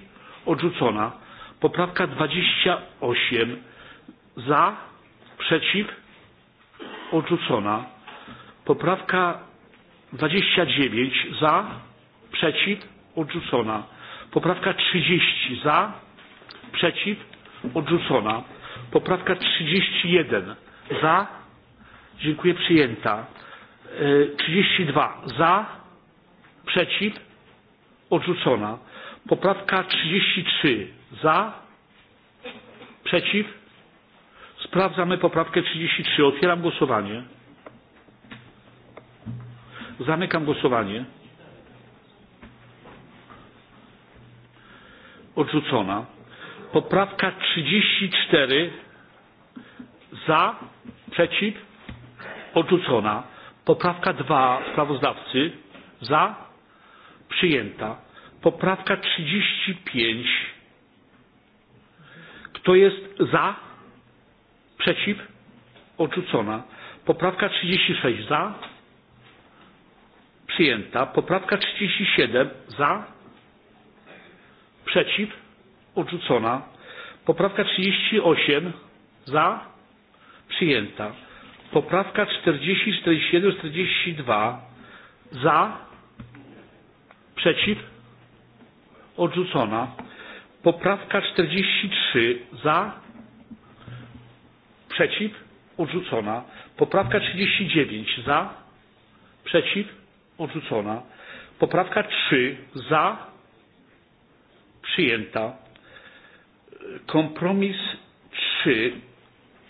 Odrzucona. Poprawka 28 za. Przeciw. Odrzucona. Poprawka 29 za. Przeciw. Odrzucona. Poprawka 30 za. Przeciw. Odrzucona. Poprawka 31 za. Dziękuję. Przyjęta. 32 za, przeciw, odrzucona. Poprawka 33 za, przeciw. Sprawdzamy poprawkę 33. Otwieram głosowanie. Zamykam głosowanie. Odrzucona. Poprawka 34 za, przeciw, odrzucona Poprawka 2 sprawozdawcy za przyjęta. Poprawka 35. Kto jest za? Przeciw? Odrzucona. Poprawka 36 za? Przyjęta. Poprawka 37 za? Przeciw? Odrzucona. Poprawka 38 za? Przyjęta. Poprawka 40, 41, 42 za, przeciw, odrzucona. Poprawka 43 za, przeciw, odrzucona. Poprawka 39 za, przeciw, odrzucona. Poprawka 3 za, przyjęta. Kompromis 3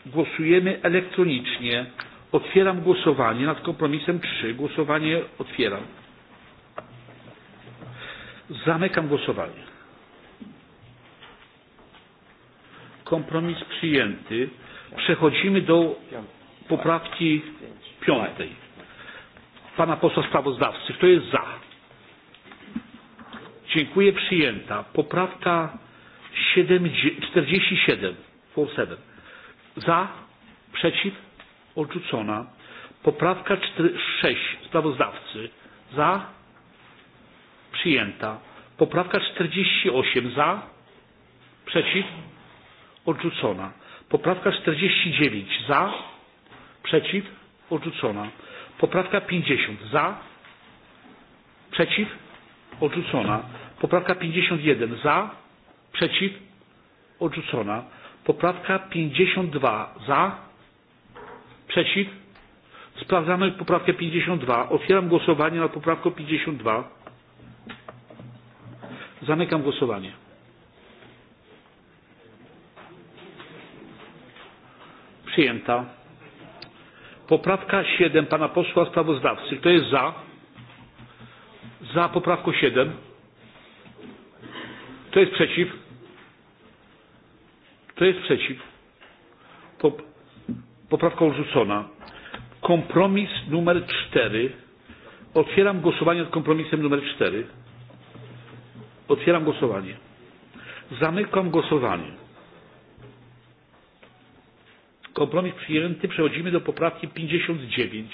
Głosujemy elektronicznie. Otwieram głosowanie nad kompromisem 3. Głosowanie otwieram. Zamykam głosowanie. Kompromis przyjęty. Przechodzimy do poprawki piątej. Pana posła sprawozdawcy. Kto jest za? Dziękuję. Przyjęta. Poprawka 47. 47. Za? Przeciw? Odrzucona. Poprawka 4, 6 sprawozdawcy. Za? Przyjęta. Poprawka 48 za? Przeciw? Odrzucona. Poprawka 49 za? Przeciw? Odrzucona. Poprawka 50 za? Przeciw? Odrzucona. Poprawka 51 za? Przeciw? Odrzucona Poprawka 52 za. Przeciw. Sprawdzamy poprawkę 52. Otwieram głosowanie nad poprawką 52. Zamykam głosowanie. Przyjęta. Poprawka 7 pana posła sprawozdawcy. Kto jest za? Za poprawką 7. Kto jest przeciw? Kto jest przeciw? Poprawka odrzucona. Kompromis numer 4. Otwieram głosowanie nad kompromisem numer 4. Otwieram głosowanie. Zamykam głosowanie. Kompromis przyjęty. Przechodzimy do poprawki 59.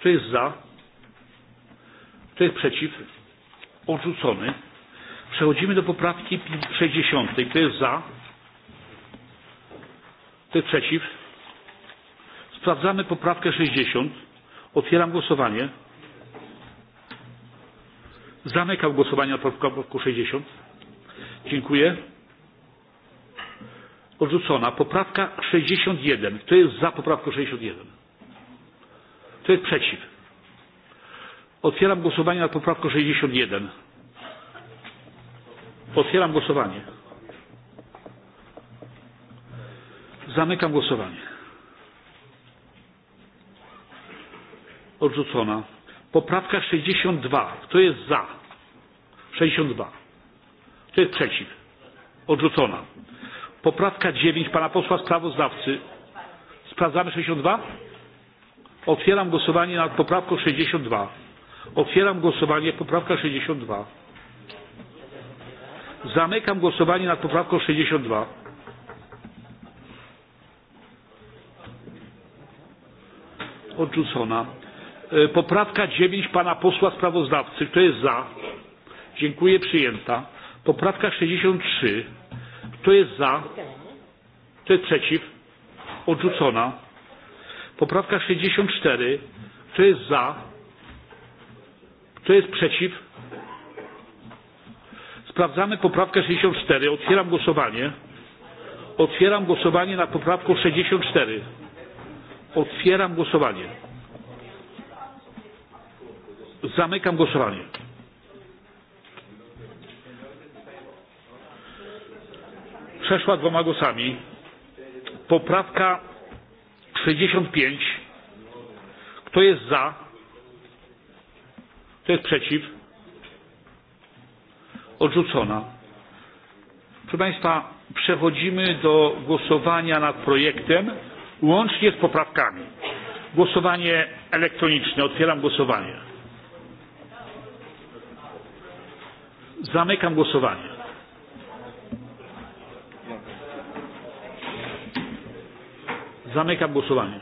Kto jest za? Kto jest przeciw? Odrzucony. Przechodzimy do poprawki 60. Kto jest za? Kto jest przeciw? Sprawdzamy poprawkę 60. Otwieram głosowanie. Zamykam głosowanie na poprawką 60. Dziękuję. Odrzucona. Poprawka 61. Kto jest za poprawką 61? Kto jest przeciw? Otwieram głosowanie na poprawkę 61. Otwieram głosowanie. Zamykam głosowanie. Odrzucona. Poprawka 62. Kto jest za? 62. Kto jest przeciw? Odrzucona. Poprawka 9 pana posła sprawozdawcy. Sprawdzamy 62? Otwieram głosowanie nad poprawką 62. Otwieram głosowanie poprawka 62. Zamykam głosowanie nad poprawką 62. Odrzucona. E, poprawka 9 pana posła sprawozdawcy. Kto jest za? Dziękuję. Przyjęta. Poprawka 63. Kto jest za? Kto jest przeciw? Odrzucona. Poprawka 64. Kto jest za? Kto jest przeciw? Sprawdzamy poprawkę 64. Otwieram głosowanie. Otwieram głosowanie na poprawkę 64. Otwieram głosowanie. Zamykam głosowanie. Przeszła dwoma głosami. Poprawka 65. Kto jest za? Kto jest przeciw? Odrzucona. Proszę Państwa, przechodzimy do głosowania nad projektem łącznie z poprawkami. Głosowanie elektroniczne. Otwieram głosowanie. Zamykam głosowanie. Zamykam głosowanie.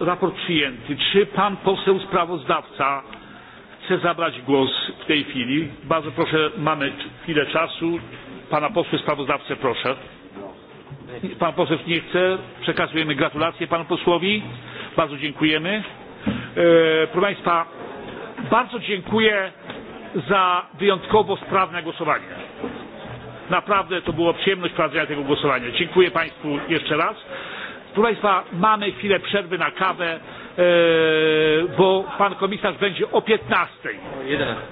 Raport przyjęty. Czy pan poseł sprawozdawca chce zabrać głos w tej chwili. Bardzo proszę, mamy chwilę czasu. Pana posła sprawozdawcę proszę. Pan poseł nie chce. Przekazujemy gratulacje panu posłowi. Bardzo dziękujemy. E, proszę Państwa, bardzo dziękuję za wyjątkowo sprawne głosowanie. Naprawdę to było przyjemność prowadzenia tego głosowania. Dziękuję Państwu jeszcze raz. Proszę Państwa, mamy chwilę przerwy na kawę. E, bo pan komisarz będzie o 15.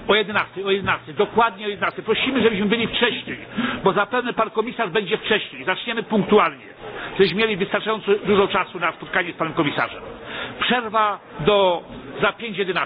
O 11. O 11. Dokładnie o 11. Prosimy, żebyśmy byli wcześniej, bo zapewne pan komisarz będzie wcześniej. Zaczniemy punktualnie, żebyśmy mieli wystarczająco dużo czasu na spotkanie z panem komisarzem. Przerwa do za 5.11.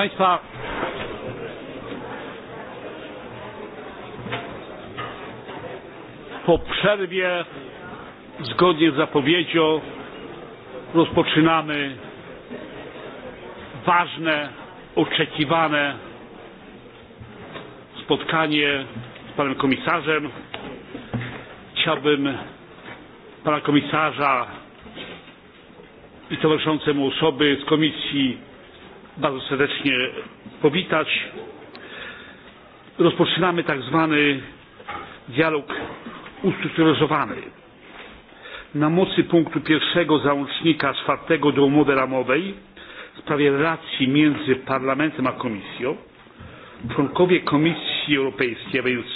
Państwa, po przerwie, zgodnie z zapowiedzią, rozpoczynamy ważne, oczekiwane spotkanie z panem komisarzem. Chciałbym pana komisarza i towarzyszące mu osoby z Komisji bardzo serdecznie powitać. Rozpoczynamy tak zwany dialog ustrukturyzowany. Na mocy punktu pierwszego załącznika czwartego do umowy ramowej w sprawie relacji między Parlamentem a Komisją, członkowie Komisji Europejskiej, a więc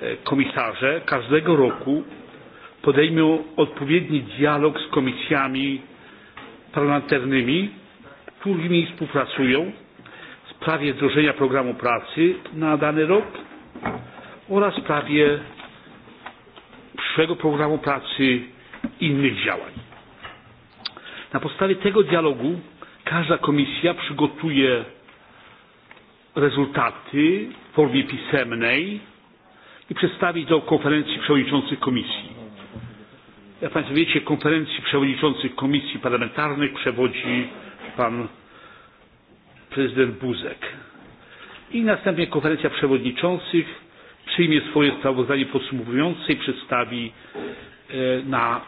e, komisarze, każdego roku podejmą odpowiedni dialog z komisjami parlamentarnymi którymi współpracują w sprawie wdrożenia programu pracy na dany rok oraz w sprawie przyszłego programu pracy i innych działań. Na podstawie tego dialogu każda komisja przygotuje rezultaty w formie pisemnej i przedstawi do konferencji przewodniczących komisji. Jak Państwo wiecie, konferencji przewodniczących komisji parlamentarnych przewodzi pan prezydent Buzek. I następnie konferencja przewodniczących przyjmie swoje sprawozdanie podsumowujące i przedstawi e, na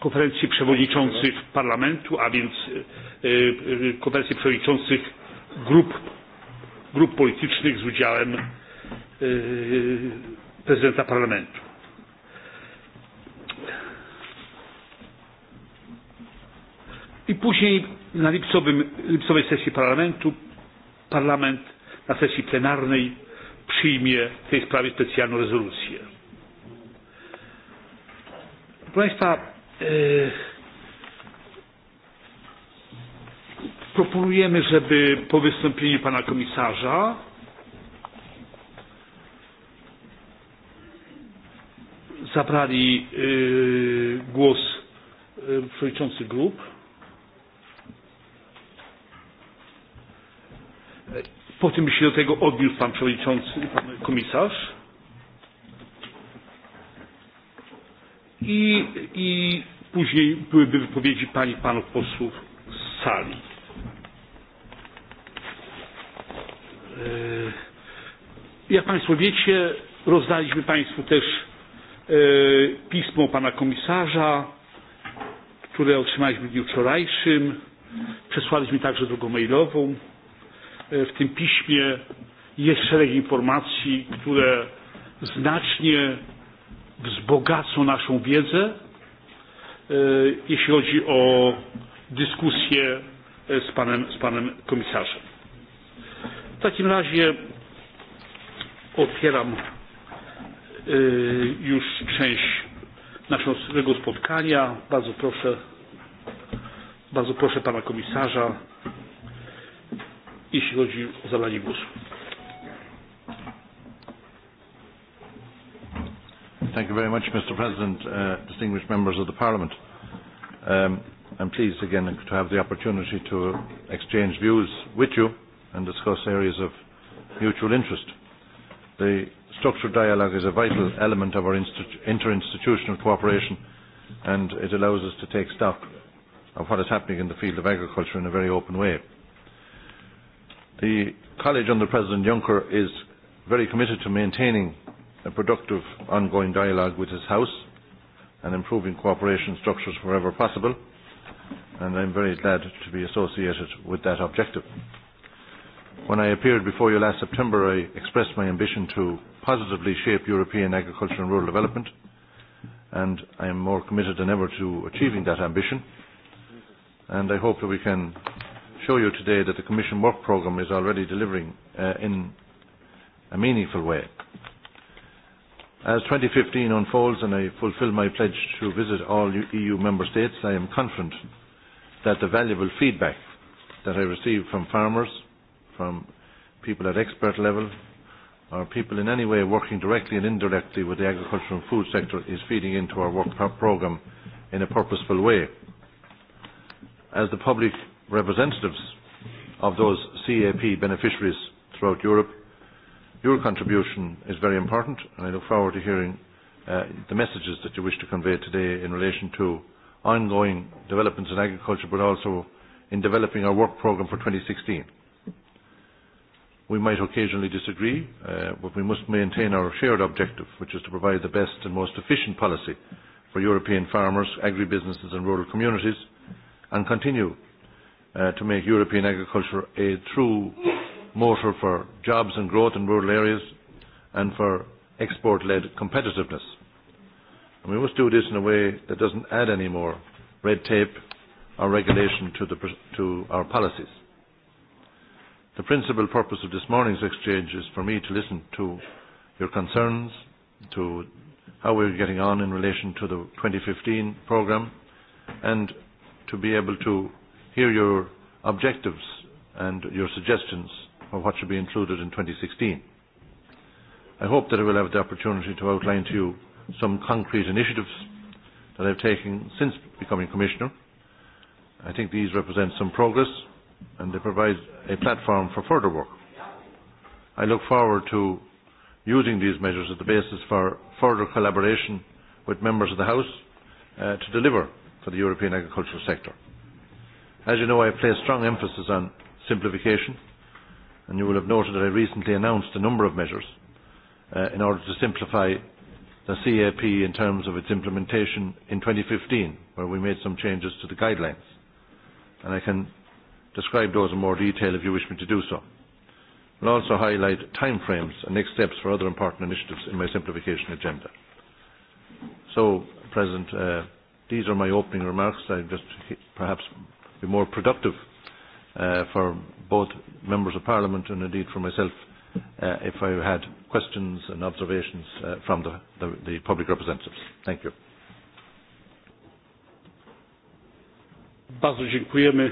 konferencji przewodniczących parlamentu, a więc e, e, konferencji przewodniczących grup, grup politycznych z udziałem prezydenta parlamentu. I później na lipcowym, lipcowej sesji parlamentu parlament na sesji plenarnej przyjmie w tej sprawie specjalną rezolucję. Proszę Państwa, yy, e, proponujemy, żeby po wystąpieniu pana komisarza zabrali yy, e, głos yy, e, przewodniczący grup Yy, Po tym się do tego odniósł pan przewodniczący, pan komisarz. I, i później byłyby wypowiedzi pani i panów posłów z sali. E, jak Państwo wiecie, rozdaliśmy Państwu też e, pismo pana komisarza, które otrzymaliśmy w dniu wczorajszym. Przesłaliśmy także drogą mailową. E, w tym piśmie jest szereg informacji, które znacznie wzbogacą naszą wiedzę, e, jeśli chodzi o dyskusję e, z panem, z panem komisarzem. W takim razie otwieram już część naszego spotkania. Bardzo proszę, bardzo proszę pana komisarza jeśli chodzi o zabranie głosu. Thank you very much, Mr. President, uh, distinguished members of the Parliament. Um, I'm pleased again to have the opportunity to exchange views with you and discuss areas of mutual interest. The structured dialogue is a vital element of our interinstitutional cooperation and it allows us to take stock of what is happening in the field of agriculture in a very open way. The College under President Juncker is very committed to maintaining a productive ongoing dialogue with his House and improving cooperation structures wherever possible, and I'm very glad to be associated with that objective. When I appeared before you last September, I expressed my ambition to positively shape European agriculture and rural development, and I am more committed than ever to achieving that ambition, and I hope that we can assure you today that the Commission work programme is already delivering uh, in a meaningful way. As 2015 unfolds and I fulfil my pledge to visit all EU e member states, I am confident that the valuable feedback that I receive from farmers, from people at expert level, or people in any way working directly and indirectly with the agricultural and food sector is feeding into our work programme in a purposeful way. As the public representatives of those CAP beneficiaries throughout Europe. Your contribution is very important, and I look forward to hearing uh, the messages that you wish to convey today in relation to ongoing developments in agriculture, but also in developing our work programme for 2016. We might occasionally disagree, uh, but we must maintain our shared objective, which is to provide the best and most efficient policy for European farmers, agribusinesses and rural communities, and continue Uh, to make European agriculture a true motor for jobs and growth in rural areas and for export-led competitiveness. And we must do this in a way that doesn't add any more red tape or regulation to, the, to our policies. The principal purpose of this morning's exchange is for me to listen to your concerns, to how we're getting on in relation to the 2015 programme, and to be able to hear your objectives and your suggestions of what should be included in 2016. I hope that I will have the opportunity to outline to you some concrete initiatives that I've taken since becoming Commissioner. I think these represent some progress and they provide a platform for further work. I look forward to using these measures as the basis for further collaboration with members of the House uh, to deliver for the European agricultural sector. As you know, I place strong emphasis on simplification, and you will have noted that I recently announced a number of measures uh, in order to simplify the CAP in terms of its implementation in 2015, where we made some changes to the guidelines. And I can describe those in more detail if you wish me to do so. I'll also highlight timeframes and next steps for other important initiatives in my simplification agenda. So, President, uh, these are my opening remarks. I just perhaps be more productive uh, for both members of parliament and indeed for myself uh, if I had questions and observations uh, from the, the, the public representatives. Thank you. Bardzo dziękujemy.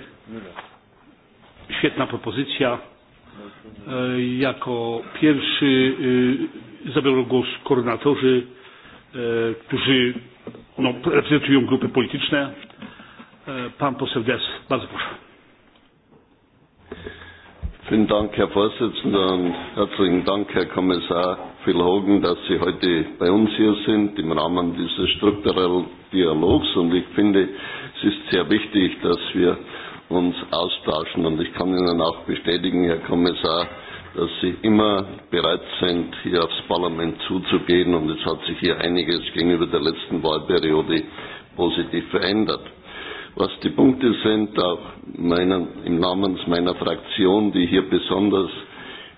Świetna propozycja. E, jako pierwszy e, zabiorą głos koordynatorzy, e, którzy no, reprezentują grupy polityczne Pan poseł Des. Bardzo proszę. Vielen Dank, Herr Vorsitzender, und herzlichen Dank, Herr Kommissar Phil Hogan, dass Sie heute bei uns hier sind im Rahmen dieses strukturellen Dialogs. Und ich finde, es ist sehr wichtig, dass wir uns austauschen. Und ich kann Ihnen auch bestätigen, Herr Kommissar, dass Sie immer bereit sind, hier aufs Parlament zuzugehen. Und es hat sich hier einiges gegenüber der letzten Wahlperiode positiv verändert. Was die Punkte sind, auch meiner, im Namen meiner Fraktion, die hier besonders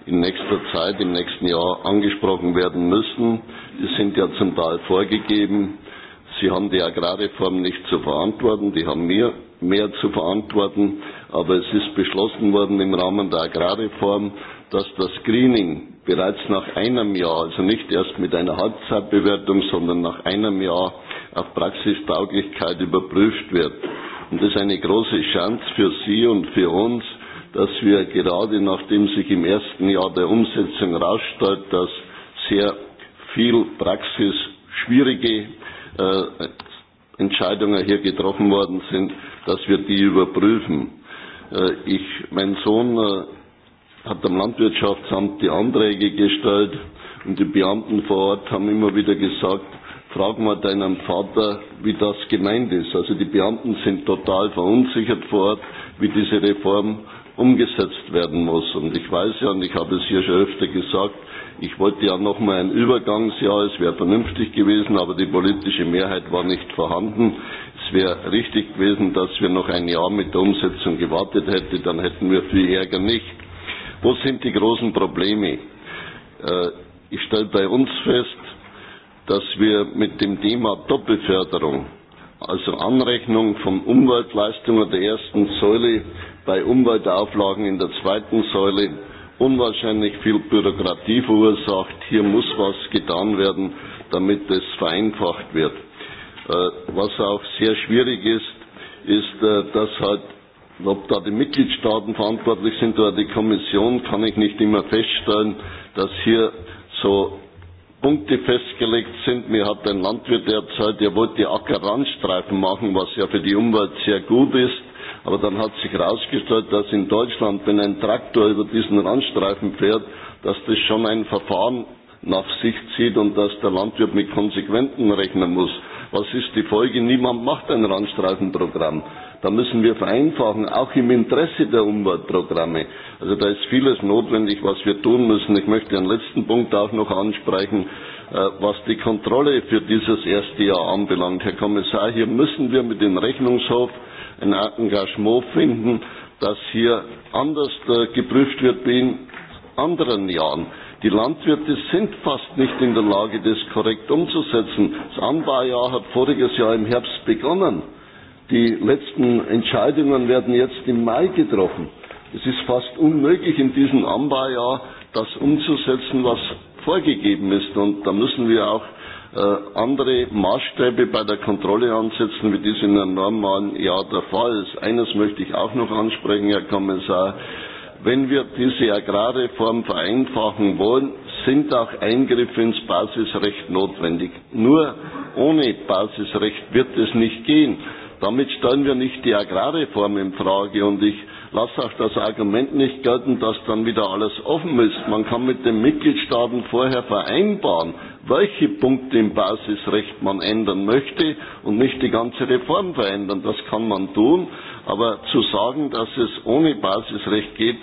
in nächster Zeit, im nächsten Jahr angesprochen werden müssen, die sind ja zum Teil vorgegeben. Sie haben die Agrarreform nicht zu verantworten, die haben mir mehr zu verantworten, aber es ist beschlossen worden im Rahmen der Agrarreform, dass das Screening bereits nach einem Jahr, also nicht erst mit einer Halbzeitbewertung, sondern nach einem Jahr auf Praxistauglichkeit überprüft wird. Und das ist eine große Chance für Sie und für uns, dass wir gerade nachdem sich im ersten Jahr der Umsetzung herausstellt, dass sehr viel Praxis schwierige äh, Entscheidungen hier getroffen worden sind, dass wir die überprüfen. Äh, ich, mein Sohn äh, hat am Landwirtschaftsamt die Anträge gestellt und die Beamten vor Ort haben immer wieder gesagt, frag mal deinen Vater, wie das gemeint ist. Also die Beamten sind total verunsichert vor Ort, wie diese Reform umgesetzt werden muss. Und ich weiß ja, und ich habe es hier schon öfter gesagt, ich wollte ja noch mal ein Übergangsjahr, es wäre vernünftig gewesen, aber die politische Mehrheit war nicht vorhanden. Es wäre richtig gewesen, dass wir noch ein Jahr mit der Umsetzung gewartet hätten, dann hätten wir viel Ärger nicht. Wo sind die großen Probleme? Äh, ich stelle bei uns fest, dass wir mit dem Thema Doppelförderung, also Anrechnung von Umweltleistungen der ersten Säule bei Umweltauflagen in der zweiten Säule, unwahrscheinlich viel Bürokratie verursacht. Hier muss was getan werden, damit es vereinfacht wird. Äh, was auch sehr schwierig ist, ist, äh, dass halt, ob da die Mitgliedstaaten verantwortlich sind oder die Kommission, kann ich nicht immer feststellen, dass hier so Punkte festgelegt sind. Mir hat ein Landwirt erzählt, er wollte Ackerrandstreifen machen, was ja für die Umwelt sehr gut ist. Aber dann hat sich herausgestellt, dass in Deutschland, wenn ein Traktor über diesen Randstreifen fährt, dass das schon ein Verfahren nach sich zieht und dass der Landwirt mit Konsequenten rechnen muss. Was ist die Folge? Niemand macht ein Randstreifenprogramm. Da müssen wir vereinfachen, auch im Interesse der Umweltprogramme. Also da ist vieles notwendig, was wir tun müssen. Ich möchte einen letzten Punkt auch noch ansprechen, äh, was die Kontrolle für dieses erste Jahr anbelangt. Herr Kommissar, hier müssen wir mit dem Rechnungshof ein Engagement finden, dass hier anders äh, geprüft wird wie in anderen Jahren. Die Landwirte sind fast nicht in der Lage, das korrekt umzusetzen. Das Anbaujahr hat voriges Jahr im Herbst begonnen. Die letzten Entscheidungen werden jetzt im Mai getroffen. Es ist fast unmöglich, in diesem Anbaujahr das umzusetzen, was vorgegeben ist. Und da müssen wir auch äh, andere Maßstäbe bei der Kontrolle ansetzen, wie dies in einem normalen Jahr der Fall ist. Eines möchte ich auch noch ansprechen, Herr Kommissar. Äh, Wenn wir diese Agrarreform vereinfachen wollen, sind auch Eingriffe ins Basisrecht notwendig. Nur ohne Basisrecht wird es nicht gehen. Damit stellen wir nicht die Agrarreform in Frage und ich lasse auch das Argument nicht gelten, dass dann wieder alles offen ist. Man kann mit den Mitgliedstaaten vorher vereinbaren, welche Punkte im Basisrecht man ändern möchte und nicht die ganze Reform verändern. Das kann man tun. Aber zu sagen, dass es ohne Basisrecht geht,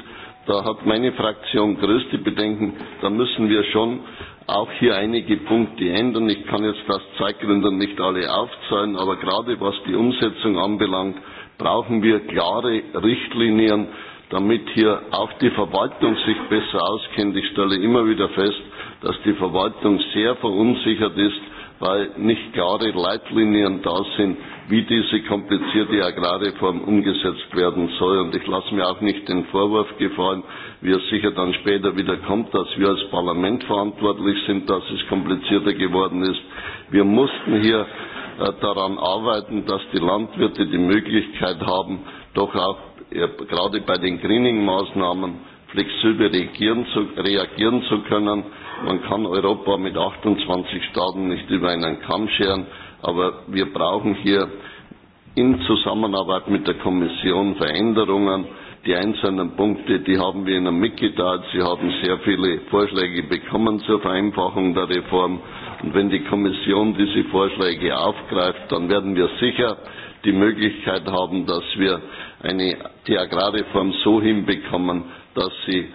da hat meine Fraktion größte Bedenken. Da müssen wir schon auch hier einige Punkte ändern. Ich kann jetzt aus Zeitgründen nicht alle aufzählen, aber gerade was die Umsetzung anbelangt, brauchen wir klare Richtlinien, damit hier auch die Verwaltung sich besser auskennt. Ich stelle immer wieder fest, dass die Verwaltung sehr verunsichert ist weil nicht klare Leitlinien da sind, wie diese komplizierte Agrarreform umgesetzt werden soll. Und ich lasse mir auch nicht den Vorwurf gefallen, wie es sicher dann später wieder kommt, dass wir als Parlament verantwortlich sind, dass es komplizierter geworden ist. Wir mussten hier äh, daran arbeiten, dass die Landwirte die Möglichkeit haben, doch auch äh, gerade bei den Greening-Maßnahmen flexibel reagieren zu können Man kann Europa mit 28 Staaten nicht über einen Kamm scheren, aber wir brauchen hier in Zusammenarbeit mit der Kommission Veränderungen. Die einzelnen Punkte, die haben wir Ihnen mitgeteilt. Sie haben sehr viele Vorschläge bekommen zur Vereinfachung der Reform. Und wenn die Kommission diese Vorschläge aufgreift, dann werden wir sicher die Möglichkeit haben, dass wir eine, die Agrarreform so hinbekommen, dass sie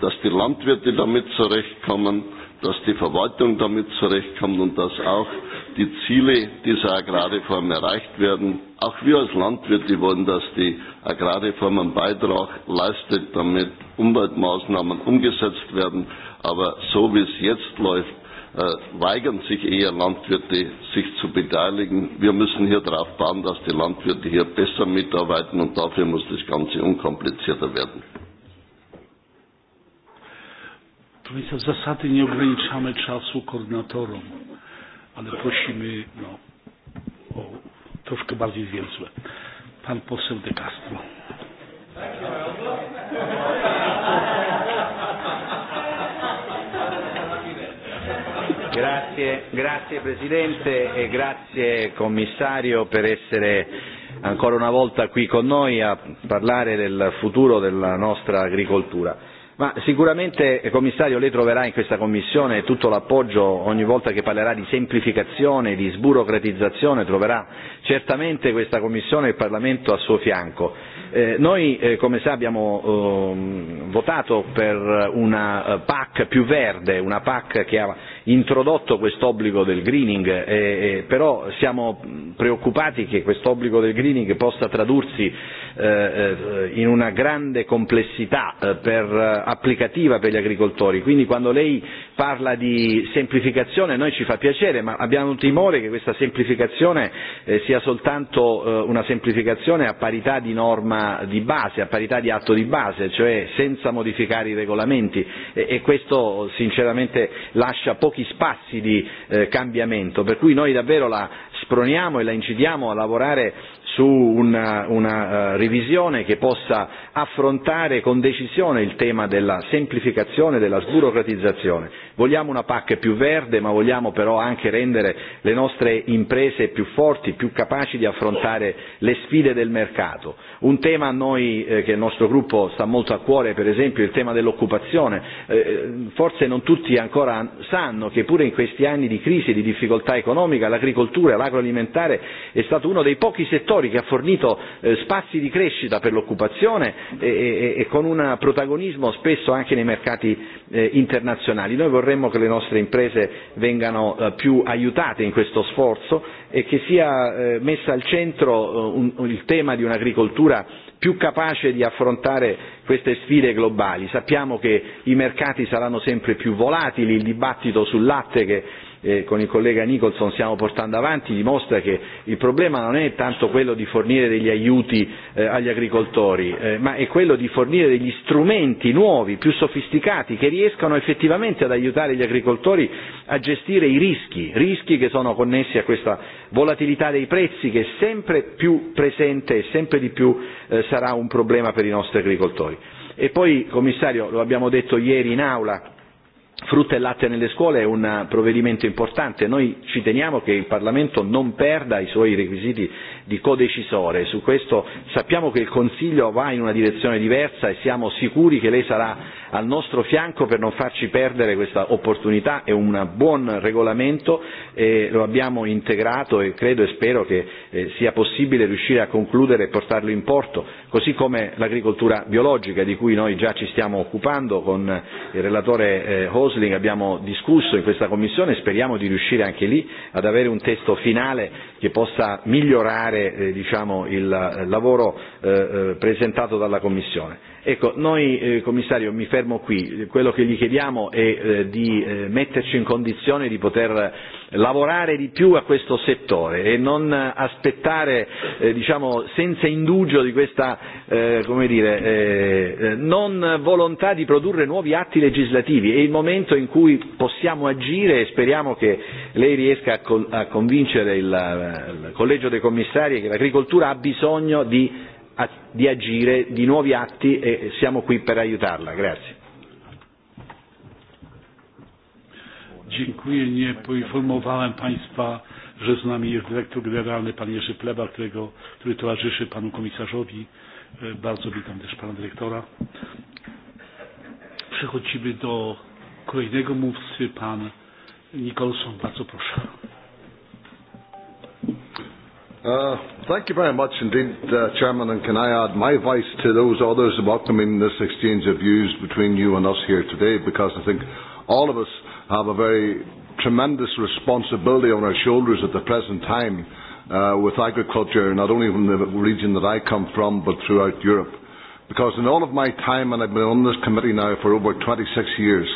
dass die Landwirte damit zurechtkommen, dass die Verwaltung damit zurechtkommt und dass auch die Ziele dieser Agrarreform erreicht werden. Auch wir als Landwirte wollen, dass die Agrarreform einen Beitrag leistet, damit Umweltmaßnahmen umgesetzt werden. Aber so wie es jetzt läuft, äh, weigern sich eher Landwirte, sich zu beteiligen. Wir müssen hier darauf bauen, dass die Landwirte hier besser mitarbeiten und dafür muss das Ganze unkomplizierter werden. Państwa, zasady nie ograniczamy czasu koordynatorom, ale prosimy no, o troszkę bardziej zwięzłe. Pan poseł De Castro. Grazie, grazie Presidente e grazie Commissario per essere ancora una volta qui con noi a parlare del futuro della nostra agricoltura Ma sicuramente, eh, commissario, lei troverà in questa Commissione tutto l'appoggio ogni volta che parlerà di semplificazione, di sburocratizzazione, troverà certamente questa Commissione e il Parlamento a suo fianco. Eh, noi, eh, come sa, abbiamo eh, votato per una eh, PAC più verde, una PAC che ha introdotto questo obbligo del greening, eh, eh, però siamo preoccupati che questo obbligo del greening possa tradursi eh, eh, in una grande complessità eh, per, eh, applicativa per gli agricoltori. Quindi quando lei parla di semplificazione noi ci fa piacere, ma abbiamo un timore che questa semplificazione eh, sia soltanto eh, una semplificazione a parità di norma di base, a parità di atto di base, cioè senza modificare i regolamenti e, e questo sinceramente lascia poco pochi spazi di eh, cambiamento, per cui noi davvero la sproniamo e la incidiamo a lavorare su una, una uh, revisione che possa affrontare con decisione il tema della semplificazione e della sburocratizzazione. Vogliamo una PAC più verde, ma vogliamo però anche rendere le nostre imprese più forti, più capaci di affrontare le sfide del mercato Un tema a noi, eh, che il nostro gruppo sta molto a cuore, per esempio il tema dell'occupazione. Eh, forse non tutti ancora sanno che pure in questi anni di crisi, e di difficoltà economica, l'agricoltura, e l'agroalimentare è stato uno dei pochi settori che ha fornito eh, spazi di crescita per l'occupazione e, e, e, e con un protagonismo spesso anche nei mercati eh, internazionali. Noi vorremmo che le nostre imprese vengano eh, più aiutate in questo sforzo e che sia eh, messa al centro eh, un, il tema di un'agricoltura più capace di affrontare queste sfide globali. Sappiamo che i mercati saranno sempre più volatili, il dibattito sul latte che eh, con il collega Nicholson stiamo portando avanti dimostra che il problema non è tanto quello di fornire degli aiuti eh, agli agricoltori, eh, ma è quello di fornire degli strumenti nuovi, più sofisticati, che riescano effettivamente ad aiutare gli agricoltori a gestire i rischi, rischi che sono connessi a questa volatilità dei prezzi che è sempre più presente e sempre di più eh, sarà un problema per i nostri agricoltori. E poi, commissario, lo abbiamo detto ieri in aula, frutta e latte nelle scuole è un provvedimento importante, noi ci teniamo che il Parlamento non perda i suoi requisiti di codecisore, su questo sappiamo che il Consiglio va in una direzione diversa e siamo sicuri che lei sarà al nostro fianco per non farci perdere questa opportunità, è un buon regolamento, e lo abbiamo integrato e credo e spero che eh, sia possibile riuscire a concludere e portarlo in porto, così come l'agricoltura biologica di cui noi già ci stiamo occupando con il relatore eh, Hose Gosling abbiamo discusso in questa Commissione e speriamo di riuscire anche lì ad avere un testo finale che possa migliorare eh, diciamo, il eh, lavoro eh, eh, presentato dalla Commissione Ecco, noi eh, commissario mi fermo qui, quello che gli chiediamo è eh, di eh, metterci in condizione di poter lavorare di più a questo settore e non aspettare eh, diciamo, senza indugio di questa eh, come dire, eh, eh non volontà di produrre nuovi atti legislativi. È il momento in cui possiamo agire e speriamo che lei riesca a, col- a convincere il, eh, il Collegio dei Commissari che l'agricoltura ha bisogno di di agire, di nuovi atti e siamo qui per aiutarla. Grazie. Dziękuję. Nie poinformowałem Państwa, że z nami jest dyrektor generalny pan Jerzy Pleba, którego, który towarzyszy panu komisarzowi. E, bardzo witam też pana dyrektora. Przechodzimy do kolejnego mówcy, pan Nikolson. Bardzo proszę. Uh, thank you very much indeed, uh, Chairman, and can I add my voice to those others welcoming this exchange of views between you and us here today because I think all of us have a very tremendous responsibility on our shoulders at the present time uh, with agriculture, not only from the region that I come from, but throughout Europe. Because in all of my time, and I've been on this committee now for over 26 years,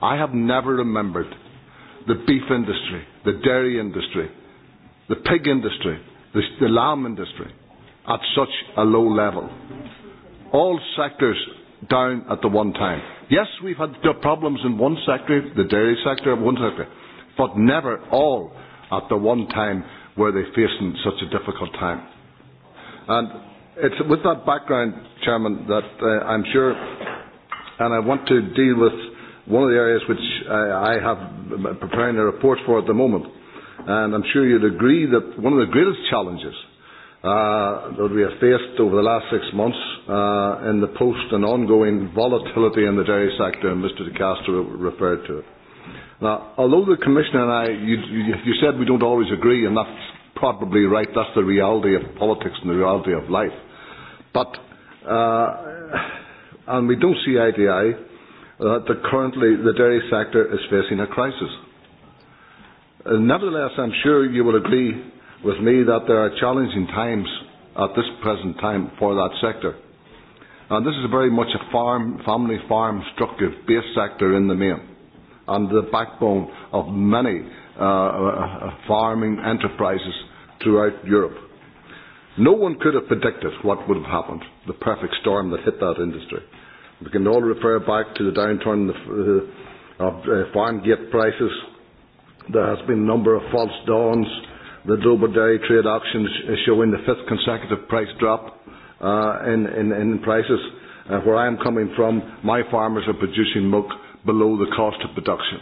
I have never remembered the beef industry, the dairy industry, the pig industry, the, the lamb industry, at such a low level. All sectors down at the one time. Yes, we've had problems in one sector, the dairy sector, one sector, but never all at the one time were they facing such a difficult time. And it's with that background, Chairman, that uh, I'm sure, and I want to deal with one of the areas which uh, I have uh, preparing a report for at the moment And I'm sure you'd agree that one of the greatest challenges uh, that we have faced over the last six months uh, in the post and ongoing volatility in the dairy sector, and Mr. De Castro referred to it. Now, although the Commissioner and I, you, you said we don't always agree, and that's probably right, that's the reality of politics and the reality of life. But, uh, and we don't see eye to eye that the currently the dairy sector is facing a crisis. Uh, nevertheless, I'm sure you will agree with me that there are challenging times at this present time for that sector. And this is very much a farm, family farm structure based sector in the main and the backbone of many uh, uh, farming enterprises throughout Europe. No one could have predicted what would have happened, the perfect storm that hit that industry. We can all refer back to the downturn of uh, farm gate prices There has been a number of false dawns. The Dover Dairy Trade auction is showing the fifth consecutive price drop uh, in, in, in prices. Uh, where I am coming from, my farmers are producing milk below the cost of production.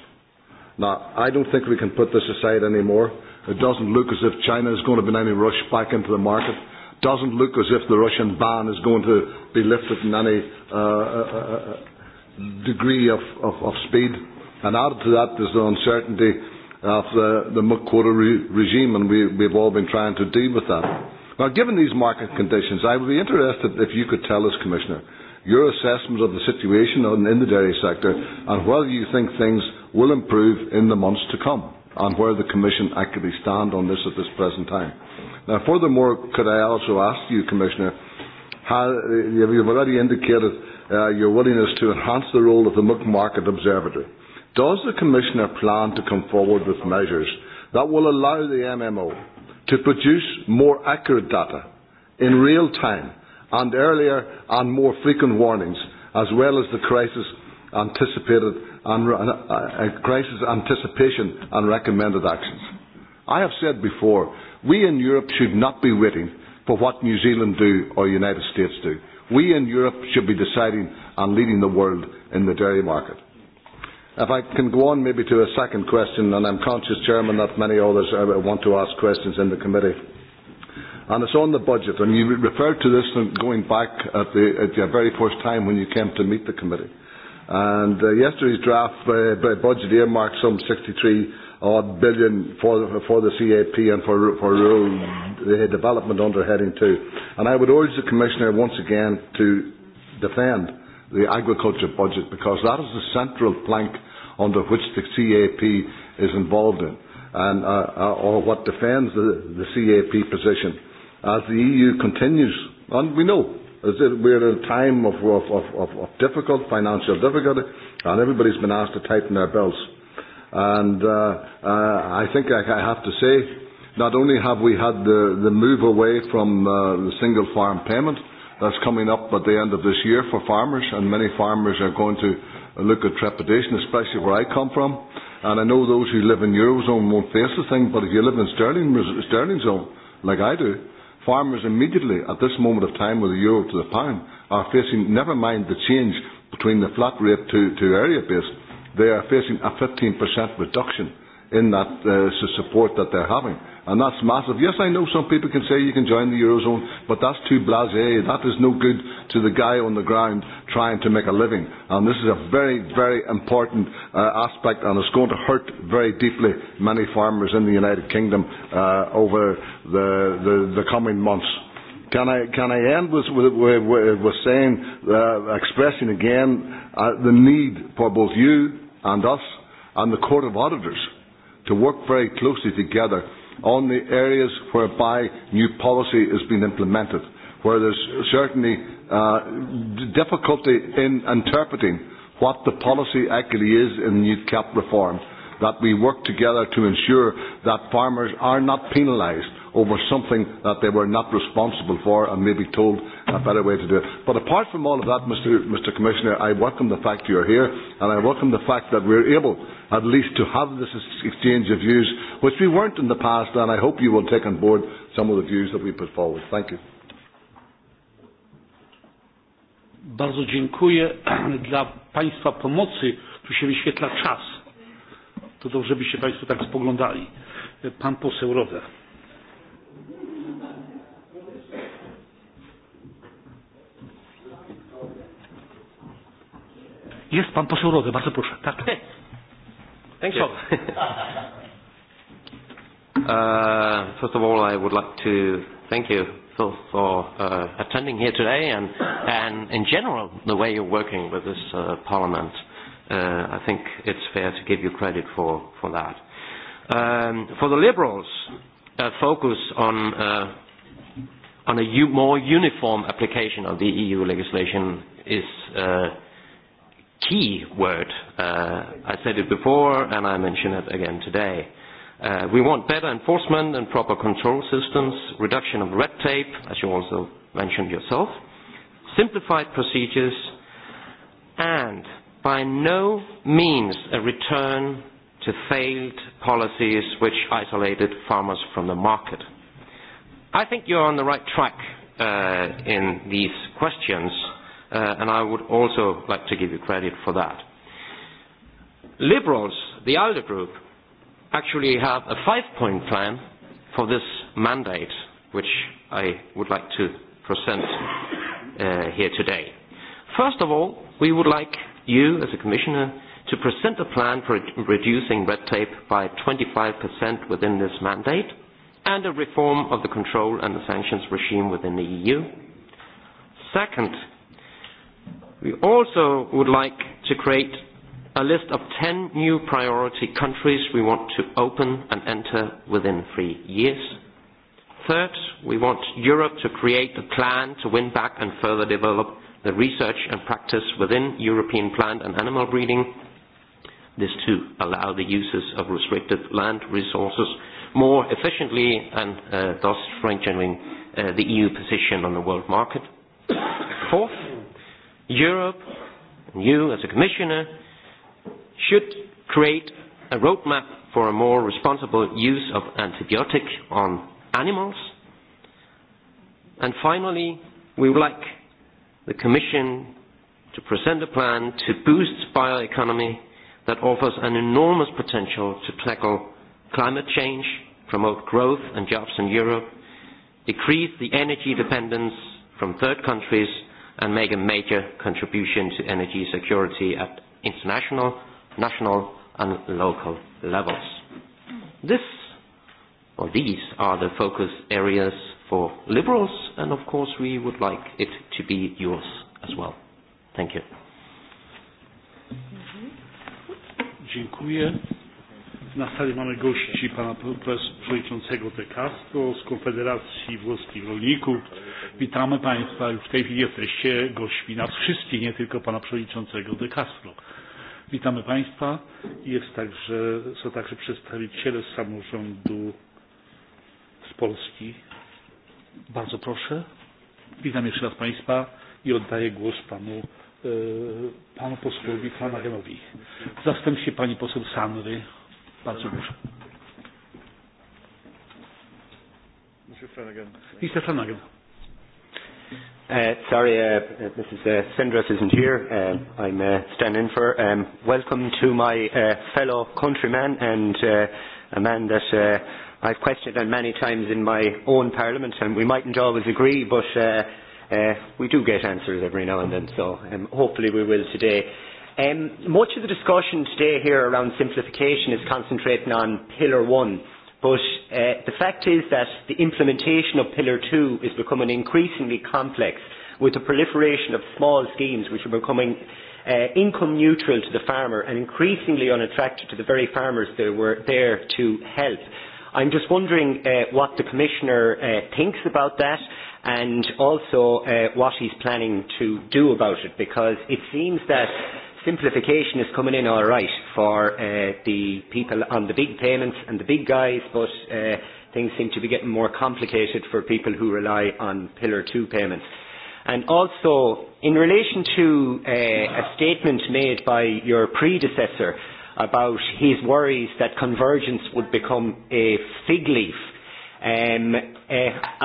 Now, I don't think we can put this aside anymore. It doesn't look as if China is going to be in any rush back into the market. It doesn't look as if the Russian ban is going to be lifted in any uh, uh, uh, uh degree of, of, of speed. And added to that, there's the uncertainty of the, the milk re- regime, and we, we've all been trying to deal with that. Now, given these market conditions, I would be interested if you could tell us, Commissioner, your assessment of the situation in the dairy sector and whether you think things will improve in the months to come and where the Commission actually stand on this at this present time. Now, furthermore, could I also ask you, Commissioner, how, you've already indicated uh, your willingness to enhance the role of the Milk Market Observatory. Does the Commissioner plan to come forward with measures that will allow the MMO to produce more accurate data in real time and earlier and more frequent warnings, as well as the crisis anticipated and uh, uh, uh, crisis anticipation and recommended actions. I have said before, we in Europe should not be waiting for what New Zealand do or United States do. We in Europe should be deciding and leading the world in the dairy market. If I can go on maybe to a second question, and I'm conscious, Chairman, that many others uh, want to ask questions in the committee. And it's on the budget, and you referred to this going back at the, at the very first time when you came to meet the committee. And uh, yesterday's draft uh, budget earmarked some 63 odd billion for, for the CAP and for, for rural development under heading two. And I would urge the Commissioner once again to defend uh, the agriculture budget because that is the central plank under which the CAP is involved in, and, uh, uh, or what defends the, the CAP position. As the EU continues, and we know as if we're in a time of, of, of, of difficult financial difficulty, and everybody's been asked to tighten their belts. And uh, uh, I think I, I have to say, not only have we had the, the move away from uh, the single farm payment, that's coming up at the end of this year for farmers, and many farmers are going to look at trepidation, especially where I come from. And I know those who live in Eurozone won't face the thing, but if you live in Sterling, Sterling Zone, like I do, farmers immediately at this moment of time with the euro to the pound are facing, never mind the change between the flat rate to, to area base, they are facing a 15% reduction in that uh, support that they're having. And that's massive. Yes, I know some people can say you can join the Eurozone, but that's too blasé. That is no good to the guy on the ground trying to make a living. And this is a very, very important uh, aspect, and it's going to hurt very deeply many farmers in the United Kingdom uh, over the, the, the coming months. Can I, can I end with, with, with, with saying, uh, expressing again uh, the need for both you and us and the Court of Auditors to work very closely together on the areas whereby new policy is being implemented, where there's certainly uh, difficulty in interpreting what the policy actually is in the new CAP reform, that we work together to ensure that farmers are not penalised over something that they were not responsible for and maybe told a better way to do it. But apart from all of that, Mr, Mr Commissioner, I welcome the fact you're here and I welcome the fact that we're able at least to have this exchange of views, which we weren't in the past, and I hope you will take on board some of the views that we put forward. Thank you. Bardzo dziękuję dla Państwa pomocy. Tu się wyświetla czas. To dobrze byście Państwo tak spoglądali. Pan poseł Roder. Jest pan poseł Rodę, bardzo proszę. Tak. Thanks, a uh, first of all, I would like to thank you for, for uh, attending here today and, and in general the way you're working with this uh, parliament. Uh, I think it's fair to give you credit for, for that. Um, for the Liberals, uh, focus on, uh, on a u- more uniform application of the EU legislation is uh, key word. Uh, I said it before and I mention it again today. Uh, we want better enforcement and proper control systems, reduction of red tape, as you also mentioned yourself, simplified procedures, and by no means a return to failed policies which isolated farmers from the market. I think you're on the right track uh, in these questions uh, and I would also like to give you credit for that. Liberals, the ALDE group, actually have a five-point plan for this mandate, which I would like to present uh, here today. First of all, we would like you, as a commissioner, to present a plan for reducing red tape by 25% within this mandate and a reform of the control and the sanctions regime within the EU. Second, We also would like to create a list of 10 new priority countries we want to open and enter within three years. Third, we want Europe to create a plan to win back and further develop the research and practice within European plant and animal breeding. This to allow the uses of restricted land resources more efficiently and uh, thus strengthening uh, the EU position on the world market. Europe, and you as a commissioner, should create a roadmap for a more responsible use of antibiotic on animals. And finally, we would like the Commission to present a plan to boost bioeconomy that offers an enormous potential to tackle climate change, promote growth and jobs in Europe, decrease the energy dependence from third countries, and make a major contribution to energy security at international, national and local levels. This, or these are the focus areas for Liberals and of course we would like it to be yours as well. Thank you. Dziękuję. Na sali mamy gości pana przewodniczącego De Castro z Konfederacji Włoskich Rolników. Witamy państwa. Już w tej chwili jesteście gośćmi nas wszystkich, nie tylko pana przewodniczącego De Castro. Witamy państwa. Jest także, są także przedstawiciele samorządu z Polski. Bardzo proszę. Witam jeszcze raz państwa i oddaję głos panu e, panu posłowi Flanagenowi. Zastępcie pani poseł Sanry. Mr. proszę. Mr. Flanagan. Uh, sorry, uh, Mrs. Uh, uh Sindress isn't here. Uh, I'm uh, standing in for. Um, welcome to my uh, fellow countryman and uh, a man that uh, I've questioned on many times in my own parliament, and we mightn't always agree, but uh, uh, we do get answers every now and then, so um, hopefully we will today. Um, much of the discussion today here around simplification is concentrating on Pillar 1, but uh, the fact is that the implementation of Pillar 2 is becoming increasingly complex with the proliferation of small schemes which are becoming uh, income neutral to the farmer and increasingly unattractive to the very farmers that were there to help. I'm just wondering uh, what the Commissioner uh, thinks about that and also uh, what he's planning to do about it because it seems that simplification is coming in all right for uh, the people on the big payments and the big guys, but uh, things seem to be getting more complicated for people who rely on Pillar 2 payments. And also, in relation to uh, a statement made by your predecessor about his worries that convergence would become a fig leaf, um, uh,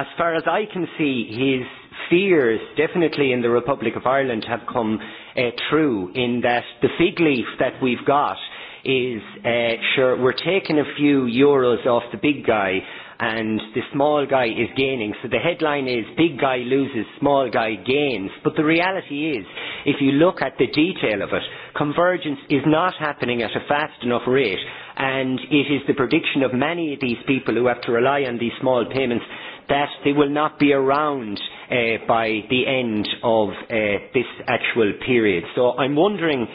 as far as I can see, his fears, definitely in the Republic of Ireland, have come uh, true in that the fig leaf that we've got is uh, sure we're taking a few euros off the big guy and the small guy is gaining. So the headline is big guy loses, small guy gains. But the reality is, if you look at the detail of it, convergence is not happening at a fast enough rate. And it is the prediction of many of these people who have to rely on these small payments that they will not be around uh, by the end of uh, this actual period. So I'm wondering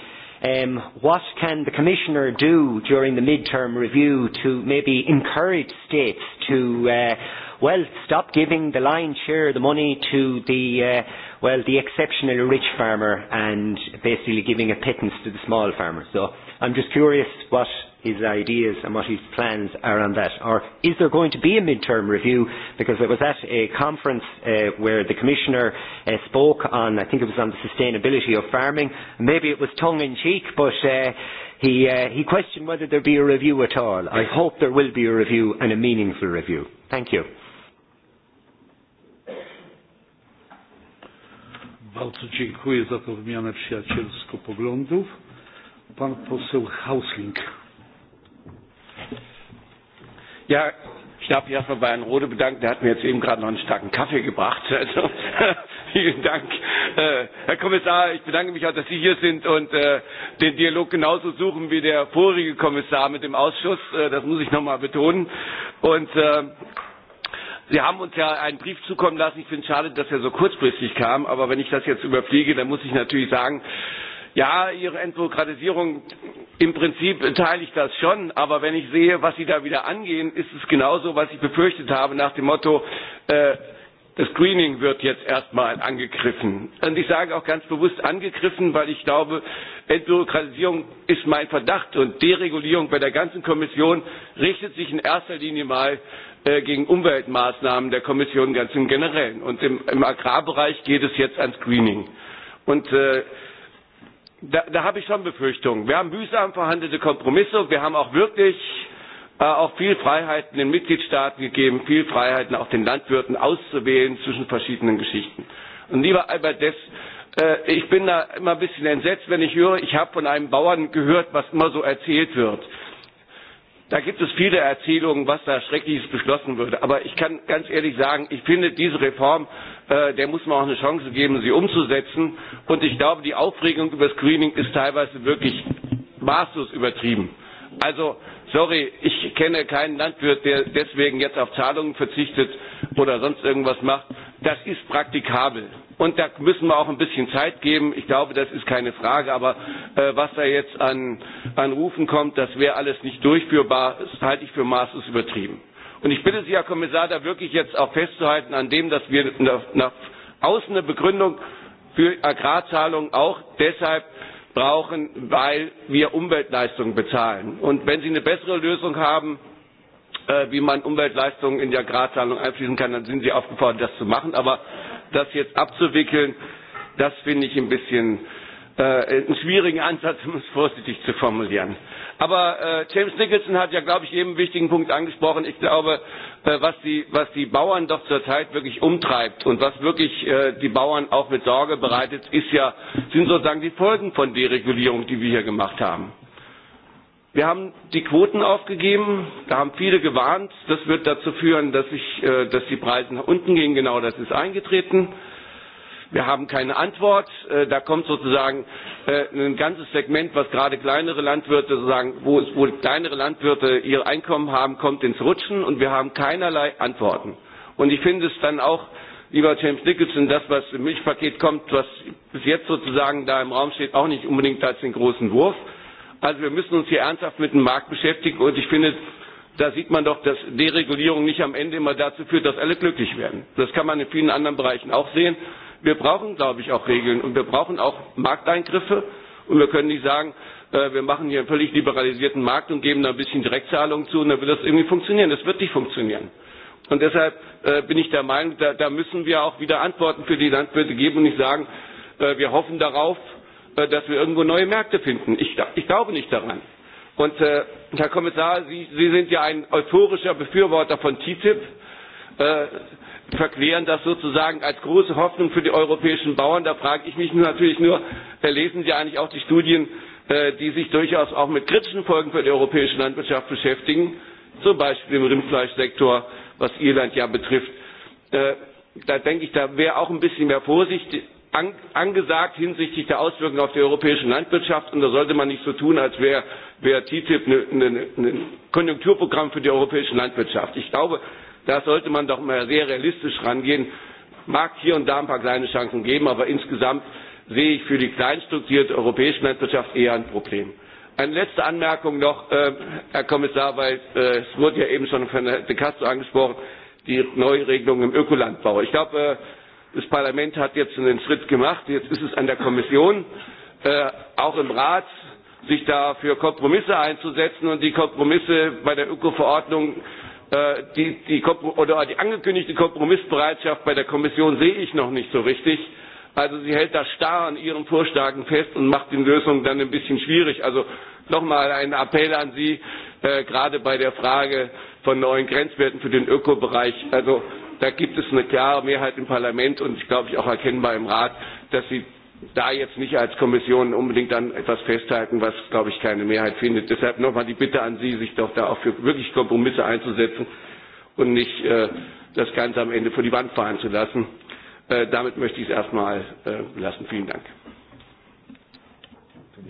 um, what can the Commissioner do during the midterm review to maybe encourage states to, uh, well, stop giving the lion's share of the money to the, uh, well, the exceptionally rich farmer and basically giving a pittance to the small farmer. So I'm just curious what his ideas and what his plans are on that? Or is there going to be a midterm review? Because it was at a conference uh, where the Commissioner uh, spoke on, I think it was on the sustainability of farming. Maybe it was tongue in cheek, but uh, he, uh, he questioned whether there be a review at all. I hope there will be a review and a meaningful review. Thank you. Bardzo dziękuję za tę wymianę przyjacielsko poglądów. Pan poseł Hausling. Ja, ich darf mich erstmal bei Herrn Rode bedanken. Der hat mir jetzt eben gerade noch einen starken Kaffee gebracht. Also, vielen Dank. Äh, Herr Kommissar, ich bedanke mich auch, dass Sie hier sind und äh, den Dialog genauso suchen wie der vorige Kommissar mit dem Ausschuss. Äh, das muss ich nochmal betonen. Und äh, Sie haben uns ja einen Brief zukommen lassen. Ich finde es schade, dass er so kurzfristig kam. Aber wenn ich das jetzt überfliege, dann muss ich natürlich sagen, äh, Ja, Ihre Entbürokratisierung, im Prinzip teile ich das schon, aber wenn ich sehe, was Sie da wieder angehen, ist es genauso, was ich befürchtet habe, nach dem Motto, äh, das Screening wird jetzt erstmal angegriffen. Und ich sage auch ganz bewusst angegriffen, weil ich glaube, Entbürokratisierung ist mein Verdacht und Deregulierung bei der ganzen Kommission richtet sich in erster Linie mal äh, gegen Umweltmaßnahmen der Kommission ganz im Generellen. Und im, im Agrarbereich geht es jetzt an Screening. Und äh, da, da habe ich schon Befürchtungen. Wir haben mühsam verhandelte Kompromisse. Wir haben auch wirklich äh, auch viel Freiheiten den Mitgliedstaaten gegeben, viel Freiheiten auch den Landwirten auszuwählen zwischen verschiedenen Geschichten. Und lieber Albert Dess, äh, ich bin da immer ein bisschen entsetzt, wenn ich höre, ich habe von einem Bauern gehört, was immer so erzählt wird. Da gibt es viele Erzählungen, was da Schreckliches beschlossen würde. Aber ich kann ganz ehrlich sagen, ich finde diese Reform Äh, der muss man auch eine Chance geben, sie umzusetzen. Und ich glaube, die Aufregung über Screening ist teilweise wirklich maßlos übertrieben. Also, sorry, ich kenne keinen Landwirt, der deswegen jetzt auf Zahlungen verzichtet oder sonst irgendwas macht. Das ist praktikabel. Und da müssen wir auch ein bisschen Zeit geben. Ich glaube, das ist keine Frage. Aber äh, was da jetzt an, an Rufen kommt, das wäre alles nicht durchführbar. Das halte ich für maßlos übertrieben. Und ich bitte Sie, Herr Kommissar, da wirklich jetzt auch festzuhalten an dem, dass wir nach außen eine Begründung für Agrarzahlungen auch deshalb brauchen, weil wir Umweltleistungen bezahlen. Und wenn Sie eine bessere Lösung haben, äh, wie man Umweltleistungen in die Agrarzahlung einfließen kann, dann sind Sie aufgefordert, das zu machen. Aber das jetzt abzuwickeln, das finde ich ein bisschen äh, einen schwierigen Ansatz, um es vorsichtig zu formulieren. Aber äh, James Nicholson hat ja, glaube ich, jeden wichtigen Punkt angesprochen. Ich glaube, äh, was, die, was die Bauern doch zurzeit wirklich umtreibt und was wirklich äh, die Bauern auch mit Sorge bereitet, ist ja, sind sozusagen die Folgen von Deregulierung, die wir hier gemacht haben. Wir haben die Quoten aufgegeben, da haben viele gewarnt, das wird dazu führen, dass, ich, äh, dass die Preise nach unten gehen, genau das ist eingetreten. Äh, wir haben keine Antwort. Äh, da kommt sozusagen äh, ein ganzes Segment, was gerade kleinere Landwirte sozusagen, wo, es, wo kleinere Landwirte ihr Einkommen haben, kommt ins Rutschen und wir haben keinerlei Antworten. Und ich finde es dann auch, lieber James Nicholson, das, was im Milchpaket kommt, was bis jetzt sozusagen da im Raum steht, auch nicht unbedingt als den großen Wurf. Also wir müssen uns hier ernsthaft mit dem Markt beschäftigen und ich finde, da sieht man doch, dass Deregulierung nicht am Ende immer dazu führt, dass alle glücklich werden. Das kann man in vielen anderen Bereichen auch sehen wir brauchen, glaube ich, auch Regeln und wir brauchen auch Markteingriffe. Und wir können nicht sagen, äh, wir machen hier einen völlig liberalisierten Markt und geben da ein bisschen Direktzahlungen zu und dann wird das irgendwie funktionieren. Das wird nicht funktionieren. Und deshalb äh, bin ich der Meinung, da, da müssen wir auch wieder Antworten für die Landwirte geben und nicht sagen, äh, wir hoffen darauf, äh, dass wir irgendwo neue Märkte finden. Ich, ich glaube nicht daran. Und äh, Herr Kommissar, Sie, Sie sind ja ein euphorischer Befürworter von TTIP. Äh, verklären das sozusagen als große Hoffnung für die europäischen Bauern. Da frage ich mich natürlich nur, äh, lesen Sie eigentlich auch die Studien, äh, die sich durchaus auch mit kritischen Folgen für die europäische Landwirtschaft beschäftigen, zum Beispiel im Rindfleischsektor, was Irland ja betrifft. Äh, da denke ich, da wäre auch ein bisschen mehr Vorsicht angesagt hinsichtlich der Auswirkungen auf die europäische Landwirtschaft. Und da sollte man nicht so tun, als wäre wär TTIP ein Konjunkturprogramm für die europäische Landwirtschaft. Ich glaube, Da sollte man doch mal sehr realistisch rangehen. Mag hier und da ein paar kleine Chancen geben, aber insgesamt sehe ich für die kleinstrukturierte europäische Landwirtschaft eher ein Problem. Eine letzte Anmerkung noch, äh, Herr Kommissar, weil äh, es wurde ja eben schon von Herrn De Castro angesprochen, die Neuregelung im Ökolandbau. Ich glaube, äh, das Parlament hat jetzt einen Schritt gemacht. Jetzt ist es an der Kommission, äh, auch im Rat, sich da für Kompromisse einzusetzen und die Kompromisse bei der Ökoverordnung Äh, die, die, oder die angekündigte Kompromissbereitschaft bei der Kommission sehe ich noch nicht so richtig. Also sie hält da starr an ihren Vorschlägen fest und macht die Lösung dann ein bisschen schwierig. Also nochmal ein Appell an Sie, äh, gerade bei der Frage von neuen Grenzwerten für den Ökobereich. Also da gibt es eine klare Mehrheit im Parlament und ich glaube ich auch erkennbar im Rat, dass Sie da jetzt nicht als Kommission unbedingt an etwas festhalten, was, glaube ich, keine Mehrheit findet. Deshalb nochmal die Bitte an Sie, sich doch da auch für wirklich Kompromisse einzusetzen und nicht äh, das Ganze am Ende vor die Wand fahren zu lassen. Äh, damit möchte ich es erstmal äh, lassen. Vielen Dank.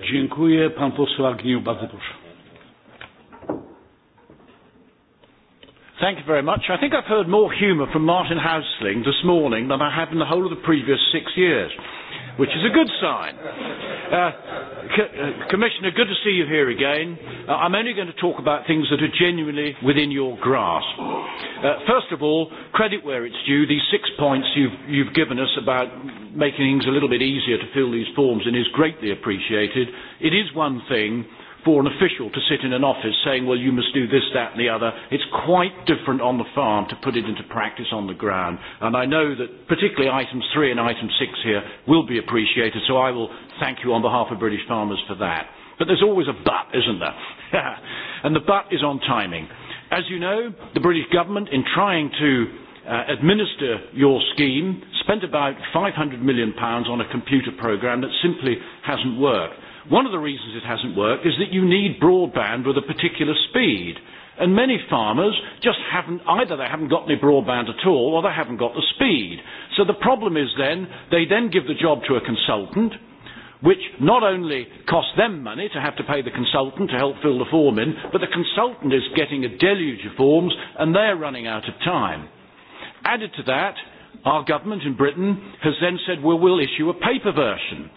Dziękuję. Pan poseł Agniu, bardzo proszę. Thank you very much. I think I've heard more humour from Martin Hausling this morning than I have in the whole of the previous six years which is a good sign. Uh, uh, Commissioner, good to see you here again. Uh, I'm only going to talk about things that are genuinely within your grasp. Uh, first of all, credit where it's due. These six points you've, you've given us about making things a little bit easier to fill these forms and is greatly appreciated. It is one thing for an official to sit in an office saying, well, you must do this, that, and the other. It's quite different on the farm to put it into practice on the ground. And I know that particularly items three and item six here will be appreciated, so I will thank you on behalf of British farmers for that. But there's always a but, isn't there? and the but is on timing. As you know, the British government, in trying to uh, administer your scheme, spent about £500 million on a computer program that simply hasn't worked. One of the reasons it hasn't worked is that you need broadband with a particular speed. And many farmers just haven't, either they haven't got any broadband at all or they haven't got the speed. So the problem is then, they then give the job to a consultant, which not only costs them money to have to pay the consultant to help fill the form in, but the consultant is getting a deluge of forms and they're running out of time. Added to that, our government in Britain has then said, well, we'll issue a paper version.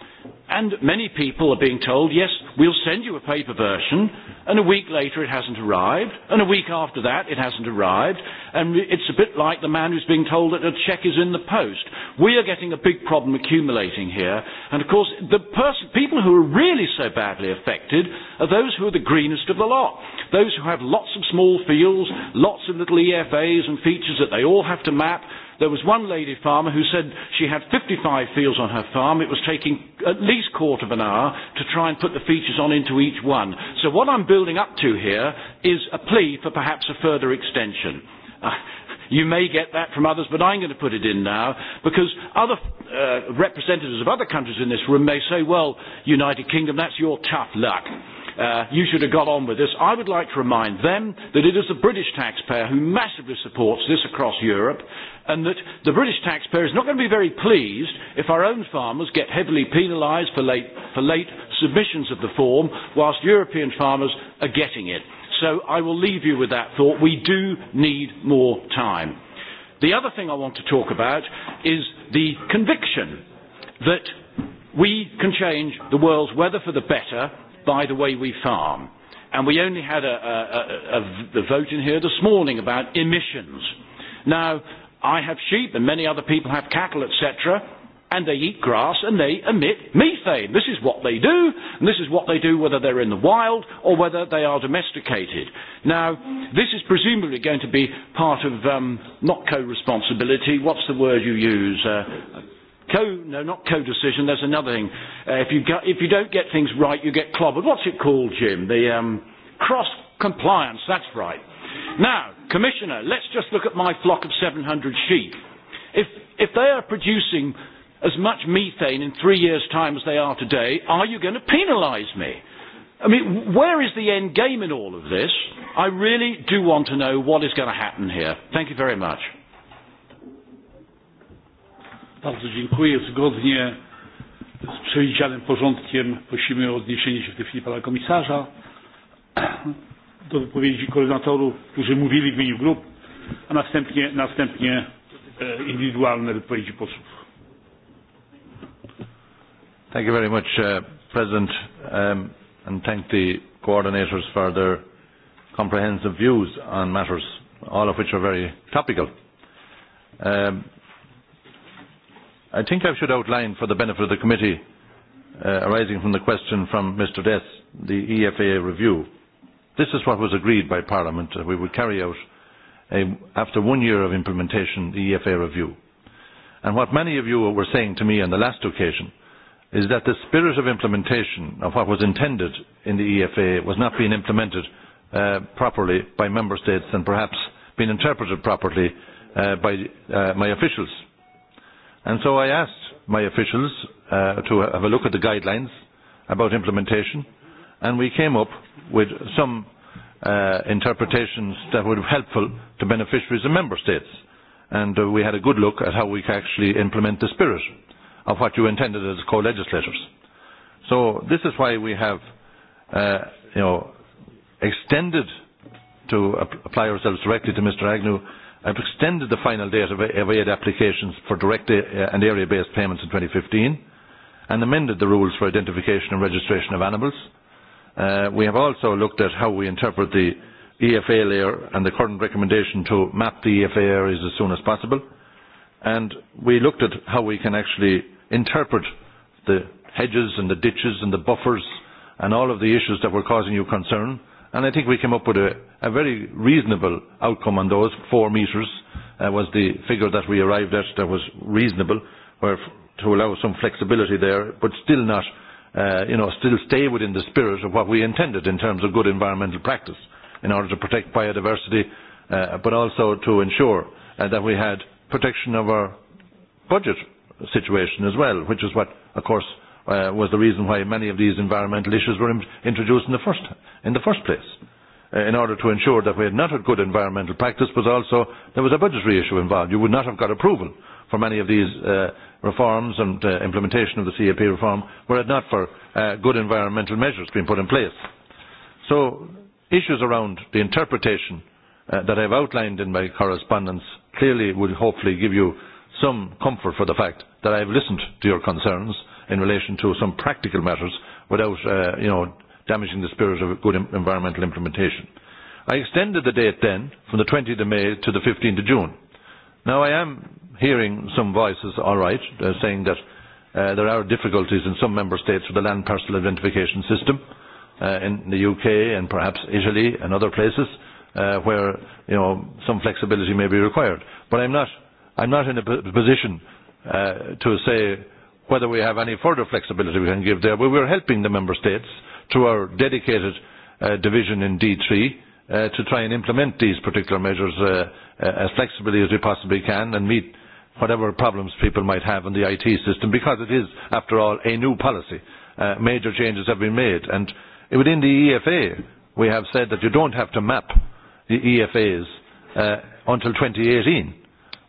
And many people are being told, yes, we'll send you a paper version, and a week later it hasn't arrived, and a week after that it hasn't arrived, and it's a bit like the man who's being told that a cheque is in the post. We are getting a big problem accumulating here, and of course, the person, people who are really so badly affected are those who are the greenest of the lot. Those who have lots of small fields, lots of little EFAs and features that they all have to map, There was one lady farmer who said she had 55 fields on her farm. It was taking at least quarter of an hour to try and put the features on into each one. So what I'm building up to here is a plea for perhaps a further extension. Uh, You may get that from others, but I'm going to put it in now because other uh, representatives of other countries in this room may say, well, United Kingdom, that's your tough luck uh, you should have got on with this. I would like to remind them that it is the British taxpayer who massively supports this across Europe, and that the British taxpayer is not going to be very pleased if our own farmers get heavily penalised for late, for late submissions of the form, whilst European farmers are getting it. So I will leave you with that thought. We do need more time. The other thing I want to talk about is the conviction that we can change the world's weather for the better by the way we farm. And we only had a, a, a, a, a vote in here this morning about emissions. Now, I have sheep and many other people have cattle, etc., and they eat grass and they emit methane. This is what they do, and this is what they do whether they're in the wild or whether they are domesticated. Now, this is presumably going to be part of um, not co responsibility. What's the word you use? Uh, co no not co decision There's another thing uh, if you got, if you don't get things right you get clobbered what's it called jim the um, cross compliance that's right now commissioner let's just look at my flock of 700 sheep if if they are producing as much methane in three years time as they are today are you going to penalise me I mean, where is the end game in all of this? I really do want to know what is going to happen here. Thank you very much. Bardzo dziękuję. Zgodnie z przewidzianym porządkiem prosimy o odniesienie się w tej chwili pana komisarza do wypowiedzi koordynatorów, którzy mówili w imieniu grup, a następnie, następnie e, indywidualne wypowiedzi posłów. Thank you very much, uh, President, um, and thank the coordinators for their comprehensive views on matters, all of which are very topical. Um, I think I should outline for the benefit of the committee, uh, arising from the question from Mr. Dess, the EFA review. This is what was agreed by Parliament. Uh, we would carry out, a, after one year of implementation, the EFA review. And what many of you were saying to me on the last occasion is that the spirit of implementation of what was intended in the EFA was not being implemented uh, properly by Member States and perhaps being interpreted properly uh, by uh, my officials And so I asked my officials uh, to have a look at the guidelines about implementation, and we came up with some uh, interpretations that would be helpful to beneficiaries and member states. And uh, we had a good look at how we could actually implement the spirit of what you intended as co-legislators. So this is why we have, uh, you know, extended to apply ourselves directly to Mr. Agnew have extended the final date of aid applications for direct uh, and area-based payments in 2015 and amended the rules for identification and registration of animals. Uh, we have also looked at how we interpret the EFA layer and the current recommendation to map the EFA areas as soon as possible. And we looked at how we can actually interpret the hedges and the ditches and the buffers and all of the issues that were causing you concern uh, And I think we came up with a, a very reasonable outcome on those. Four metres uh, was the figure that we arrived at that was reasonable where, f- to allow some flexibility there, but still not, uh, you know, still stay within the spirit of what we intended in terms of good environmental practice in order to protect biodiversity, uh, but also to ensure uh, that we had protection of our budget situation as well, which is what, of course, uh, was the reason why many of these environmental issues were in- introduced in the first in the first place uh, in order to ensure that we had not had good environmental practice, but also there was a budgetary issue involved. You would not have got approval for many of these uh, reforms and uh, implementation of the CAP reform were it not for uh, good environmental measures being put in place. So issues around the interpretation uh, that have outlined in my correspondence clearly would hopefully give you some comfort for the fact that I have listened to your concerns in relation to some practical matters without uh, you know, damaging the spirit of good environmental implementation. I extended the date then from the 20th of May to the 15th of June. Now I am hearing some voices, all right, uh, saying that uh, there are difficulties in some member states with the land parcel identification system uh, in the UK and perhaps Italy and other places uh, where you know some flexibility may be required. But I'm not, I'm not in a position uh, to say whether we have any further flexibility we can give there. We were helping the member states uh, to our dedicated uh, division in D3 uh, to try and implement these particular measures uh, uh, as flexibly as we possibly can and meet whatever problems people might have in the IT system because it is, after all, a new policy. Uh, major changes have been made. And within the EFA, we have said that you don't have to map the EFAs uh, until 2018.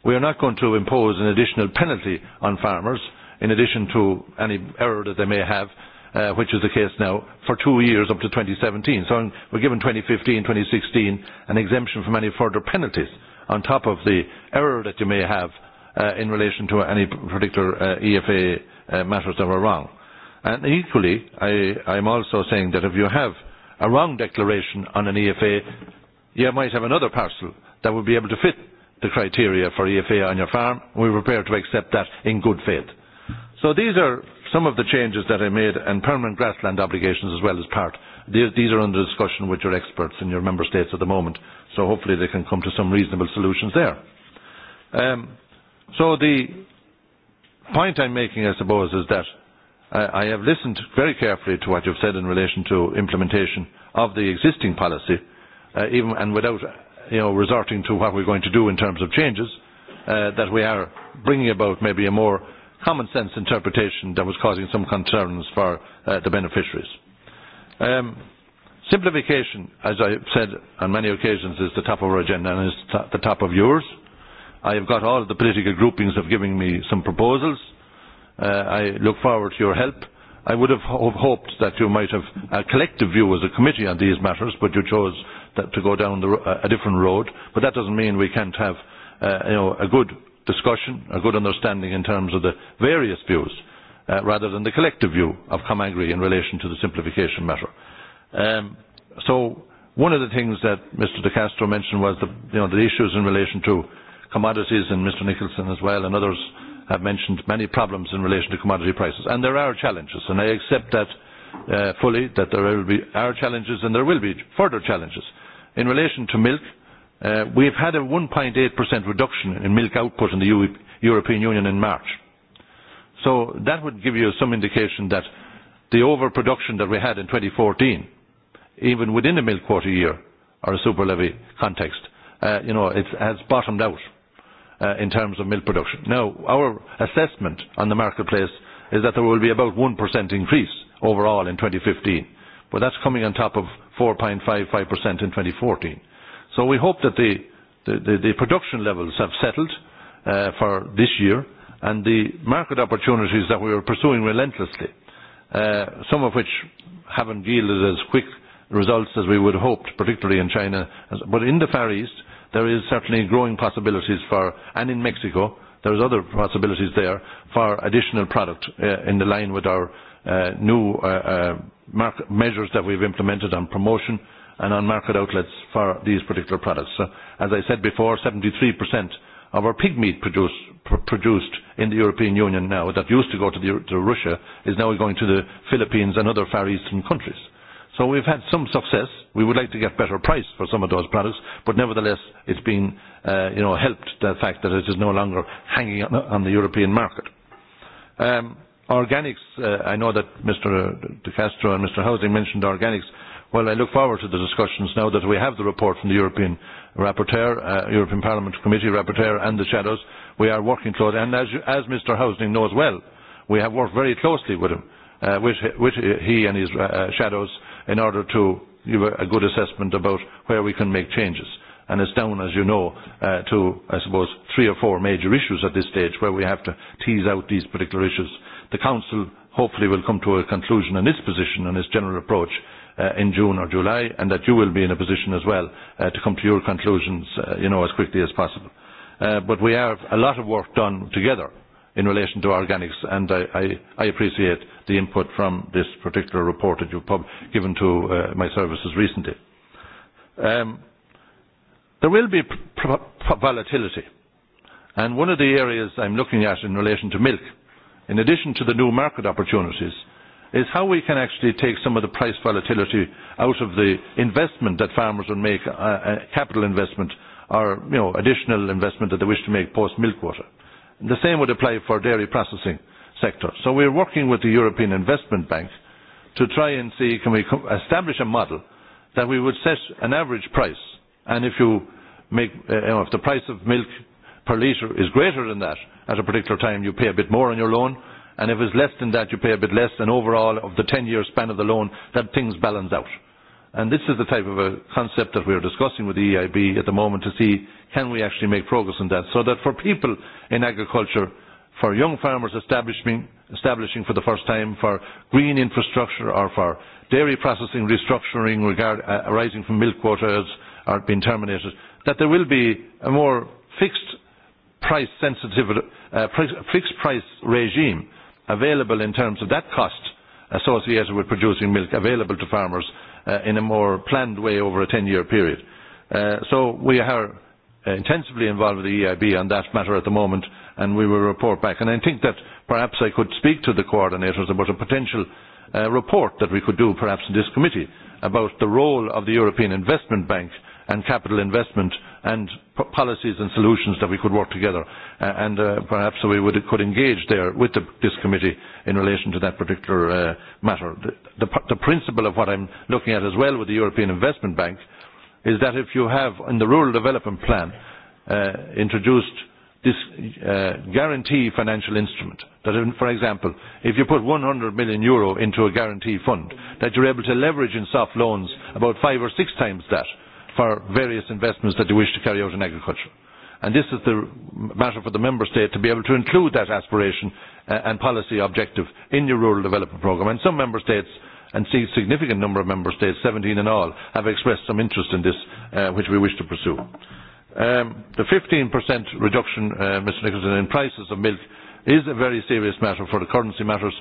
We are not going to impose an additional penalty on farmers in addition to any error that they may have uh, which is the case now, for two years up to 2017. So we're given 2015, 2016 an exemption from any further penalties on top of the error that you may have uh, in relation to any particular uh, EFA uh, matters that were wrong. And equally, I, I'm also saying that if you have a wrong declaration on an EFA, you might have another parcel that would be able to fit the criteria for EFA on your farm. We're prepared to accept that in good faith. So these are some of the changes that I made and permanent grassland obligations as well as part. These are under discussion with your experts in your member states at the moment, so hopefully they can come to some reasonable solutions there. Um, so the point I'm making, I suppose, is that I, I have listened very carefully to what you've said in relation to implementation of the existing policy, uh, even and without you know, resorting to what we're going to do in terms of changes, uh, that we are bringing about maybe a more common sense interpretation that was causing some concerns for uh, the beneficiaries. Um, simplification, as I have said on many occasions, is the top of our agenda and is t- the top of yours. I have got all of the political groupings of giving me some proposals. Uh, I look forward to your help. I would have ho- hoped that you might have a collective view as a committee on these matters, but you chose that, to go down the, ro- a different road. But that doesn't mean we can't have uh, you know, a good discussion, a good understanding in terms of the various views, uh, rather than the collective view of Comagri in relation to the simplification matter. Um, so one of the things that Mr. De Castro mentioned was the, you know, the issues in relation to commodities, and Mr. Nicholson as well, and others have mentioned many problems in relation to commodity prices. And there are challenges, and I accept that uh, fully, that there will be, are challenges and there will be further challenges. In relation to milk, uh, Uh, we have had a 1.8% reduction in milk output in the EU, e, European Union in March. So that would give you some indication that the overproduction that we had in 2014, even within a milk quota year or a super levy context, uh, you know, it has bottomed out uh, in terms of milk production. Now, our assessment on the marketplace is that there will be about 1% increase overall in 2015, but that's coming on top of 4.55% in 2014. So we hope that the, the, the, the production levels have settled uh, for this year and the market opportunities that we are pursuing relentlessly, uh, some of which haven't yielded as quick results as we would have hoped, particularly in China. But in the Far East, there is certainly growing possibilities for, and in Mexico, there's other possibilities there for additional product uh, in the line with our uh, new uh, uh, measures that we've implemented on promotion, and on-market outlets for these particular products. So, as I said before, 73% of our pig meat produced, pr- produced in the European Union now that used to go to, the, to Russia is now going to the Philippines and other Far Eastern countries. So we've had some success. We would like to get better price for some of those products, but nevertheless, it's been uh, you know, helped the fact that it is no longer hanging on, on the European market. Um, organics, uh, I know that Mr. De Castro and Mr. Housing mentioned organics. Well, I look forward to the discussions now that we have the report from the European Rapporteur, uh, European Parliament Committee Rapporteur and the Shadows. We are working closely. And as, as Mr Housing knows well, we have worked very closely with him, uh, with, with he and his uh, uh Shadows, in order to give a, good assessment about where we can make changes. And it's down, as you know, uh, to, I suppose, three or four major issues at this stage where we have to tease out these particular issues. The Council hopefully will come to a conclusion in its position and its general approach uh, in June or July, and that you will be in a position as well uh, to come to your conclusions, uh, you know, as quickly as possible. Uh, but we have a lot of work done together in relation to organics, and I, I, I appreciate the input from this particular report that you've pub given to uh, my services recently. Um, there will be volatility, and one of the areas I'm looking at in relation to milk, in addition to the new market opportunities, uh, is how we can actually take some of the price volatility out of the investment that farmers will make, uh, uh, capital investment or you know, additional investment that they wish to make post-milk And The same would apply for dairy processing sector. So we're working with the European Investment Bank to try and see can we establish a model that we would set an average price and if you make uh, you know, if the price of milk per litre is greater than that at a particular time you pay a bit more on your loan and if it's less than that, you pay a bit less, and overall, of the 10-year span of the loan, that things balance out. And this is the type of a concept that we are discussing with the EIB at the moment to see can we actually make progress on that. So that for people in agriculture, for young farmers establishing, establishing for the first time, for green infrastructure or for dairy processing restructuring regard, uh, arising from milk quotas are being terminated, that there will be a more fixed price sensitive, uh, price, fixed price regime uh, available in terms of that cost associated with producing milk available to farmers uh, in a more planned way over a 10-year period. Uh, so we are intensively involved with the EIB on that matter at the moment and we will report back. And I think that perhaps I could speak to the coordinators about a potential uh, report that we could do perhaps in this committee about the role of the European Investment Bank and capital investment and p policies and solutions that we could work together. Uh, and uh, perhaps we would, could engage there with the, this committee in relation to that particular uh, matter. The, the, the principle of what I'm looking at as well with the European Investment Bank is that if you have in the Rural Development Plan uh, introduced this uh, guarantee financial instrument, that in, for example, if you put 100 million euro into a guarantee fund, that you're able to leverage in soft loans about five or six times that for various investments that they wish to carry out in agriculture. And this is the matter for the member state to be able to include that aspiration uh, and policy objective in your rural development programme. And some member states, and see significant number of member states, 17 in all, have expressed some interest in this, uh, which we wish to pursue. Um, the 15% reduction, uh, Mr Nicholson, in prices of milk is a very serious matter for the currency matters,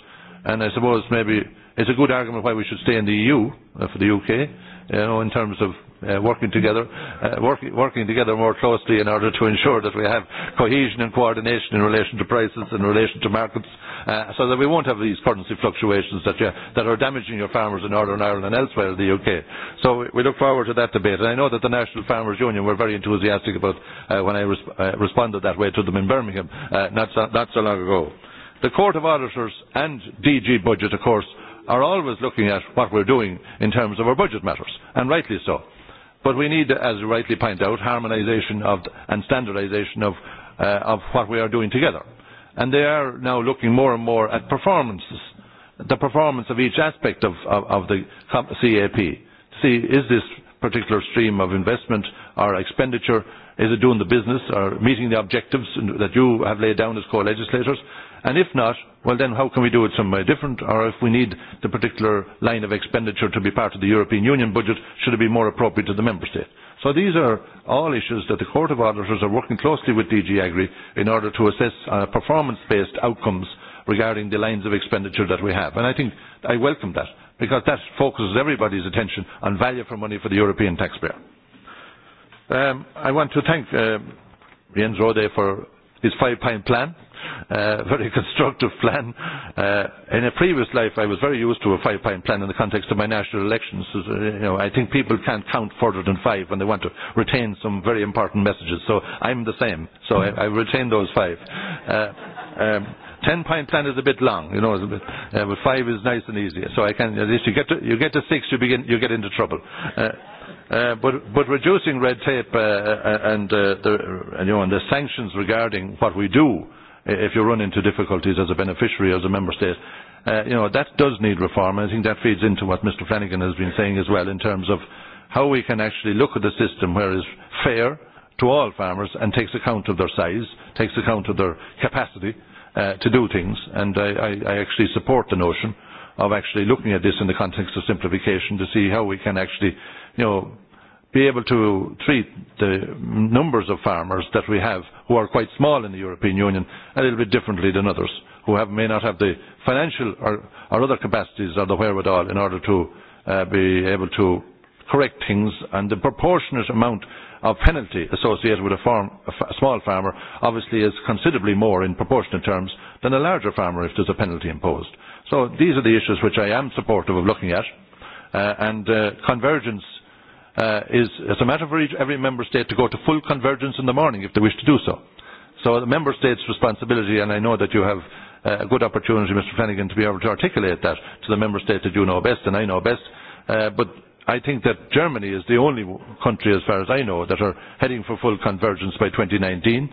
and I suppose maybe It's a good argument why we should stay in the EU uh, for the UK, you know, uh, in terms of uh, working together, uh, work, working together more closely in order to ensure that we have cohesion and coordination in relation to prices, in relation to markets, uh, so that we won't have these currency fluctuations that, you, that are damaging your farmers in Northern Ireland and elsewhere in the UK. So we look forward to that debate. And I know that the National Farmers Union were very enthusiastic about uh, when I resp- uh, responded that way to them in Birmingham uh, not, so, not so long ago. The Court of Auditors and DG Budget, of course, are always looking at what we're doing in terms of our budget matters, and rightly so. But we need, as you rightly point out, harmonisation and standardisation of, uh, of what we are doing together. And they are now looking more and more at performances, the performance of each aspect of, of, of the CAP. see, is this particular stream of investment or expenditure, is it doing the business or meeting the objectives that you have laid down as co-legislators? And if not, well then how can we do it some way different? Or if we need the particular line of expenditure to be part of the European Union budget, should it be more appropriate to the Member State? So these are all issues that the Court of Auditors are working closely with DG Agri in order to assess uh, performance-based outcomes regarding the lines of expenditure that we have. And I think I welcome that because that focuses everybody's attention on value for money for the European taxpayer. Um, I want to thank uh, Jens Rode for his five-point plan uh, very constructive plan. Uh, in a previous life, I was very used to a five-point plan in the context of my national elections. So, uh, you know, I think people can't count further than five when they want to retain some very important messages. So I'm the same. So I, I retain those five. Uh, um, ten point plan is a bit long, you know, it's a bit, uh, but five is nice and easy. So I can at least you get to you get to six, you begin you get into trouble. Uh, uh, but but reducing red tape uh, uh and uh, the you know and the sanctions regarding what we do if you run into difficulties as a beneficiary, as a member state. Uh, you know, that does need reform. I think that feeds into what Mr Flanagan has been saying as well in terms of how we can actually look at the system where it's fair to all farmers and takes account of their size, takes account of their capacity uh, to do things. And I, I, I actually support the notion of actually looking at this in the context of simplification to see how we can actually, you know, be able to treat the numbers of farmers that we have who are quite small in the European Union a little bit differently than others who have, may not have the financial or, or other capacities or the wherewithal in order to uh, be able to correct things and the proportionate amount of penalty associated with a, farm, a, f- a small farmer obviously is considerably more in proportionate terms than a larger farmer if there's a penalty imposed. So these are the issues which I am supportive of looking at uh, and uh, convergence uh, is it's a matter for each, every member state to go to full convergence in the morning if they wish to do so. So the member states' responsibility, and I know that you have uh, a good opportunity, Mr Flanagan, to be able to articulate that to the member state that you know best and I know best. Uh, but I think that Germany is the only country, as far as I know, that are heading for full convergence by 2019.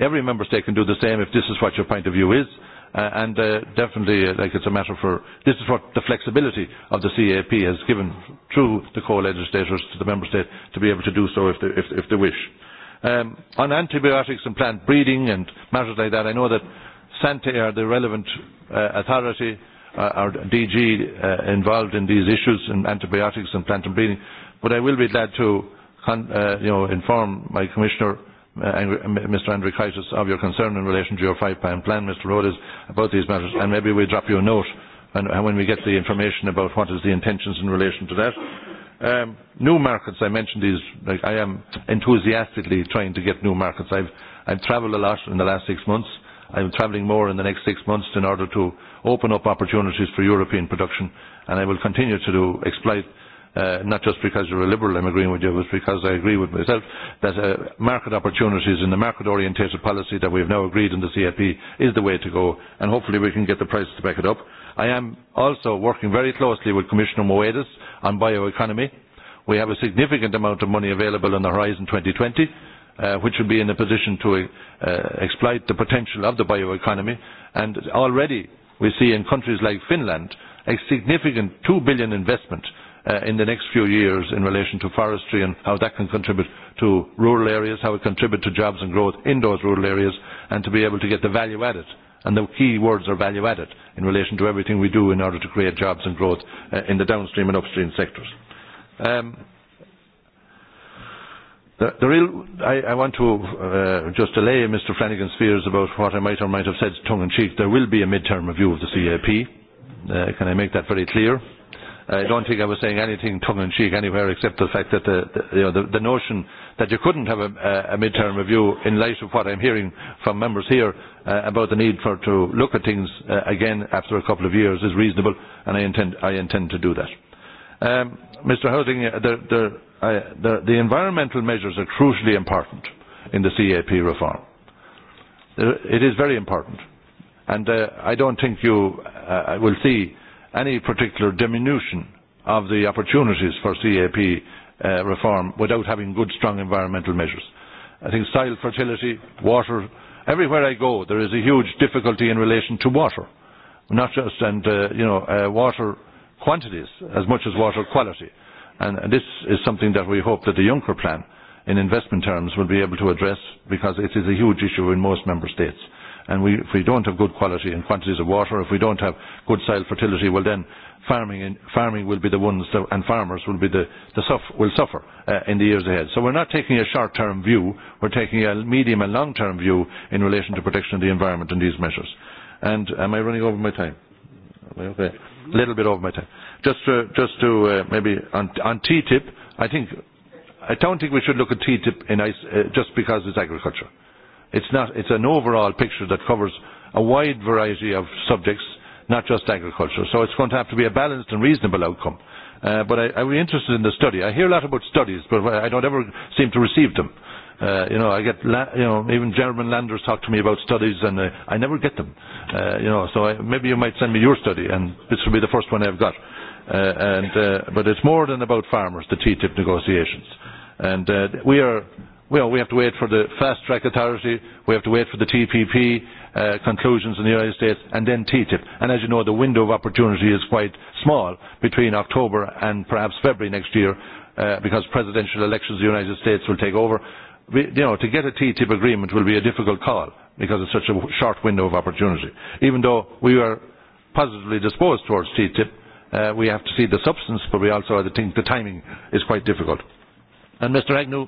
Every member state can do the same if this is what your point of view is. Uh, Uh, and uh, definitely, uh, like it's a matter for this is what the flexibility of the CAP has given through the co-legislators to the member state to be able to do so if they, if, if they wish. Um, on antibiotics and plant breeding and matters like that, I know that Sante are the relevant uh, authority uh, or DG uh, involved in these issues in antibiotics and plant and breeding. But I will be glad to con- uh, you know, inform my commissioner uh, Mr. Andrikaitis, of your concern in relation to your five pound plan, Mr. Rodas, about these matters, and maybe we drop you a note and when we get the information about what is the intentions in relation to that. Um, new markets, I mentioned these, like I am enthusiastically trying to get new markets. I've, I've travelled a lot in the last six months. I'm travelling more in the next six months in order to open up opportunities for European production, and I will continue to do, exploit uh, not just because you're a liberal I'm agreeing with you, but because I agree with myself that uh, market opportunities and the market orientated policy that we have now agreed in the CFP is the way to go and hopefully we can get the prices to back it up. I am also working very closely with Commissioner Moedas on bioeconomy. We have a significant amount of money available on the Horizon 2020 uh, which will be in a position to uh, exploit the potential of the bioeconomy. And already we see in countries like Finland a significant 2 billion investment uh, in the next few years in relation to forestry and how that can contribute to rural areas, how it can contribute to jobs and growth in those rural areas, and to be able to get the value added. And the key words are value added in relation to everything we do in order to create jobs and growth uh, in the downstream and upstream sectors. Um, The, the real, I, I want to uh, just delay Mr Flanagan's fears about what I might or might have said tongue-in-cheek. There will be a mid-term review of the CAP. Uh, can I make that very clear? Uh, I don't think I was saying anything tongue in cheek anywhere except the fact that the, the, you know, the, the notion that you couldn't have a, a mid-term review in light of what I'm hearing from members here uh, about the need for to look at things uh, again after a couple of years is reasonable, and I intend, I intend to do that. Um, Mr. Housing, uh, the, the, uh, the, the environmental measures are crucially important in the CAP reform. Uh, it is very important, and uh, I don't think you uh, will see any particular diminution of the opportunities for CAP uh, reform without having good, strong environmental measures. I think soil fertility, water, everywhere I go, there is a huge difficulty in relation to water, not just and uh, you know uh, water quantities as much as water quality. And, and this is something that we hope that the Juncker plan, in investment terms, will be able to address because it is a huge issue in most member states. And we, if we don't have good quality and quantities of water, if we don't have good soil fertility, well then farming, and, farming will be the ones that, and farmers will, be the, the suffer, will suffer uh, in the years ahead. So we're not taking a short-term view, we're taking a medium and long-term view in relation to protection of the environment and these measures. And am I running over my time? Okay. A little bit over my time. Just to, just to uh, maybe on, on TTIP, I think I don't think we should look at TTIP in, ice, uh, just because it's agriculture. It's, not, it's an overall picture that covers a wide variety of subjects, not just agriculture. So it's going to have to be a balanced and reasonable outcome. Uh, but I, I'm interested in the study. I hear a lot about studies, but I don't ever seem to receive them. Uh, you know, I get, la- you know, even German landers talk to me about studies, and uh, I never get them. Uh, you know, so I, maybe you might send me your study, and this will be the first one I've got. Uh, and uh, but it's more than about farmers, the TTIP negotiations, and uh, we are well, we have to wait for the fast track authority, we have to wait for the TPP uh, conclusions in the United States, and then TTIP. And as you know, the window of opportunity is quite small between October and perhaps February next year, uh, because presidential elections in the United States will take over. We, you know, to get a TTIP agreement will be a difficult call because it's such a short window of opportunity. Even though we are positively disposed towards TTIP, Uh, we have to see the substance, but we also have to think the timing is quite difficult. And Mr. Agnew,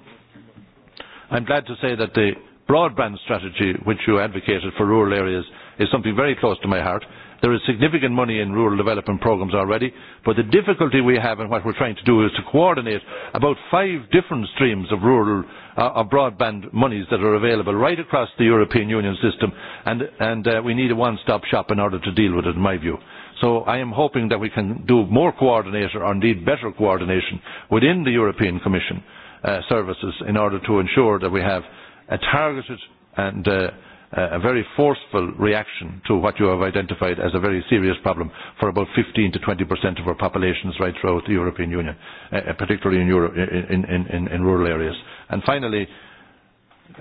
I'm glad to say that the broadband strategy which you advocated for rural areas is something very close to my heart. There is significant money in rural development programmes already, but the difficulty we have and what we're trying to do is to coordinate about five different streams of rural uh, of broadband monies that are available right across the European Union system, and, and uh, we need a one-stop shop in order to deal with it, in my view. So I am hoping that we can do more coordination, or indeed better coordination, within the European Commission Uh, services in order to ensure that we have a targeted and uh, uh, a very forceful reaction to what you have identified as a very serious problem for about 15 to 20 percent of our populations right throughout the European Union, uh, uh particularly in, Europe, in, in, in, in rural areas. And finally,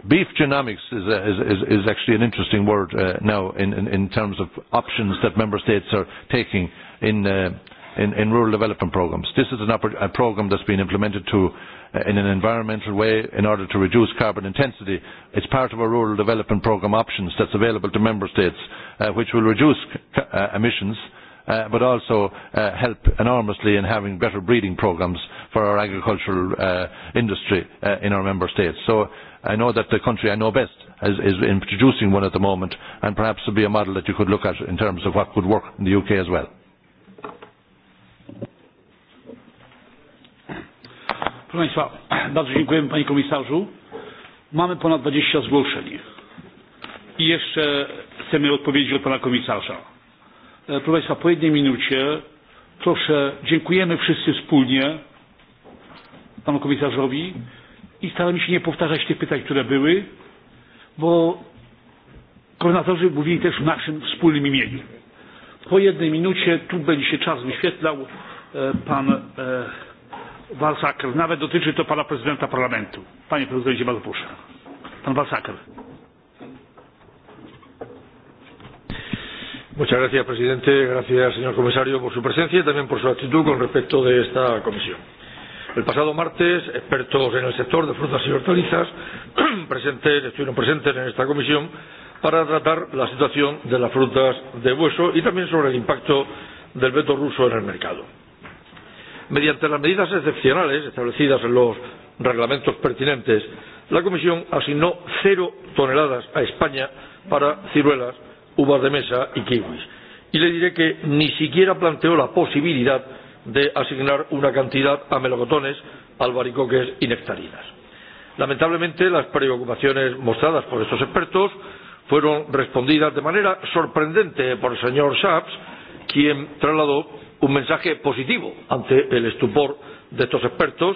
beef genomics is, a, is, is, is actually an interesting word uh, now in, in, in terms of options that member states are taking in, uh, in, in rural development programs. This is an a program that's been implemented to Uh, in an environmental way in order to reduce carbon intensity. It's part of a rural development programme options that's available to member states, uh, which will reduce uh, emissions. Uh, but also uh, help enormously in having better breeding programmes for our agricultural uh, industry uh, in our member states. So I know that the country I know best is, is introducing one at the moment, and perhaps would be a model that you could look at in terms of what could work in the UK as well. Proszę Państwa, bardzo dziękujemy Panie Komisarzu. Mamy ponad 20 zgłoszeń. I jeszcze chcemy odpowiedzi od Pana Komisarza. E, proszę Państwa, po jednej minucie proszę, dziękujemy wszyscy wspólnie Panu Komisarzowi i staramy się nie powtarzać tych pytań, które były, bo koordynatorzy mówili też w naszym wspólnym imieniu. Po jednej minucie, tu będzie się czas wyświetlał, e, pan e, Walsaker. Nawet dotyczy to pana prezydenta parlamentu. Panie prezydencie, bardzo proszę. Pan Walsaker. Muchas gracias, presidente. Gracias, señor comisario, por su presencia y también por su actitud con respecto de esta comisión. El pasado martes, expertos en el sector de frutas y hortalizas presentes, estuvieron presentes en esta comisión para tratar la situación de las frutas de hueso y también sobre el impacto del veto ruso en el mercado. Mediante las medidas excepcionales establecidas en los reglamentos pertinentes, la Comisión asignó cero toneladas a España para ciruelas, uvas de mesa y kiwis. Y le diré que ni siquiera planteó la posibilidad de asignar una cantidad a melocotones, albaricoques y nectarinas. Lamentablemente, las preocupaciones mostradas por estos expertos fueron respondidas de manera sorprendente por el señor Saps, quien trasladó un mensaje positivo ante el estupor de estos expertos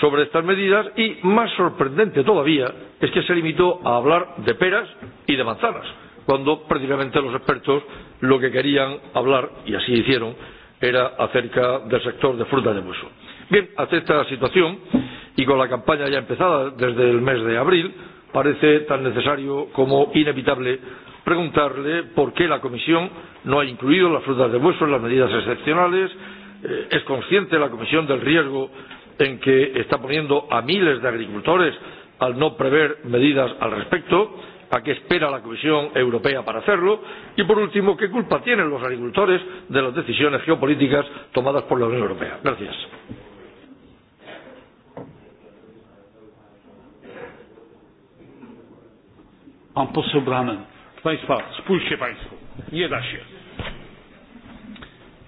sobre estas medidas y más sorprendente todavía es que se limitó a hablar de peras y de manzanas cuando prácticamente los expertos lo que querían hablar y así hicieron era acerca del sector de fruta de hueso. Bien, ante esta situación y con la campaña ya empezada desde el mes de abril, parece tan necesario como inevitable preguntarle por qué la Comisión no ha incluido las frutas de hueso en las medidas excepcionales. Eh, ¿Es consciente la Comisión del riesgo en que está poniendo a miles de agricultores al no prever medidas al respecto? ¿A qué espera la Comisión Europea para hacerlo? Y, por último, ¿qué culpa tienen los agricultores de las decisiones geopolíticas tomadas por la Unión Europea? Gracias. Pan poseł Państwa, spójrzcie Państwo, nie da się.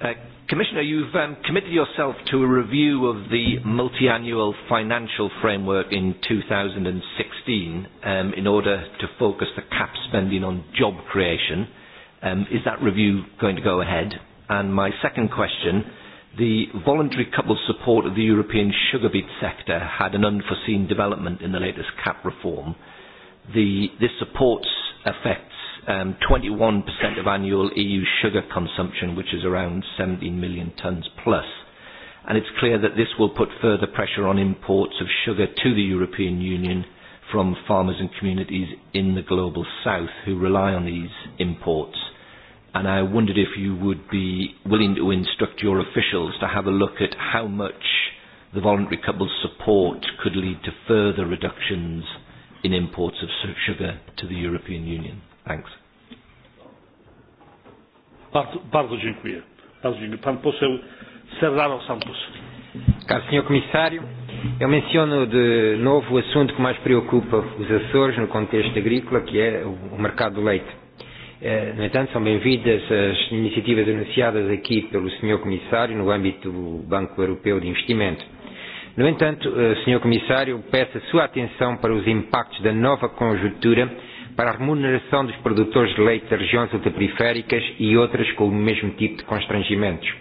Uh, Commissioner, you've um, committed yourself to a review of the multi-annual financial framework in 2016 um, in order to focus the cap spending on job creation. Um, is that review going to go ahead? And my second question, the voluntary couple support of the European sugar beet sector had an unforeseen development in the latest cap reform. The, this support's effect um, 21% of annual EU sugar consumption, which is around 17 million tonnes plus. And it's clear that this will put further pressure on imports of sugar to the European Union from farmers and communities in the global south who rely on these imports. And I wondered if you would be willing to instruct your officials to have a look at how much the voluntary couple's support could lead to further reductions in imports of sugar to the European Union. Thanks. Bardzo, bardzo dziękuję. Bardzo dziękuję. Pan poseł Serrano Santos. Caro Senhor Comissário, eu menciono de novo o assunto que mais preocupa os Açores no contexto agrícola, que é o mercado do leite. Eh, no entanto, são bem-vindas as iniciativas anunciadas aqui pelo Sr. Comissário no âmbito do Banco Europeu de Investimento. No entanto, eh, Sr. Comissário, peço a sua atenção para os impactos da nova conjuntura para a remuneração dos produtores de leite das regiões ultraperiféricas e outras com o mesmo tipo de constrangimentos.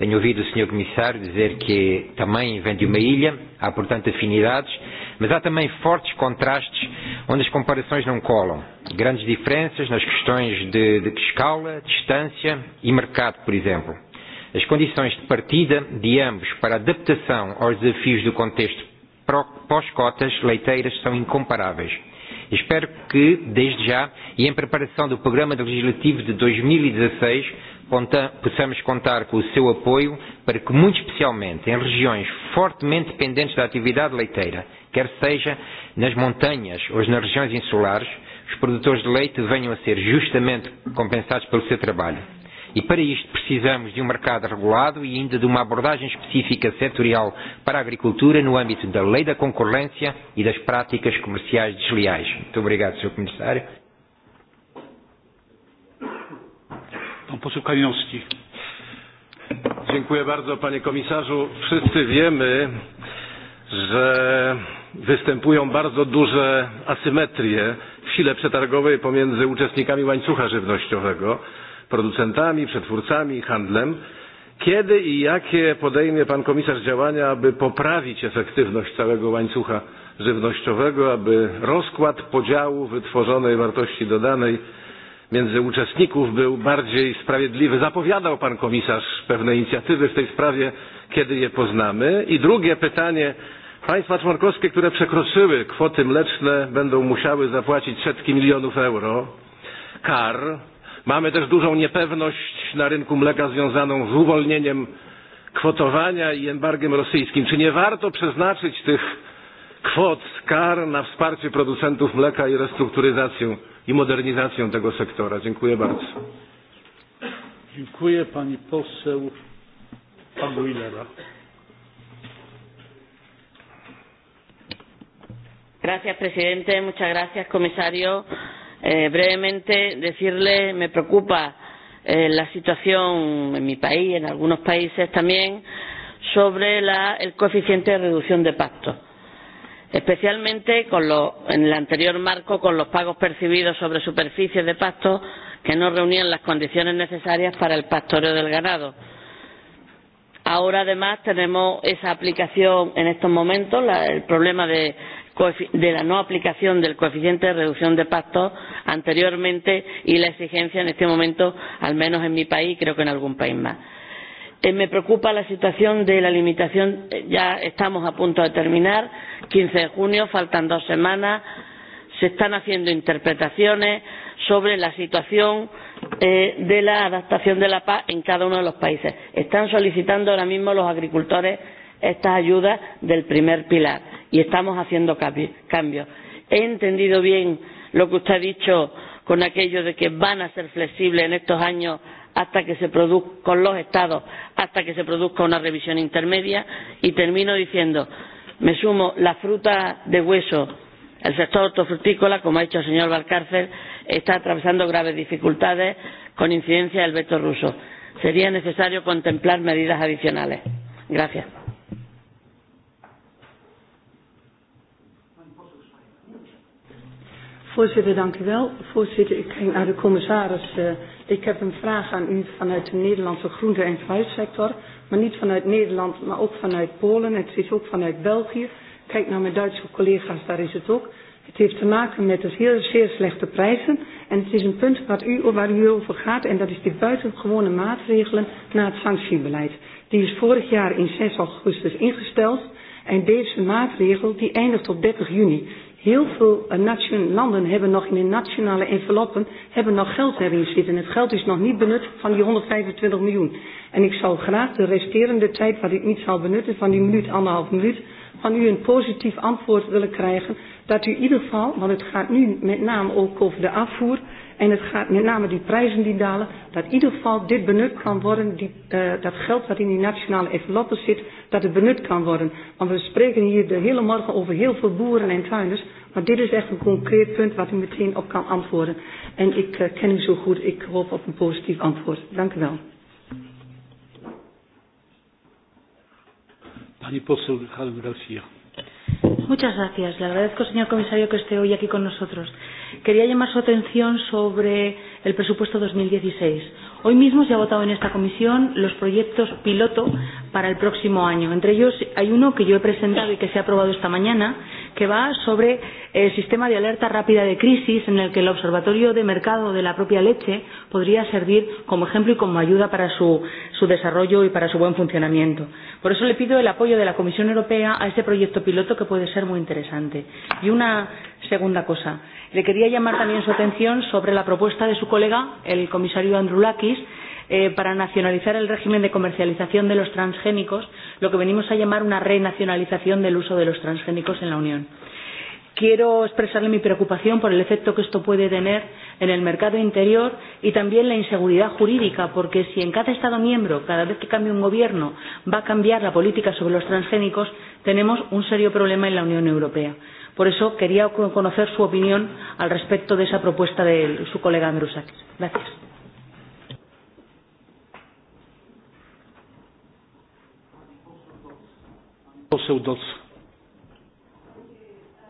Tenho ouvido o Sr. Comissário dizer que também vem de uma ilha, há portanto afinidades, mas há também fortes contrastes onde as comparações não colam. Grandes diferenças nas questões de, de escala, distância e mercado, por exemplo. As condições de partida de ambos para adaptação aos desafios do contexto pós-cotas leiteiras são incomparáveis Espero que, desde já, e em preparação do programa legislativo de 2016, e conta, possamos contar com o seu apoio para que, muito especialmente em regiões fortemente dependentes da atividade leiteira, quer seja nas montanhas ou nas regiões insulares, os produtores de leite venham a ser justamente compensados pelo seu trabalho E para isto precisamos de um mercado regulado e ainda de uma abordagem específica setorial para a agricultura no âmbito da lei da concorrência e das práticas comerciais desleais. Muito obrigado, Sr. Comissário. Pan poseł Kalinowski. Dziękuję bardzo, panie komisarzu. Wszyscy wiemy, że występują bardzo duże asymetrie w sile przetargowej pomiędzy uczestnikami łańcucha żywnościowego producentami, przetwórcami handlem. Kiedy i jakie podejmie pan komisarz działania, aby poprawić efektywność całego łańcucha żywnościowego, aby rozkład podziału wytworzonej wartości dodanej między uczestników był bardziej sprawiedliwy. Zapowiadał pan komisarz pewne inicjatywy w tej sprawie, kiedy je poznamy. I drugie pytanie. Państwa członkowskie, które przekroczyły kwoty mleczne, będą musiały zapłacić setki milionów euro kar Mamy też dużą niepewność na rynku mleka związaną z uwolnieniem kwotowania i embargiem rosyjskim. Czy nie warto przeznaczyć tych kwot, kar na wsparcie producentów mleka i restrukturyzację i modernizację tego sektora? Dziękuję bardzo. Dziękuję pani poseł Aguilera. Gracias, presidente. Muchas gracias, comisario. Eh, brevemente decirle me preocupa eh, la situación en mi país, en algunos países también, sobre la, el coeficiente de reducción de pactos, especialmente con lo, en el anterior marco con los pagos percibidos sobre superficies de pastos que no reunían las condiciones necesarias para el pastoreo del ganado. Ahora, además, tenemos esa aplicación en estos momentos, la, el problema de de la no aplicación del coeficiente de reducción de pactos anteriormente y la exigencia en este momento, al menos en mi país y creo que en algún país más. Eh, me preocupa la situación de la limitación, eh, ya estamos a punto de terminar, 15 de junio, faltan dos semanas, se están haciendo interpretaciones sobre la situación eh, de la adaptación de la PAC en cada uno de los países. Están solicitando ahora mismo los agricultores estas ayudas del primer pilar y estamos haciendo cambios. He entendido bien lo que usted ha dicho con aquello de que van a ser flexibles en estos años hasta que se produzca con los estados hasta que se produzca una revisión intermedia y termino diciendo me sumo la fruta de hueso el sector hortofrutícola como ha dicho el señor Valcárcel está atravesando graves dificultades con incidencia del veto ruso sería necesario contemplar medidas adicionales gracias Voorzitter, dank u wel. Voorzitter, ik ging naar de commissaris. Uh, ik heb een vraag aan u vanuit de Nederlandse groente- en fruitsector. Maar niet vanuit Nederland, maar ook vanuit Polen. Het is ook vanuit België. Kijk naar mijn Duitse collega's, daar is het ook. Het heeft te maken met de zeer, zeer slechte prijzen. En het is een punt waar u, waar u over gaat. En dat is die buitengewone maatregelen na het sanctiebeleid. Die is vorig jaar in 6 augustus ingesteld. En deze maatregel die eindigt op 30 juni. Heel veel eh, landen hebben nog in hun nationale enveloppen hebben nog geld erin zitten. Het geld is nog niet benut van die 125 miljoen. En ik zou graag de resterende tijd, wat ik niet zou benutten, van die minuut, anderhalf minuut, van u een positief antwoord willen krijgen. Dat u in ieder geval, want het gaat nu met name ook over de afvoer, En het gaat met name die prijzen die dalen, dat in ieder geval dit benut kan worden, die, uh, dat geld wat in die nationale enveloppen zit, dat het benut kan worden. Want we spreken hier de hele morgen over heel veel boeren en tuiners, maar dit is echt een concreet punt wat u meteen op kan antwoorden. En ik uh, ken u zo goed, ik hoop op een positief antwoord. Dank u wel. Pani poseł Halem Rosja. Muchas gracias. Le agradezco, señor comisario, que esté hoy aquí con nosotros. Quería llamar su atención sobre el presupuesto 2016 Hoy mismo se ha votado en esta comisión los proyectos piloto para el próximo año. Entre ellos hay uno que yo he presentado y que se ha aprobado esta mañana, que va sobre el sistema de alerta rápida de crisis en el que el Observatorio de Mercado de la propia leche podría servir como ejemplo y como ayuda para su, su desarrollo y para su buen funcionamiento. Por eso le pido el apoyo de la Comisión Europea a este proyecto piloto que puede ser muy interesante. Y una Segunda cosa, le quería llamar también su atención sobre la propuesta de su colega, el comisario Andrulakis, eh, para nacionalizar el régimen de comercialización de los transgénicos, lo que venimos a llamar una renacionalización del uso de los transgénicos en la Unión. Quiero expresarle mi preocupación por el efecto que esto puede tener en el mercado interior y también la inseguridad jurídica, porque si en cada Estado miembro, cada vez que cambie un gobierno, va a cambiar la política sobre los transgénicos, tenemos un serio problema en la Unión Europea. Por eso quería conocer su opinión al respecto de esa propuesta de su colega Andrusakis. Gracias.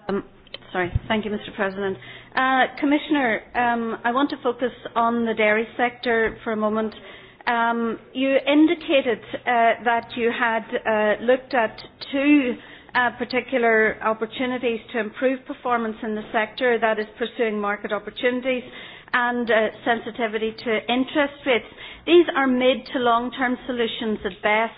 Um, sorry. Thank you, Mr. President. Uh, Commissioner, um, I want to focus on the dairy sector for a moment. Um, you indicated uh, that you had uh, looked at two uh, uh, particular opportunities to improve performance in the sector, that is pursuing market opportunities and uh, sensitivity to interest rates. These are mid to long-term solutions at best.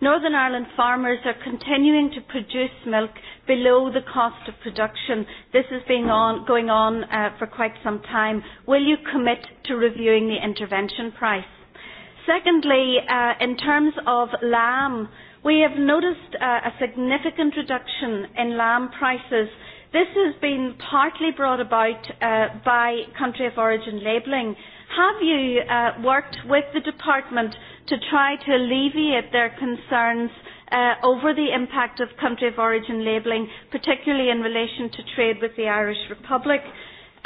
Northern Ireland farmers are continuing to produce milk below the cost of production. This has been on, going on uh, for quite some time. Will you commit to reviewing the intervention price? Secondly, uh, in terms of lamb, We have noticed a significant reduction in lamb prices. This has been partly brought about uh, by country of origin labelling. Have you uh, worked with the department to try to alleviate their concerns uh, over the impact of country of origin labelling, particularly in relation to trade with the Irish Republic?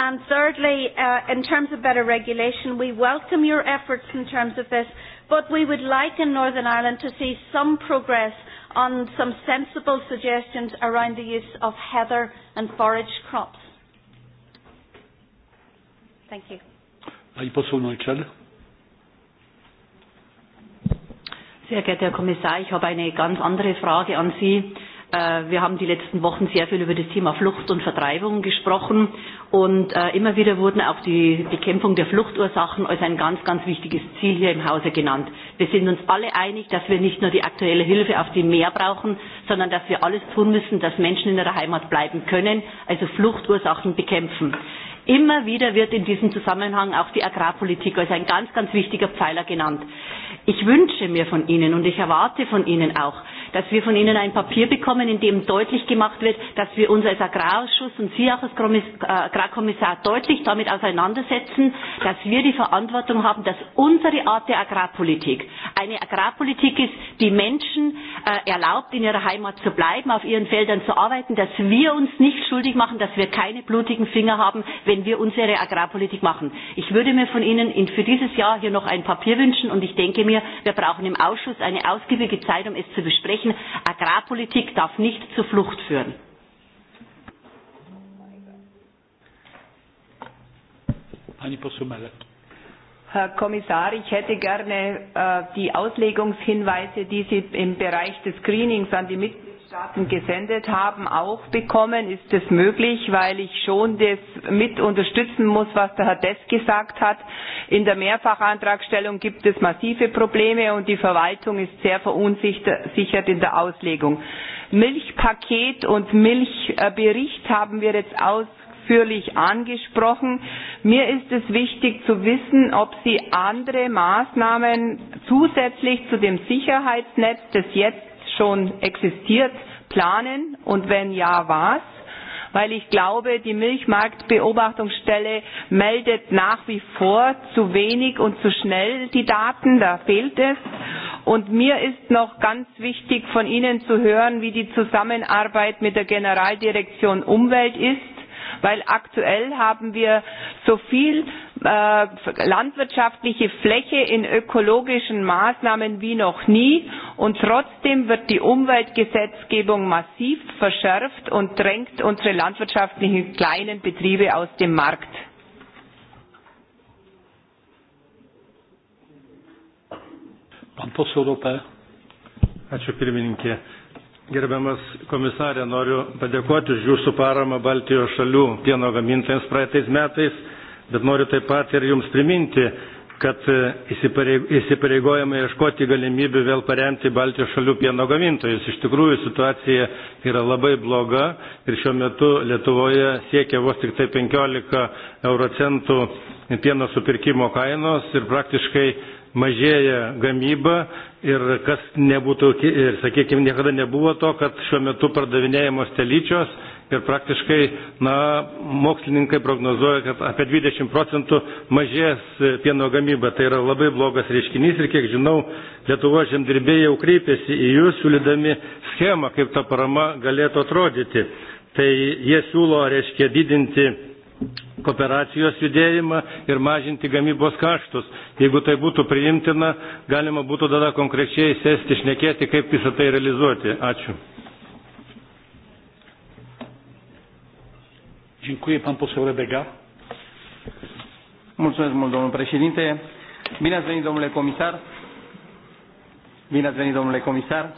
And thirdly, uh, in terms of better regulation, we welcome your efforts in terms of this, But we would like in Northern Ireland to see some progress on some sensible suggestions around the use of heather and forage crops. Thank you. Sehr geehrter Herr Kommissar, ich habe eine ganz andere Frage an Sie. Äh, wir haben die letzten Wochen sehr viel über das Thema Flucht und Vertreibung gesprochen Und äh, immer wieder wurden auch die Bekämpfung der Fluchtursachen als ein ganz, ganz wichtiges Ziel hier im Hause genannt. Wir sind uns alle einig, dass wir nicht nur die aktuelle Hilfe auf dem Meer brauchen, sondern dass wir alles tun müssen, dass Menschen in ihrer Heimat bleiben können, also Fluchtursachen bekämpfen. Immer wieder wird in diesem Zusammenhang auch die Agrarpolitik als ein ganz, ganz wichtiger Pfeiler genannt. Ich wünsche mir von Ihnen und ich erwarte von Ihnen auch, dass wir von Ihnen ein Papier bekommen, in dem deutlich gemacht wird, dass wir uns als Agrarausschuss und Sie auch als äh, Agrarkommissar deutlich damit auseinandersetzen, dass wir die Verantwortung haben, dass unsere Art der Agrarpolitik eine Agrarpolitik ist, die Menschen äh, erlaubt, in ihrer Heimat zu bleiben, auf ihren Feldern zu arbeiten, dass wir uns nicht schuldig machen, dass wir keine blutigen Finger haben, wenn wir unsere Agrarpolitik machen. Ich würde mir von Ihnen in, für dieses Jahr hier noch ein Papier wünschen und ich denke mir, wir brauchen im Ausschuss eine ausgiebige Zeit, um es zu besprechen Gesprächen, Agrarpolitik darf nicht zur Flucht führen. Herr Kommissar, ich hätte gerne äh, die Auslegungshinweise, die Sie im Bereich des Screenings an die Mit Mitgliedstaaten gesendet haben, auch bekommen? Ist das möglich? Weil ich schon das mit unterstützen muss, was der Herr Dess gesagt hat. In der Mehrfachantragstellung gibt es massive Probleme und die Verwaltung ist sehr verunsichert in der Auslegung. Milchpaket und Milchbericht haben wir jetzt aus ausführlich angesprochen. Mir ist es wichtig zu wissen, ob Sie andere Maßnahmen zusätzlich zu dem Sicherheitsnetz, das jetzt schon existiert, planen und wenn ja, was? Weil ich glaube, die Milchmarktbeobachtungsstelle meldet nach wie vor zu wenig und zu schnell die Daten, da fehlt es. Und mir ist noch ganz wichtig von Ihnen zu hören, wie die Zusammenarbeit mit der Generaldirektion Umwelt ist weil aktuell haben wir so viel äh, landwirtschaftliche Fläche in ökologischen Maßnahmen wie noch nie und trotzdem wird die Umweltgesetzgebung massiv verschärft und drängt unsere landwirtschaftlichen kleinen Betriebe aus dem Markt. Pan poseł Ropę. Ačiū pirmininkė. Gerbiamas komisarė, noriu padėkoti už jūsų paramą Baltijos šalių pieno gamintojams praeitais metais, bet noriu taip pat ir jums priminti, kad e, įsipareigojame ieškoti galimybių vėl paremti Baltijos šalių pieno gamintojus. Iš tikrųjų situacija yra labai bloga ir šiuo metu Lietuvoje siekia vos tik tai 15 eurocentų pieno supirkimo kainos ir praktiškai mažėja gamyba ir kas nebūtų, ir sakykime, niekada nebuvo to, kad šiuo metu pardavinėjamos telyčios ir praktiškai, na, mokslininkai prognozuoja, kad apie 20 procentų mažės pieno gamyba. Tai yra labai blogas reiškinys ir kiek žinau, Lietuvo žemdirbėjai jau kreipėsi į jūs, siūlydami schemą, kaip ta parama galėtų atrodyti. Tai jie siūlo, reiškia, didinti kooperacijos judėjimą ir mažinti gamybos kaštus. Jeigu tai būtų priimtina, galima būtų tada konkrečiai sėsti išnekėti, kaip visą tai realizuoti. Ačiū. Dziękuję pan poseł Rebega. Mulțumesc mult, domnul președinte. Bine ați venit, domnule comisar. Bine ați venit, domnule comisar.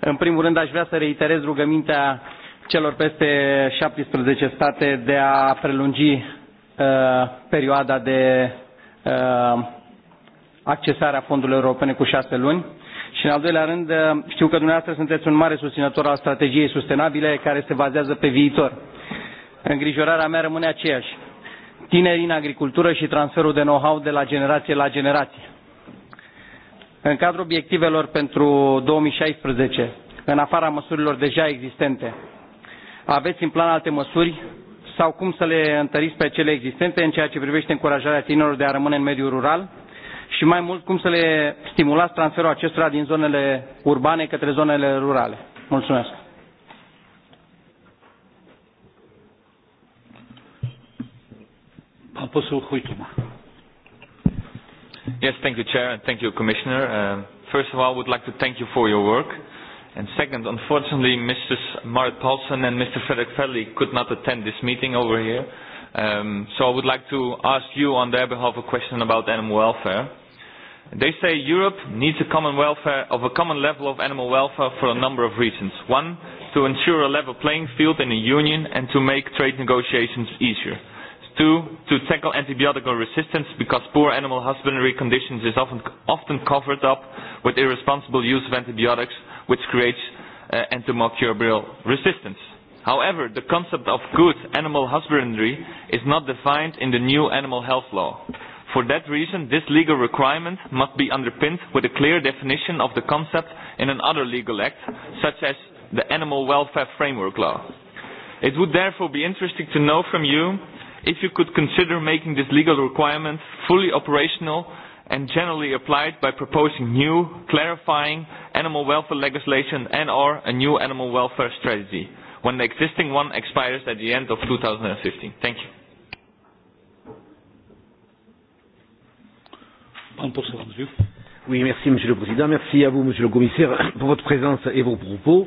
În primul rând, aș vrea să reiterez rugămintea celor peste 17 state de a prelungi uh, perioada de uh, accesare a fondurilor europene cu șase luni. Și în al doilea rând, uh, știu că dumneavoastră sunteți un mare susținător al strategiei sustenabile care se bazează pe viitor. Îngrijorarea mea rămâne aceeași. Tinerii în agricultură și transferul de know-how de la generație la generație. În cadrul obiectivelor pentru 2016, în afara măsurilor deja existente, aveți în plan alte măsuri sau cum să le întăriți pe cele existente în ceea ce privește încurajarea tinerilor de a rămâne în mediul rural și mai mult cum să le stimulați transferul acestora din zonele urbane către zonele rurale. Mulțumesc. Yes, thank you, Chair, and thank you, Commissioner. Uh, first of all, I would like to thank you for your work. And second, unfortunately, Mrs. Marit Paulsen and Mr. Frederick Federley could not attend this meeting over here. Um, so I would like to ask you on their behalf a question about animal welfare. They say Europe needs a common welfare of a common level of animal welfare for a number of reasons. One, to ensure a level playing field in the union and to make trade negotiations easier. Two, to tackle antibiotic resistance because poor animal husbandry conditions is often, often covered up with irresponsible use of antibiotics which creates uh, antimicrobial resistance. However, the concept of good animal husbandry is not defined in the new animal health law. For that reason, this legal requirement must be underpinned with a clear definition of the concept in another legal act, such as the Animal Welfare Framework Law. It would therefore be interesting to know from you if you could consider making this legal requirement fully operational and generally applied by proposing new, clarifying animal welfare legislation and or a new animal welfare strategy when the existing one expires at the end of 2015. Thank you. Oui, merci Monsieur le Président. Merci à vous Monsieur le Commissaire pour votre présence et vos propos.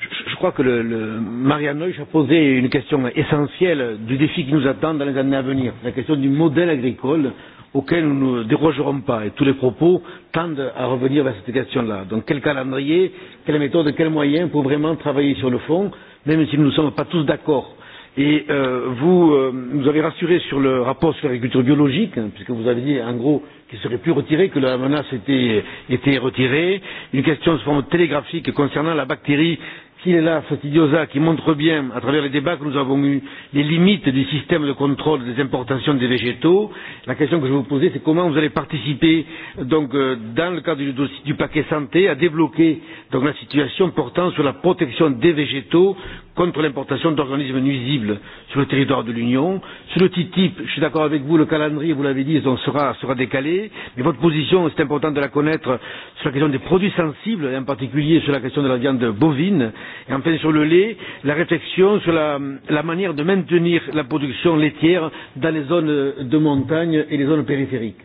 Je, je crois que le, le Marianne Neuch a posé une question essentielle du défi qui nous attend dans les années à venir, la question du modèle agricole auxquels nous ne dérogerons pas et tous les propos tendent à revenir vers cette question là. Donc quel calendrier, quelle méthode, quels moyens pour vraiment travailler sur le fond, même si nous ne sommes pas tous d'accord. Et euh, vous euh, nous avez rassuré sur le rapport sur l'agriculture biologique, hein, puisque vous avez dit en gros qu'il ne serait plus retiré, que la menace était, était retirée. Une question sous forme télégraphique concernant la bactérie s'il est là, Fastidiosa, qui montre bien, à travers les débats que nous avons eus, les limites du système de contrôle des importations des végétaux, la question que je vais vous poser, c'est comment vous allez participer, donc, euh, dans le cadre du, du paquet santé, à débloquer donc, la situation portant sur la protection des végétaux contre l'importation d'organismes nuisibles sur le territoire de l'Union. Sur le TTIP, je suis d'accord avec vous, le calendrier, vous l'avez dit, on sera, sera décalé, mais votre position, c'est important de la connaître sur la question des produits sensibles, et en particulier sur la question de la viande bovine, et enfin sur le lait, la réflexion sur la, la manière de maintenir la production laitière dans les zones de montagne et les zones périphériques.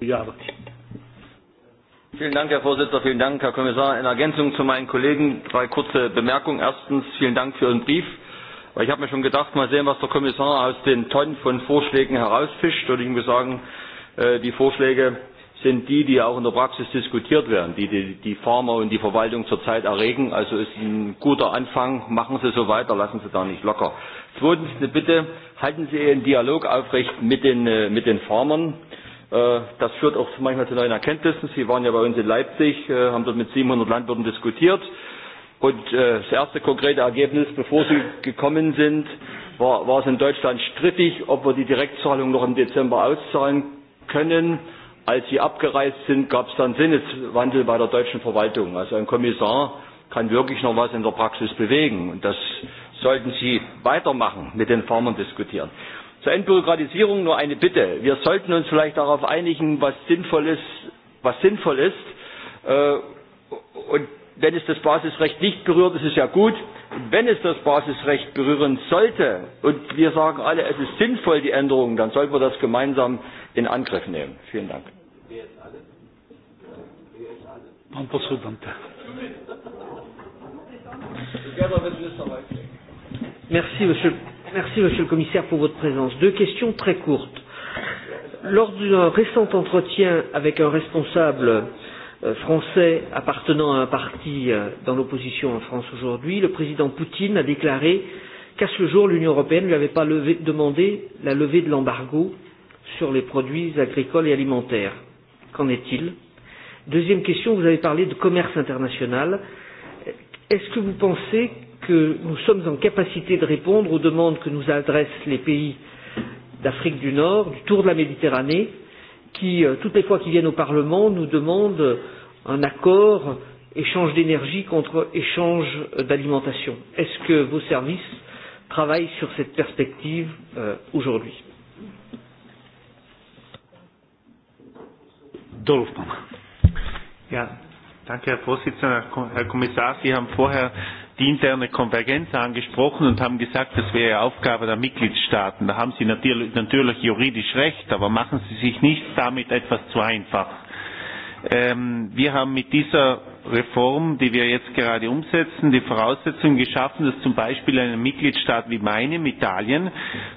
Járvati. Vielen Dank, Herr Vorsitzender. Vielen Dank, Herr Kommissar. In Ergänzung zu meinen Kollegen drei kurze Bemerkungen. Erstens, vielen Dank für Ihren Brief. Weil ich habe mir schon gedacht, mal sehen, was der Kommissar aus den Tonnen von Vorschlägen herausfischt. Und ich muss sagen, äh, die Vorschläge sind die, die auch in der Praxis diskutiert werden, die die, die Pharma und die Verwaltung zurzeit erregen. Also ist ein guter Anfang. Machen Sie so weiter, lassen Sie da nicht locker. Zweitens eine Bitte, halten Sie Ihren Dialog aufrecht mit den, äh, mit den Farmern. Äh, Äh, das führt auch manchmal zu neuen Erkenntnissen. Sie waren ja bei uns in Leipzig, äh, haben dort mit 700 Landwirten diskutiert. Und äh, das erste konkrete Ergebnis, bevor Sie gekommen sind, war, war es in Deutschland strittig, ob wir die Direktzahlung noch im Dezember auszahlen können. Als Sie abgereist sind, gab es dann Sinneswandel bei der deutschen Verwaltung. Also ein Kommissar kann wirklich noch was in der Praxis bewegen. Und das sollten Sie weitermachen, mit den Farmern diskutieren. Zur Entbürokratisierung nur eine Bitte. Wir sollten uns vielleicht darauf einigen, was sinnvoll ist, was sinnvoll ist. Äh, und wenn es das Basisrecht nicht berührt, ist es ja gut. Und wenn es das Basisrecht berühren sollte und wir sagen alle, es ist sinnvoll, die Änderungen, dann sollten wir das gemeinsam in Angriff nehmen. Vielen Dank. Merci, monsieur. Merci, Monsieur le Commissaire, pour votre présence. Deux questions très courtes. Lors d'un récent entretien avec un responsable euh, français appartenant à un parti euh, dans l'opposition en France aujourd'hui, le président Poutine a déclaré qu'à ce jour, l'Union européenne ne lui avait pas levé, demandé la levée de l'embargo sur les produits agricoles et alimentaires. Qu'en est-il Deuxième question, vous avez parlé de commerce international. Est-ce que vous pensez que nous sommes en capacité de répondre aux demandes que nous adressent les pays d'Afrique du Nord, du Tour de la Méditerranée, qui, euh, toutes les fois qu'ils viennent au Parlement, nous demandent un accord échange d'énergie contre échange d'alimentation. Est-ce que vos services travaillent sur cette perspective euh, aujourd'hui Ja, danke, Herr Vorsitzender, Herr Kommissar. Sie haben vorher die interne Konvergenz angesprochen und haben gesagt, das wäre Aufgabe der Mitgliedstaaten. Da haben Sie natürlich, natürlich juridisch recht, aber machen Sie sich nicht damit etwas zu einfach. Ähm, wir haben mit dieser Reform, die wir jetzt gerade umsetzen, die Voraussetzung geschaffen, dass zum Beispiel ein Mitgliedstaat wie meinem, Italien,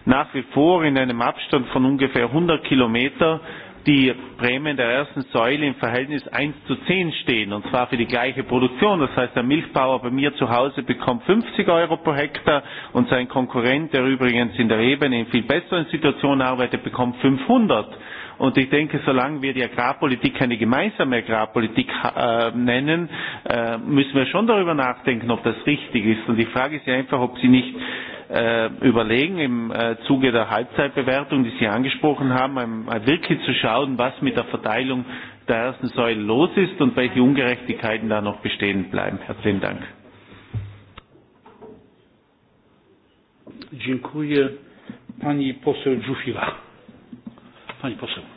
nach wie vor in einem Abstand von ungefähr 100 Kilometern die Prämien der ersten Säule im Verhältnis 1 zu 10 stehen, und zwar für die gleiche Produktion. Das heißt, der Milchbauer bei mir zu Hause bekommt 50 Euro pro Hektar und sein Konkurrent, der übrigens in der Ebene in viel besseren Situationen arbeitet, bekommt 500. Und ich denke, solange wir die Agrarpolitik eine gemeinsame Agrarpolitik äh, nennen, äh, müssen wir schon darüber nachdenken, ob das richtig ist. Und die Frage ist ja einfach, ob Sie nicht äh, überlegen, im äh, Zuge der Halbzeitbewertung, die Sie angesprochen haben, einmal ähm, äh, wirklich zu schauen, was mit der Verteilung der ersten Säule los ist und welche Ungerechtigkeiten da noch bestehen bleiben. Herzlichen Dank. Dziękuję. Pani poseł Dżufila. Pani poseł.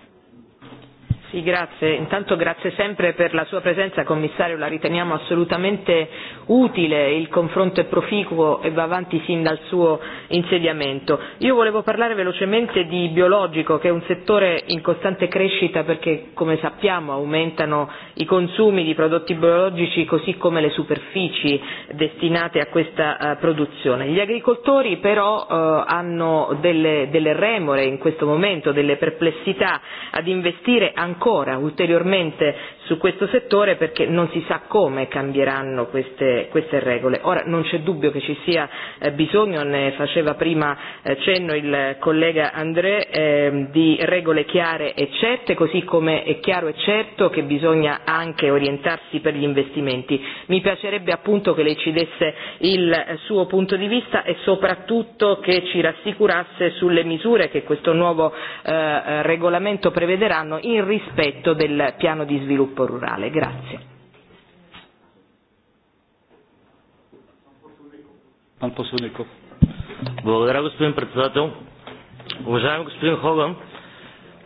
Sì, grazie. Intanto grazie sempre per la sua presenza, commissario, la riteniamo assolutamente utile, il confronto è proficuo e va avanti sin dal suo insediamento. Io volevo parlare velocemente di biologico, che è un settore in costante crescita perché, come sappiamo, aumentano i consumi di prodotti biologici così come le superfici destinate a questa eh, produzione. Gli agricoltori però eh, hanno delle, delle remore in questo momento, delle perplessità ad investire ancora ancora ulteriormente su questo settore perché non si sa come cambieranno queste, queste regole. Ora non c'è dubbio che ci sia eh, bisogno, ne faceva prima eh, cenno il collega André, eh, di regole chiare e certe, così come è chiaro e certo che bisogna anche orientarsi per gli investimenti. Mi piacerebbe appunto che lei ci desse il eh, suo punto di vista e soprattutto che ci rassicurasse sulle misure che questo nuovo eh, regolamento prevederanno in rispetto del piano di sviluppo sviluppo rurale. Grazie.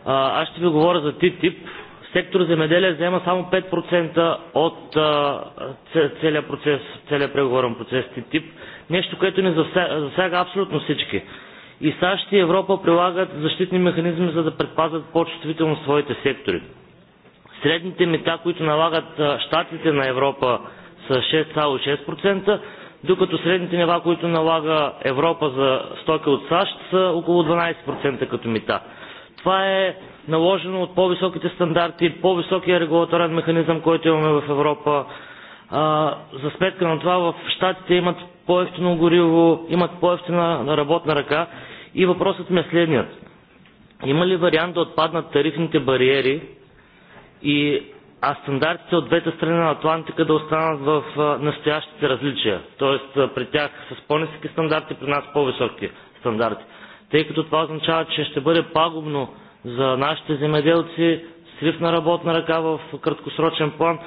аз ще ви говоря за ТИТИП. Сектор земеделие взема само 5% от а, целият процес, целият преговорен процес ТИТИП. Нещо, което не засяга, засяга абсолютно всички. И САЩ и Европа прилагат защитни механизми, за да предпазят по-чувствително своите сектори. Средните мита, които налагат щатите на Европа с 6,6%, докато средните нива, които налага Европа за стоки от САЩ са около 12% като мита. Това е наложено от по-високите стандарти, по-високия регулаторен механизъм, който имаме в Европа. А, за сметка на това в щатите имат по-ефтино гориво, имат по-ефтина работна ръка и въпросът ми е следният. Има ли вариант да отпаднат тарифните бариери и а стандартите от двете страни на Атлантика да останат в настоящите различия. Тоест при тях с по-низки стандарти, при нас по-високи стандарти. Тъй като това означава, че ще бъде пагубно за нашите земеделци, срив на работна ръка в краткосрочен план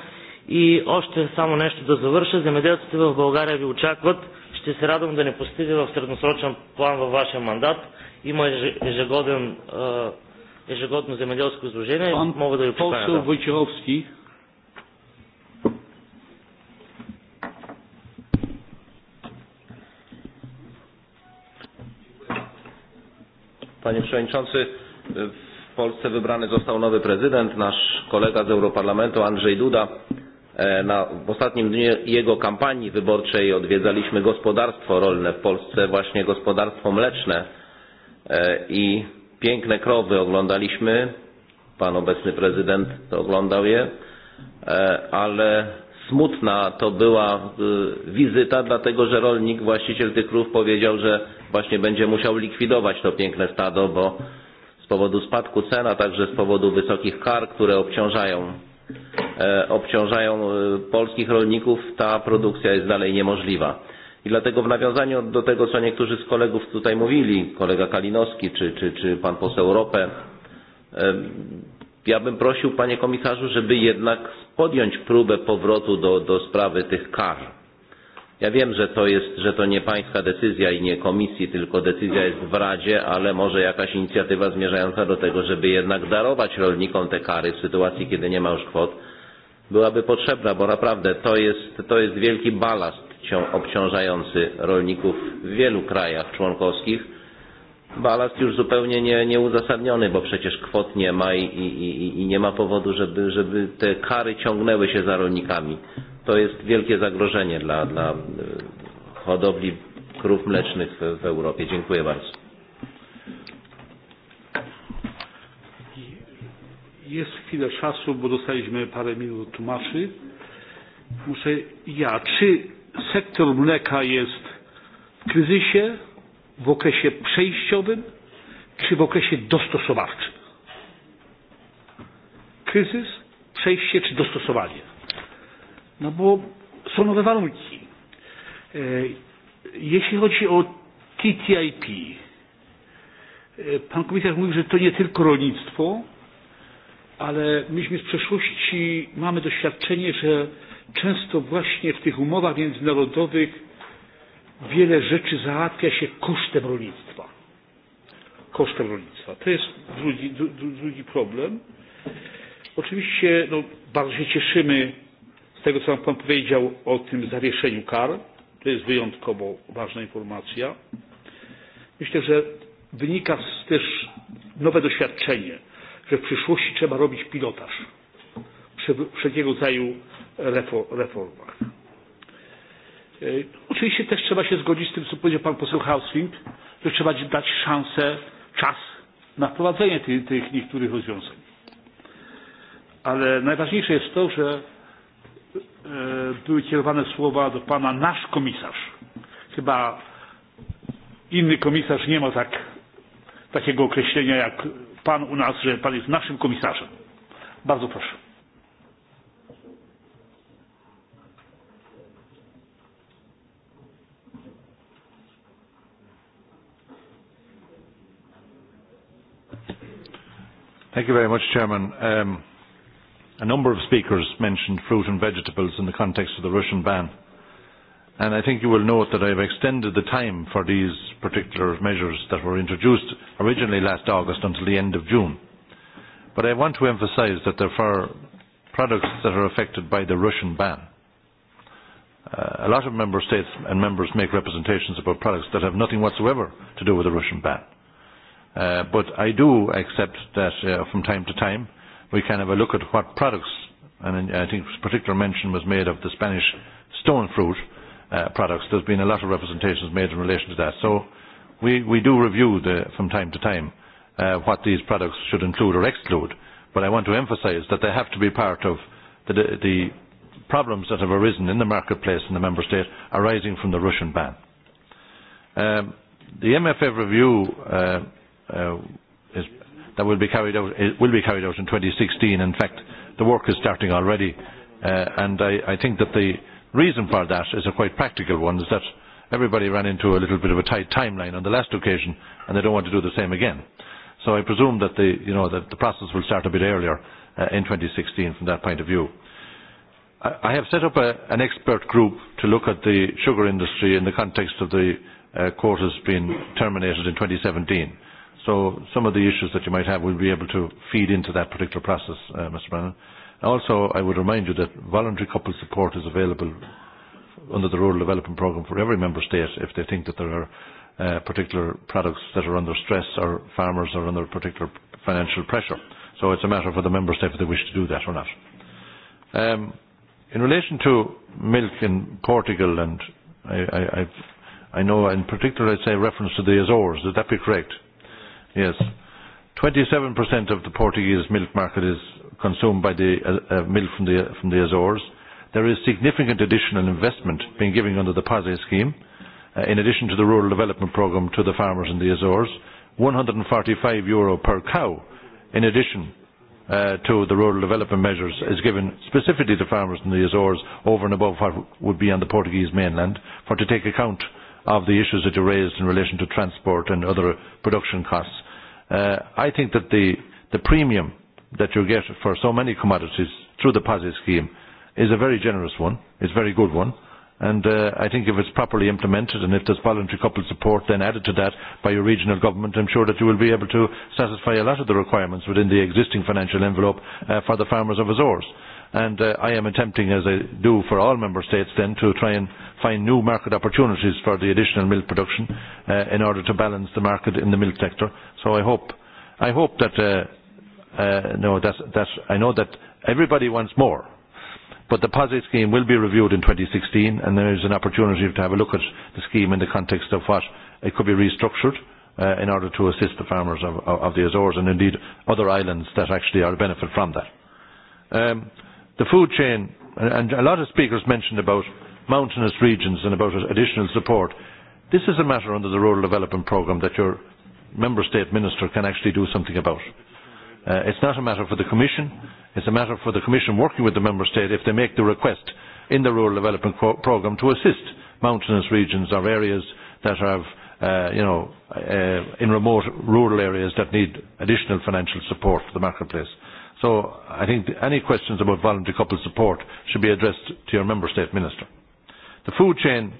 и още само нещо да завърша. Земеделците в България ви очакват. Ще се радвам да не постига в средносрочен план във вашия мандат. Има ежегоден ежегодно земеделско изложение, Пан Мога да ви покажа. Посол Войчаровски. Panie Przewodniczący, w Polsce wybrany został nowy prezydent, nasz kolega z Europarlamentu Andrzej Duda. E, na, w ostatnim dniu jego kampanii wyborczej odwiedzaliśmy gospodarstwo rolne w Polsce, właśnie gospodarstwo mleczne e, i Piękne krowy oglądaliśmy, pan obecny prezydent to oglądał je, e, ale smutna to była e, wizyta, dlatego że rolnik, właściciel tych krów powiedział, że właśnie będzie musiał likwidować to piękne stado, bo z powodu spadku cen, a także z powodu wysokich kar, które obciążają, e, obciążają polskich rolników, ta produkcja jest dalej niemożliwa I dlatego w nawiązaniu do tego, co niektórzy z kolegów tutaj mówili, kolega Kalinowski czy, czy, czy pan poseł Rope, ja bym prosił panie komisarzu, żeby jednak podjąć próbę powrotu do, do sprawy tych kar. Ja wiem, że to, jest, że to nie pańska decyzja i nie komisji, tylko decyzja jest w Radzie, ale może jakaś inicjatywa zmierzająca do tego, żeby jednak darować rolnikom te kary w sytuacji, kiedy nie ma już kwot, byłaby potrzebna, bo naprawdę to jest, to jest wielki balast obciążający rolników w wielu krajach członkowskich. Balast już zupełnie nie, nieuzasadniony, bo przecież kwot nie ma i, i, i nie ma powodu, żeby, żeby te kary ciągnęły się za rolnikami. To jest wielkie zagrożenie dla, dla e, hodowli krów mlecznych w, w Europie. Dziękuję bardzo. Jest chwilę czasu, bo dostaliśmy parę minut tłumaczy. Muszę ja, czy sektor mleka jest w kryzysie, w okresie przejściowym czy w okresie dostosowawczym? Kryzys, przejście czy dostosowanie? No bo są nowe warunki. E, jeśli chodzi o TTIP, e, pan komisarz mówił, że to nie tylko rolnictwo, ale myśmy z przeszłości mamy doświadczenie, że często właśnie w tych umowach międzynarodowych wiele rzeczy załatwia się kosztem rolnictwa. Kosztem rolnictwa. To jest drugi, drugi problem. Oczywiście no, bardzo się cieszymy z tego, co Pan powiedział o tym zawieszeniu kar. To jest wyjątkowo ważna informacja. Myślę, że wynika z też nowe doświadczenie, że w przyszłości trzeba robić pilotaż wszelkiego rodzaju reformach. E, oczywiście też trzeba się zgodzić z tym, co powiedział pan poseł Hausling, że trzeba dać szansę, czas na wprowadzenie tych, tych niektórych rozwiązań. Ale najważniejsze jest to, że e, były kierowane słowa do pana nasz komisarz. Chyba inny komisarz nie ma tak, takiego określenia jak pan u nas, że pan jest naszym komisarzem. Bardzo proszę. Thank you very much, Chairman. Um, a number of speakers mentioned fruit and vegetables in the context of the Russian ban. And I think you will note that I have extended the time for these particular measures that were introduced originally last August until the end of June. But I want to emphasise that they're for products that are affected by the Russian ban. Uh, a lot of member states and members make representations about products that have nothing whatsoever to do with the Russian ban. Uh, Uh, but I do accept that uh, from time to time we can have a look at what products, and I think particular mention was made of the Spanish stone fruit uh, products. There's been a lot of representations made in relation to that. So we, we do review the, from time to time uh, what these products should include or exclude. But I want to emphasise that they have to be part of the, the, the problems that have arisen in the marketplace in the member state arising from the Russian ban. Um, the MFF review uh, uh, is, that will be carried out it will be carried out in 2016. In fact, the work is starting already, uh, and I, I think that the reason for that is a quite practical one: is that everybody ran into a little bit of a tight timeline on the last occasion, and they don't want to do the same again. So I presume that the you know that the process will start a bit earlier uh, in 2016 from that point of view. I have set up a, an expert group to look at the sugar industry in the context of the uh, quotas being terminated in 2017. So some of the issues that you might have will be able to feed into that particular process, uh, Mr. Brennan. Also, I would remind you that voluntary couple support is available under the Rural Development Programme for every member state if they think that there are uh, particular products that are under stress or farmers are under particular financial pressure. So it's a matter for the member state if they wish to do that or not. Um, in relation to milk in Portugal, and I, I, I've, I know in particular I'd say reference to the Azores, would that be correct? Yes. 27% of the Portuguese milk market is consumed by the uh, uh, milk from the, from the Azores. There is significant additional investment being given under the PASE scheme, uh, in addition to the rural development programme to the farmers in the Azores, 145 euro per cow in addition uh, to the rural development measures is given specifically to farmers in the Azores over and above what would be on the Portuguese mainland for to take account of the issues that are raised in relation to transport and other production costs. Uh, I think that the, the premium that you get for so many commodities through the POSI e scheme is a very generous one. It's a very good one. And uh, I think if it's properly implemented and if there's voluntary coupled support then added to that by your regional government, I'm sure that you will be able to satisfy a lot of the requirements within the existing financial envelope uh, for the farmers of Azores. And uh, I am attempting, as I do for all member states then, to try and find new market opportunities for the additional milk production uh, in order to balance the market in the milk sector So I hope, I hope that, uh, uh, no, that's, that's, I know that everybody wants more, but the POSIT scheme will be reviewed in 2016 and there is an opportunity to have a look at the scheme in the context of what it could be restructured uh, in order to assist the farmers of, of of the Azores and indeed other islands that actually are benefit from that. Um, the food chain, and a lot of speakers mentioned about mountainous regions and about additional support. This is a matter under the Rural Development Programme that your member state minister can actually do something about. Uh, it's not a matter for the Commission. It's a matter for the Commission working with the member state if they make the request in the rural development programme to assist mountainous regions or areas that have, uh, you know, uh, in remote rural areas that need additional financial support for the marketplace. So I think any questions about voluntary couple support should be addressed to your member state minister. The food chain,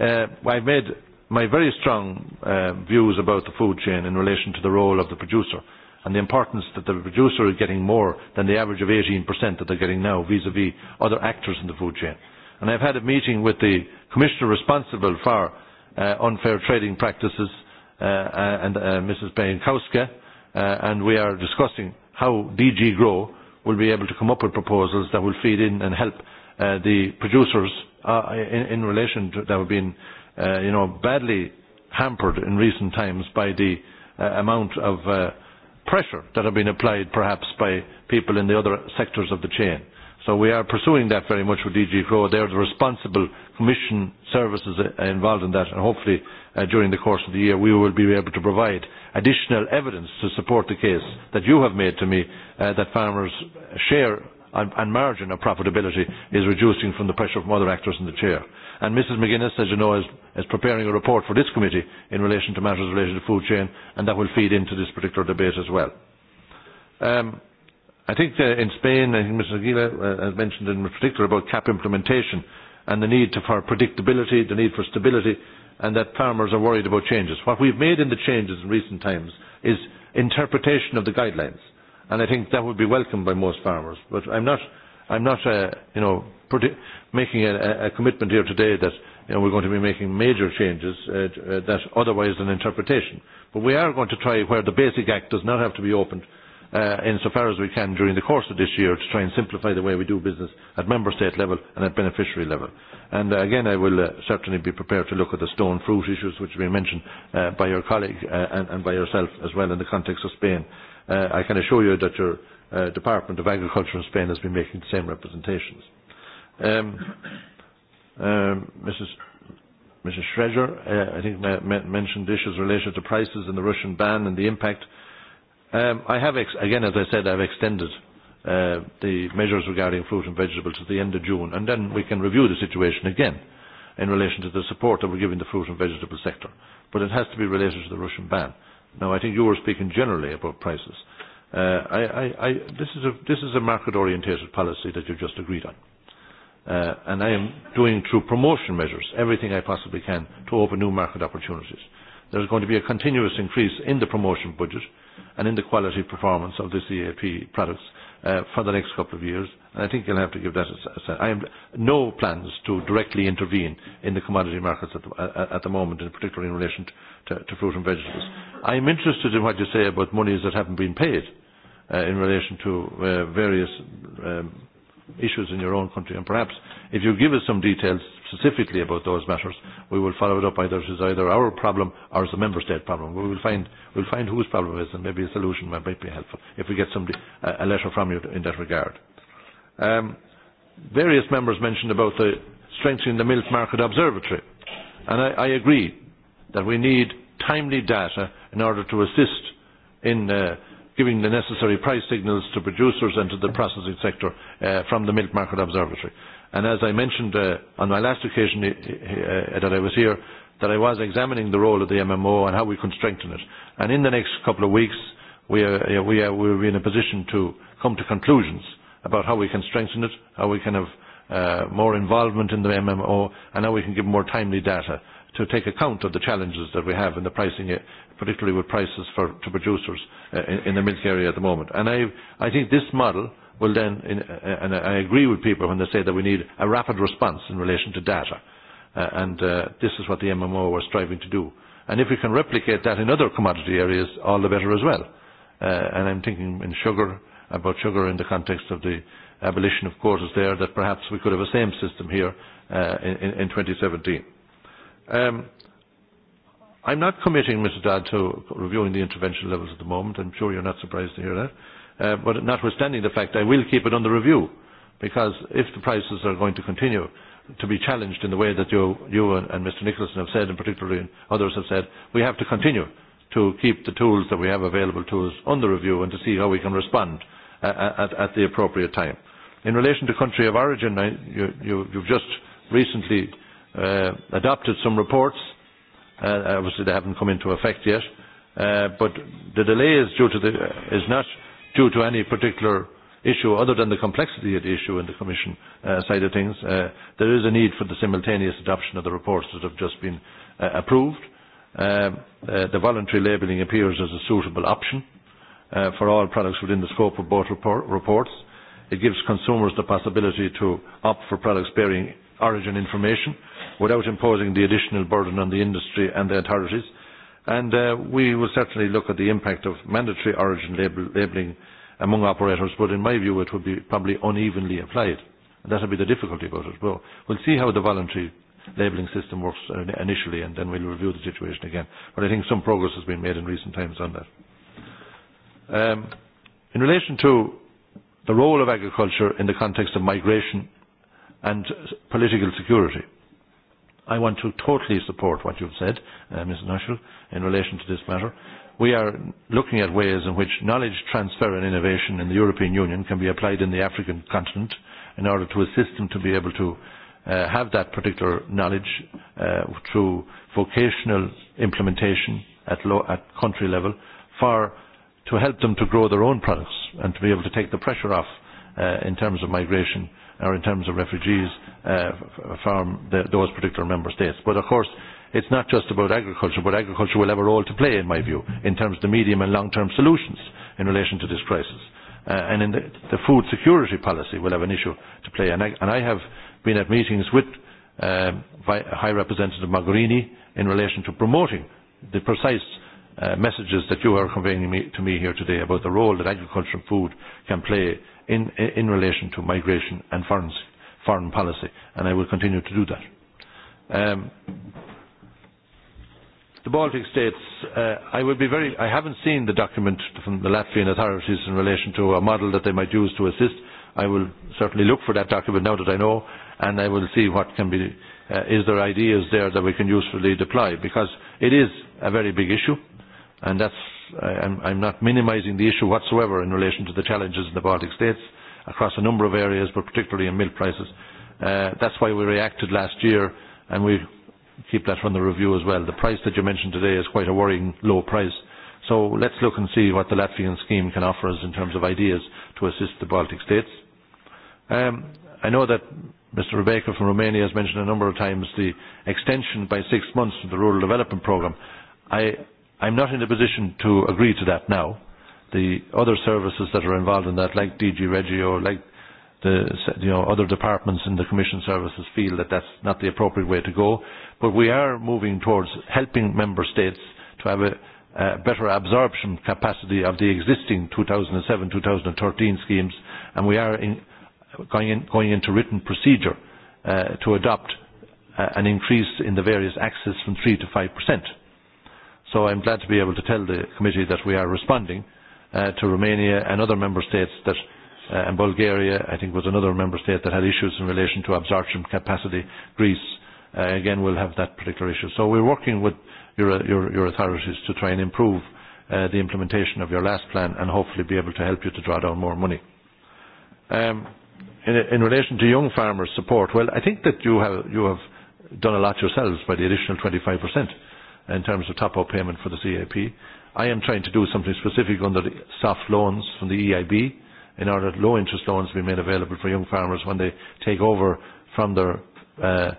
uh, I've made my very strong uh, views about the food chain in relation to the role of the producer and the importance that the producer is getting more than the average of 18% that they're getting now vis-à-vis -vis other actors in the food chain. And I've had a meeting with the commissioner responsible for uh, unfair trading practices, uh, uh and uh, Mrs. Bainkowska, uh, and we are discussing how DG Grow will be able to come up with proposals that will feed in and help uh, the producers uh, in, in relation to that have been uh, you know, badly hampered in recent times by the uh, amount of uh, pressure that have been applied perhaps by people in the other sectors of the chain. So we are pursuing that very much with DG They are the responsible commission services uh, involved in that and hopefully uh, during the course of the year we will be able to provide additional evidence to support the case that you have made to me uh, that farmers share and, and margin of profitability is reducing from the pressure from other actors in the chair. And Mrs McGuinness, as you know, is, is preparing a report for this committee in relation to matters related to food chain, and that will feed into this particular debate as well. Um, I think uh, in Spain, I think Mrs Aguila uh, has mentioned in particular about CAP implementation and the need to, for predictability, the need for stability, and that farmers are worried about changes. What we've made in the changes in recent times is interpretation of the guidelines and I think that would be welcomed by most farmers. But I'm not, I'm not, uh, you know, pretty, making a, a commitment here today that you know, we're going to be making major changes uh, uh, that otherwise an interpretation. But we are going to try where the Basic Act does not have to be opened uh, insofar as we can during the course of this year to try and simplify the way we do business at member state level and at beneficiary level. And uh, again, I will uh, certainly be prepared to look at the stone fruit issues which have been mentioned uh, by your colleague uh, and, and by yourself as well in the context of Spain Uh, I can assure you that your uh, Department of Agriculture in Spain has been making the same representations. Um, um, Mrs. Mrs. Schreger, uh, I think, mentioned issues related to prices and the Russian ban and the impact. Um, I have, ex- again, as I said, I've extended uh, the measures regarding fruit and vegetables to the end of June, and then we can review the situation again in relation to the support that we're giving the fruit and vegetable sector. But it has to be related to the Russian ban. Uh, Now, I think you were speaking generally about prices. Uh, I, I, I, this, is a, this is a market-orientated policy that you just agreed on. Uh, and I am doing through promotion measures everything I possibly can to open new market opportunities. There is going to be a continuous increase in the promotion budget and in the quality performance of this EAP products uh, for the next couple of years, and I think you'll have to give that a sense. I have no plans to directly intervene in the commodity markets at the, uh, at the moment, in particular in relation to, to fruit and vegetables. I'm interested in what you say about monies that haven't been paid uh, in relation to uh, various um, issues in your own country, and perhaps if you give us some details, specifically about those matters. We will follow it up either it is either our problem or it's a member state problem. We will find, we'll find whose problem it is and maybe a solution might be helpful if we get somebody, a letter from you in that regard. Um, various members mentioned about the strengthening the milk market observatory. And I, I agree that we need timely data in order to assist in uh, giving the necessary price signals to producers and to the processing sector uh, from the milk market observatory. And as I mentioned uh, on my last occasion uh, that I was here, that I was examining the role of the MMO and how we can strengthen it. And in the next couple of weeks, we, are, uh, we, are, we will be in a position to come to conclusions about how we can strengthen it, how we can have uh, more involvement in the MMO, and how we can give more timely data to take account of the challenges that we have in the pricing, uh, particularly with prices for, to producers uh, in, in the milk area at the moment. And I, I think this model well then, in, uh, and I agree with people when they say that we need a rapid response in relation to data. Uh, and uh, this is what the MMO was striving to do. And if we can replicate that in other commodity areas, all the better as well. Uh, and I'm thinking in sugar, about sugar in the context of the abolition of quotas there, that perhaps we could have the same system here uh, in, in 2017. Um, I'm not committing, Mr Dodd, to reviewing the intervention levels at the moment. I'm sure you're not surprised to hear that. Uh, but notwithstanding the fact, I will keep it under review because if the prices are going to continue to be challenged in the way that you, you and, Mr Nicholson have said, and particularly others have said, we have to continue to keep the tools that we have available to us under review and to see how we can respond uh, uh, at, at the appropriate time. In relation to country of origin, I, you, you, you've just recently uh, adopted some reports. Uh, obviously, they haven't come into effect yet. Uh, but the delay is due to the, is not due to any particular issue other than the complexity of the issue in the Commission uh, side of things. Uh, there is a need for the simultaneous adoption of the reports that have just been uh, approved. Uh, uh, the voluntary labelling appears as a suitable option uh, for all products within the scope of both report reports. It gives consumers the possibility to opt for products bearing origin information without imposing the additional burden on the industry and the authorities and uh, we will certainly look at the impact of mandatory origin label, labelling among operators, but in my view it would be probably unevenly applied. And that would be the difficulty about it. Well, we'll see how the voluntary labelling system works uh, initially, and then we'll review the situation again. But I think some progress has been made in recent times on that. Um, in relation to the role of agriculture in the context of migration and political security, I want to totally support what you've said, uh, Ms. Nushel, in relation to this matter. We are looking at ways in which knowledge transfer and innovation in the European Union can be applied in the African continent in order to assist them to be able to uh, have that particular knowledge uh, through vocational implementation at, low, at country level for, to help them to grow their own products and to be able to take the pressure off uh, in terms of migration or in terms of refugees uh, from the, those particular member states. But of course, it's not just about agriculture, but agriculture will have a role to play, in my view, in terms of the medium and long-term solutions in relation to this crisis. Uh, and in the, the food security policy will have an issue to play. And I, and I have been at meetings with um, High Representative Mogherini in relation to promoting the precise uh, messages that you are conveying me, to me here today about the role that agriculture and food can play in, in relation to migration and foreign foreign policy, and I will continue to do that. Um, the Baltic states, uh, I would be very, I haven't seen the document from the Latvian authorities in relation to a model that they might use to assist. I will certainly look for that document now that I know, and I will see what can be, uh, is there ideas there that we can usefully deploy, because it is a very big issue, and that's, I, I'm, I'm not minimizing the issue whatsoever in relation to the challenges in the Baltic states across a number of areas, but particularly in milk prices. Uh, that's why we reacted last year, and we keep that from the review as well. The price that you mentioned today is quite a worrying low price. So let's look and see what the Latvian scheme can offer us in terms of ideas to assist the Baltic states. Um, I know that Mr. Rebecca from Romania has mentioned a number of times the extension by six months of the Rural Development Programme. I, I'm not in a position to agree to that now the other services that are involved in that, like DG Regio, like the you know other departments in the Commission services feel that that's not the appropriate way to go. But we are moving towards helping member states to have a, a better absorption capacity of the existing 2007-2013 schemes, and we are in, going, in, going into written procedure uh, to adopt uh, an increase in the various access from 3 to 5 percent. So I'm glad to be able to tell the committee that we are responding Uh, to Romania and other member states that, uh, and Bulgaria, I think, was another member state that had issues in relation to absorption capacity. Greece, uh, again, will have that particular issue. So we're working with your, uh, your, your authorities to try and improve uh, the implementation of your last plan and hopefully be able to help you to draw down more money. Um, in, in relation to young farmers' support, well, I think that you have, you have done a lot yourselves by the additional 25% in terms of top-up payment for the CAP. I am trying to do something specific under the soft loans from the EIB in order that low interest loans be made available for young farmers when they take over from their uh,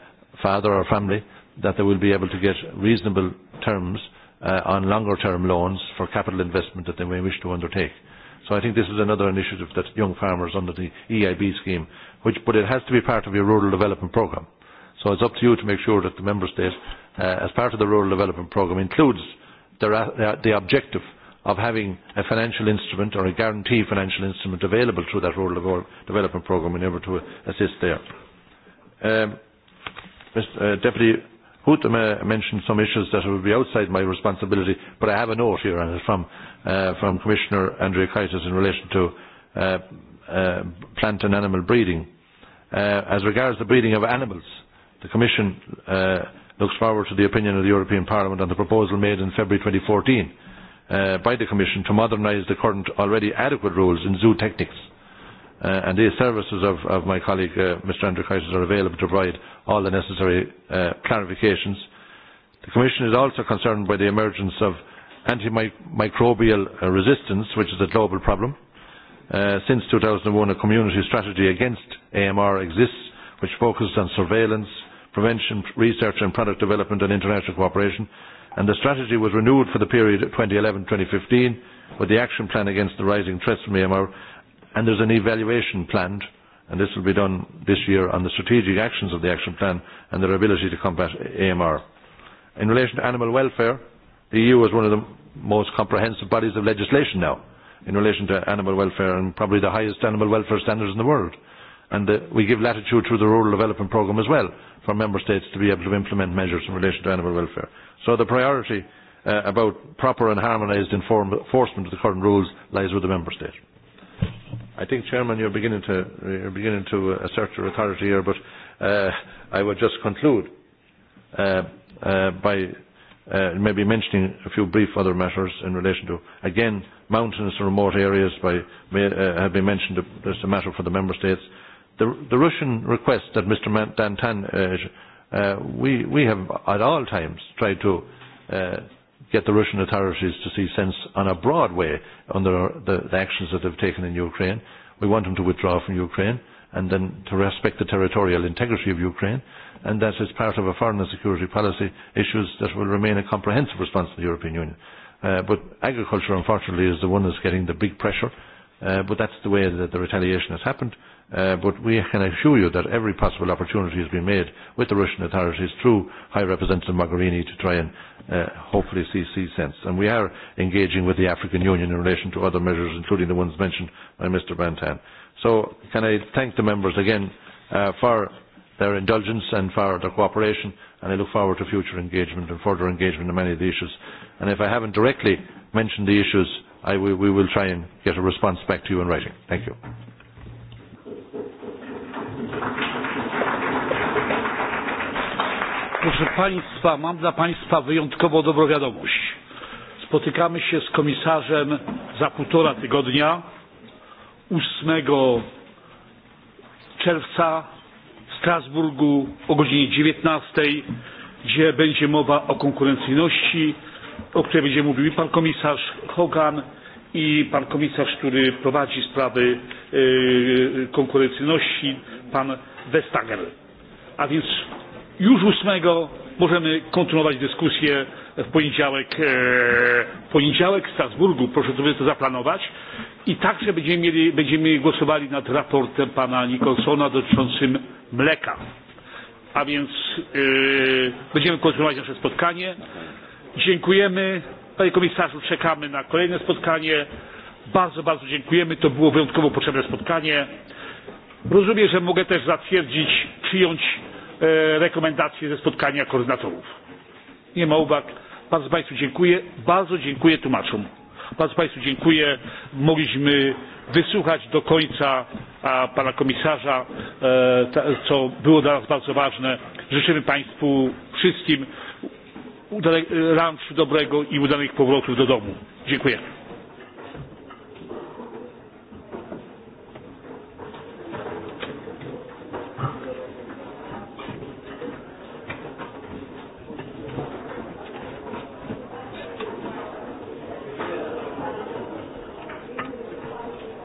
father or family, that they will be able to get reasonable terms uh, on longer term loans for capital investment that they may wish to undertake. So I think this is another initiative that young farmers under the EIB scheme, which, but it has to be part of your rural development programme. So it's up to you to make sure that the member state, uh, as part of the rural development programme, includes the objective of having a financial instrument or a guaranteed financial instrument available through that rural development programme in order to assist there. Um, Mr. Uh, Deputy Hoot mentioned some issues that would be outside my responsibility, but I have a note here on it from, uh, from Commissioner Andrea Kaitis in relation to uh, uh, plant and animal breeding. Uh, as regards the breeding of animals, the Commission uh, looks forward to the opinion of the European Parliament on the proposal made in February 2014 uh, by the Commission to modernise the current already adequate rules in zoo techniques. Uh, and the services of, of my colleague uh, Mr Kaisers are available to provide all the necessary uh, clarifications. The Commission is also concerned by the emergence of antimicrobial uh, resistance, which is a global problem. Uh, since 2001, a community strategy against AMR exists, which focuses on surveillance, prevention, research and product development and international cooperation. And the strategy was renewed for the period 2011-2015 with the action plan against the rising threats from AMR. E and there's an evaluation planned, and this will be done this year on the strategic actions of the action plan and their ability to combat AMR. E in relation to animal welfare, the EU is one of the most comprehensive bodies of legislation now in relation to animal welfare and probably the highest animal welfare standards in the world. And uh, we give latitude through the Rural Development Programme as well for member states to be able to implement measures in relation to animal welfare. So the priority uh, about proper and harmonised enforcement of the current rules lies with the member states. I think, Chairman, you're beginning to, you're beginning to uh, assert your authority here, but uh, I would just conclude uh, uh, by uh, maybe mentioning a few brief other matters in relation to, again, mountainous and remote areas by, may, uh, have been mentioned uh, as a matter for the Member States. The, the Russian request that Mr. Dantan, uh, uh, we, we have at all times tried to uh, get the Russian authorities to see sense on a broad way under the, the actions that they've taken in Ukraine. We want them to withdraw from Ukraine and then to respect the territorial integrity of Ukraine, and that is part of a foreign and security policy issues that will remain a comprehensive response to the European Union. Uh, but agriculture, unfortunately, is the one that's getting the big pressure Uh, uh, but that's the way that the retaliation has happened. Uh, but we can assure you that every possible opportunity has been made with the Russian authorities through High Representative Mogherini to try and uh, hopefully see, see sense. And we are engaging with the African Union in relation to other measures, including the ones mentioned by Mr. Bantan. So can I thank the members again uh, for their indulgence and for their cooperation, and I look forward to future engagement and further engagement on many of the issues. And if I haven't directly mentioned the issues, I, we, we will try and get a response back to you in writing. Thank you. Proszę Państwa, mam dla Państwa wyjątkowo dobrą wiadomość. Spotykamy się z komisarzem za półtora tygodnia, 8 czerwca w Strasburgu o godzinie 19, gdzie będzie mowa o konkurencyjności o której będzie mówił i pan komisarz Hogan i pan komisarz, który prowadzi sprawy e, konkurencyjności, pan Vestager. A więc już 8 możemy kontynuować dyskusję w poniedziałek, e, w poniedziałek w Strasburgu. Proszę sobie to zaplanować. I także będziemy, mieli, będziemy głosowali nad raportem pana Nicholsona dotyczącym mleka. A więc yy, e, będziemy kontynuować nasze spotkanie. Dziękujemy. Panie komisarzu, czekamy na kolejne spotkanie. Bardzo, bardzo dziękujemy. To było wyjątkowo potrzebne spotkanie. Rozumiem, że mogę też zatwierdzić, przyjąć e, rekomendacje ze spotkania koordynatorów. Nie ma uwag. Bardzo Państwu dziękuję. Bardzo dziękuję tłumaczom. Bardzo Państwu dziękuję. Mogliśmy wysłuchać do końca a, Pana Komisarza, e, co było dla nas bardzo ważne. Życzymy Państwu wszystkim udane, dobrego i udanych powrotów do domu. Dziękuję.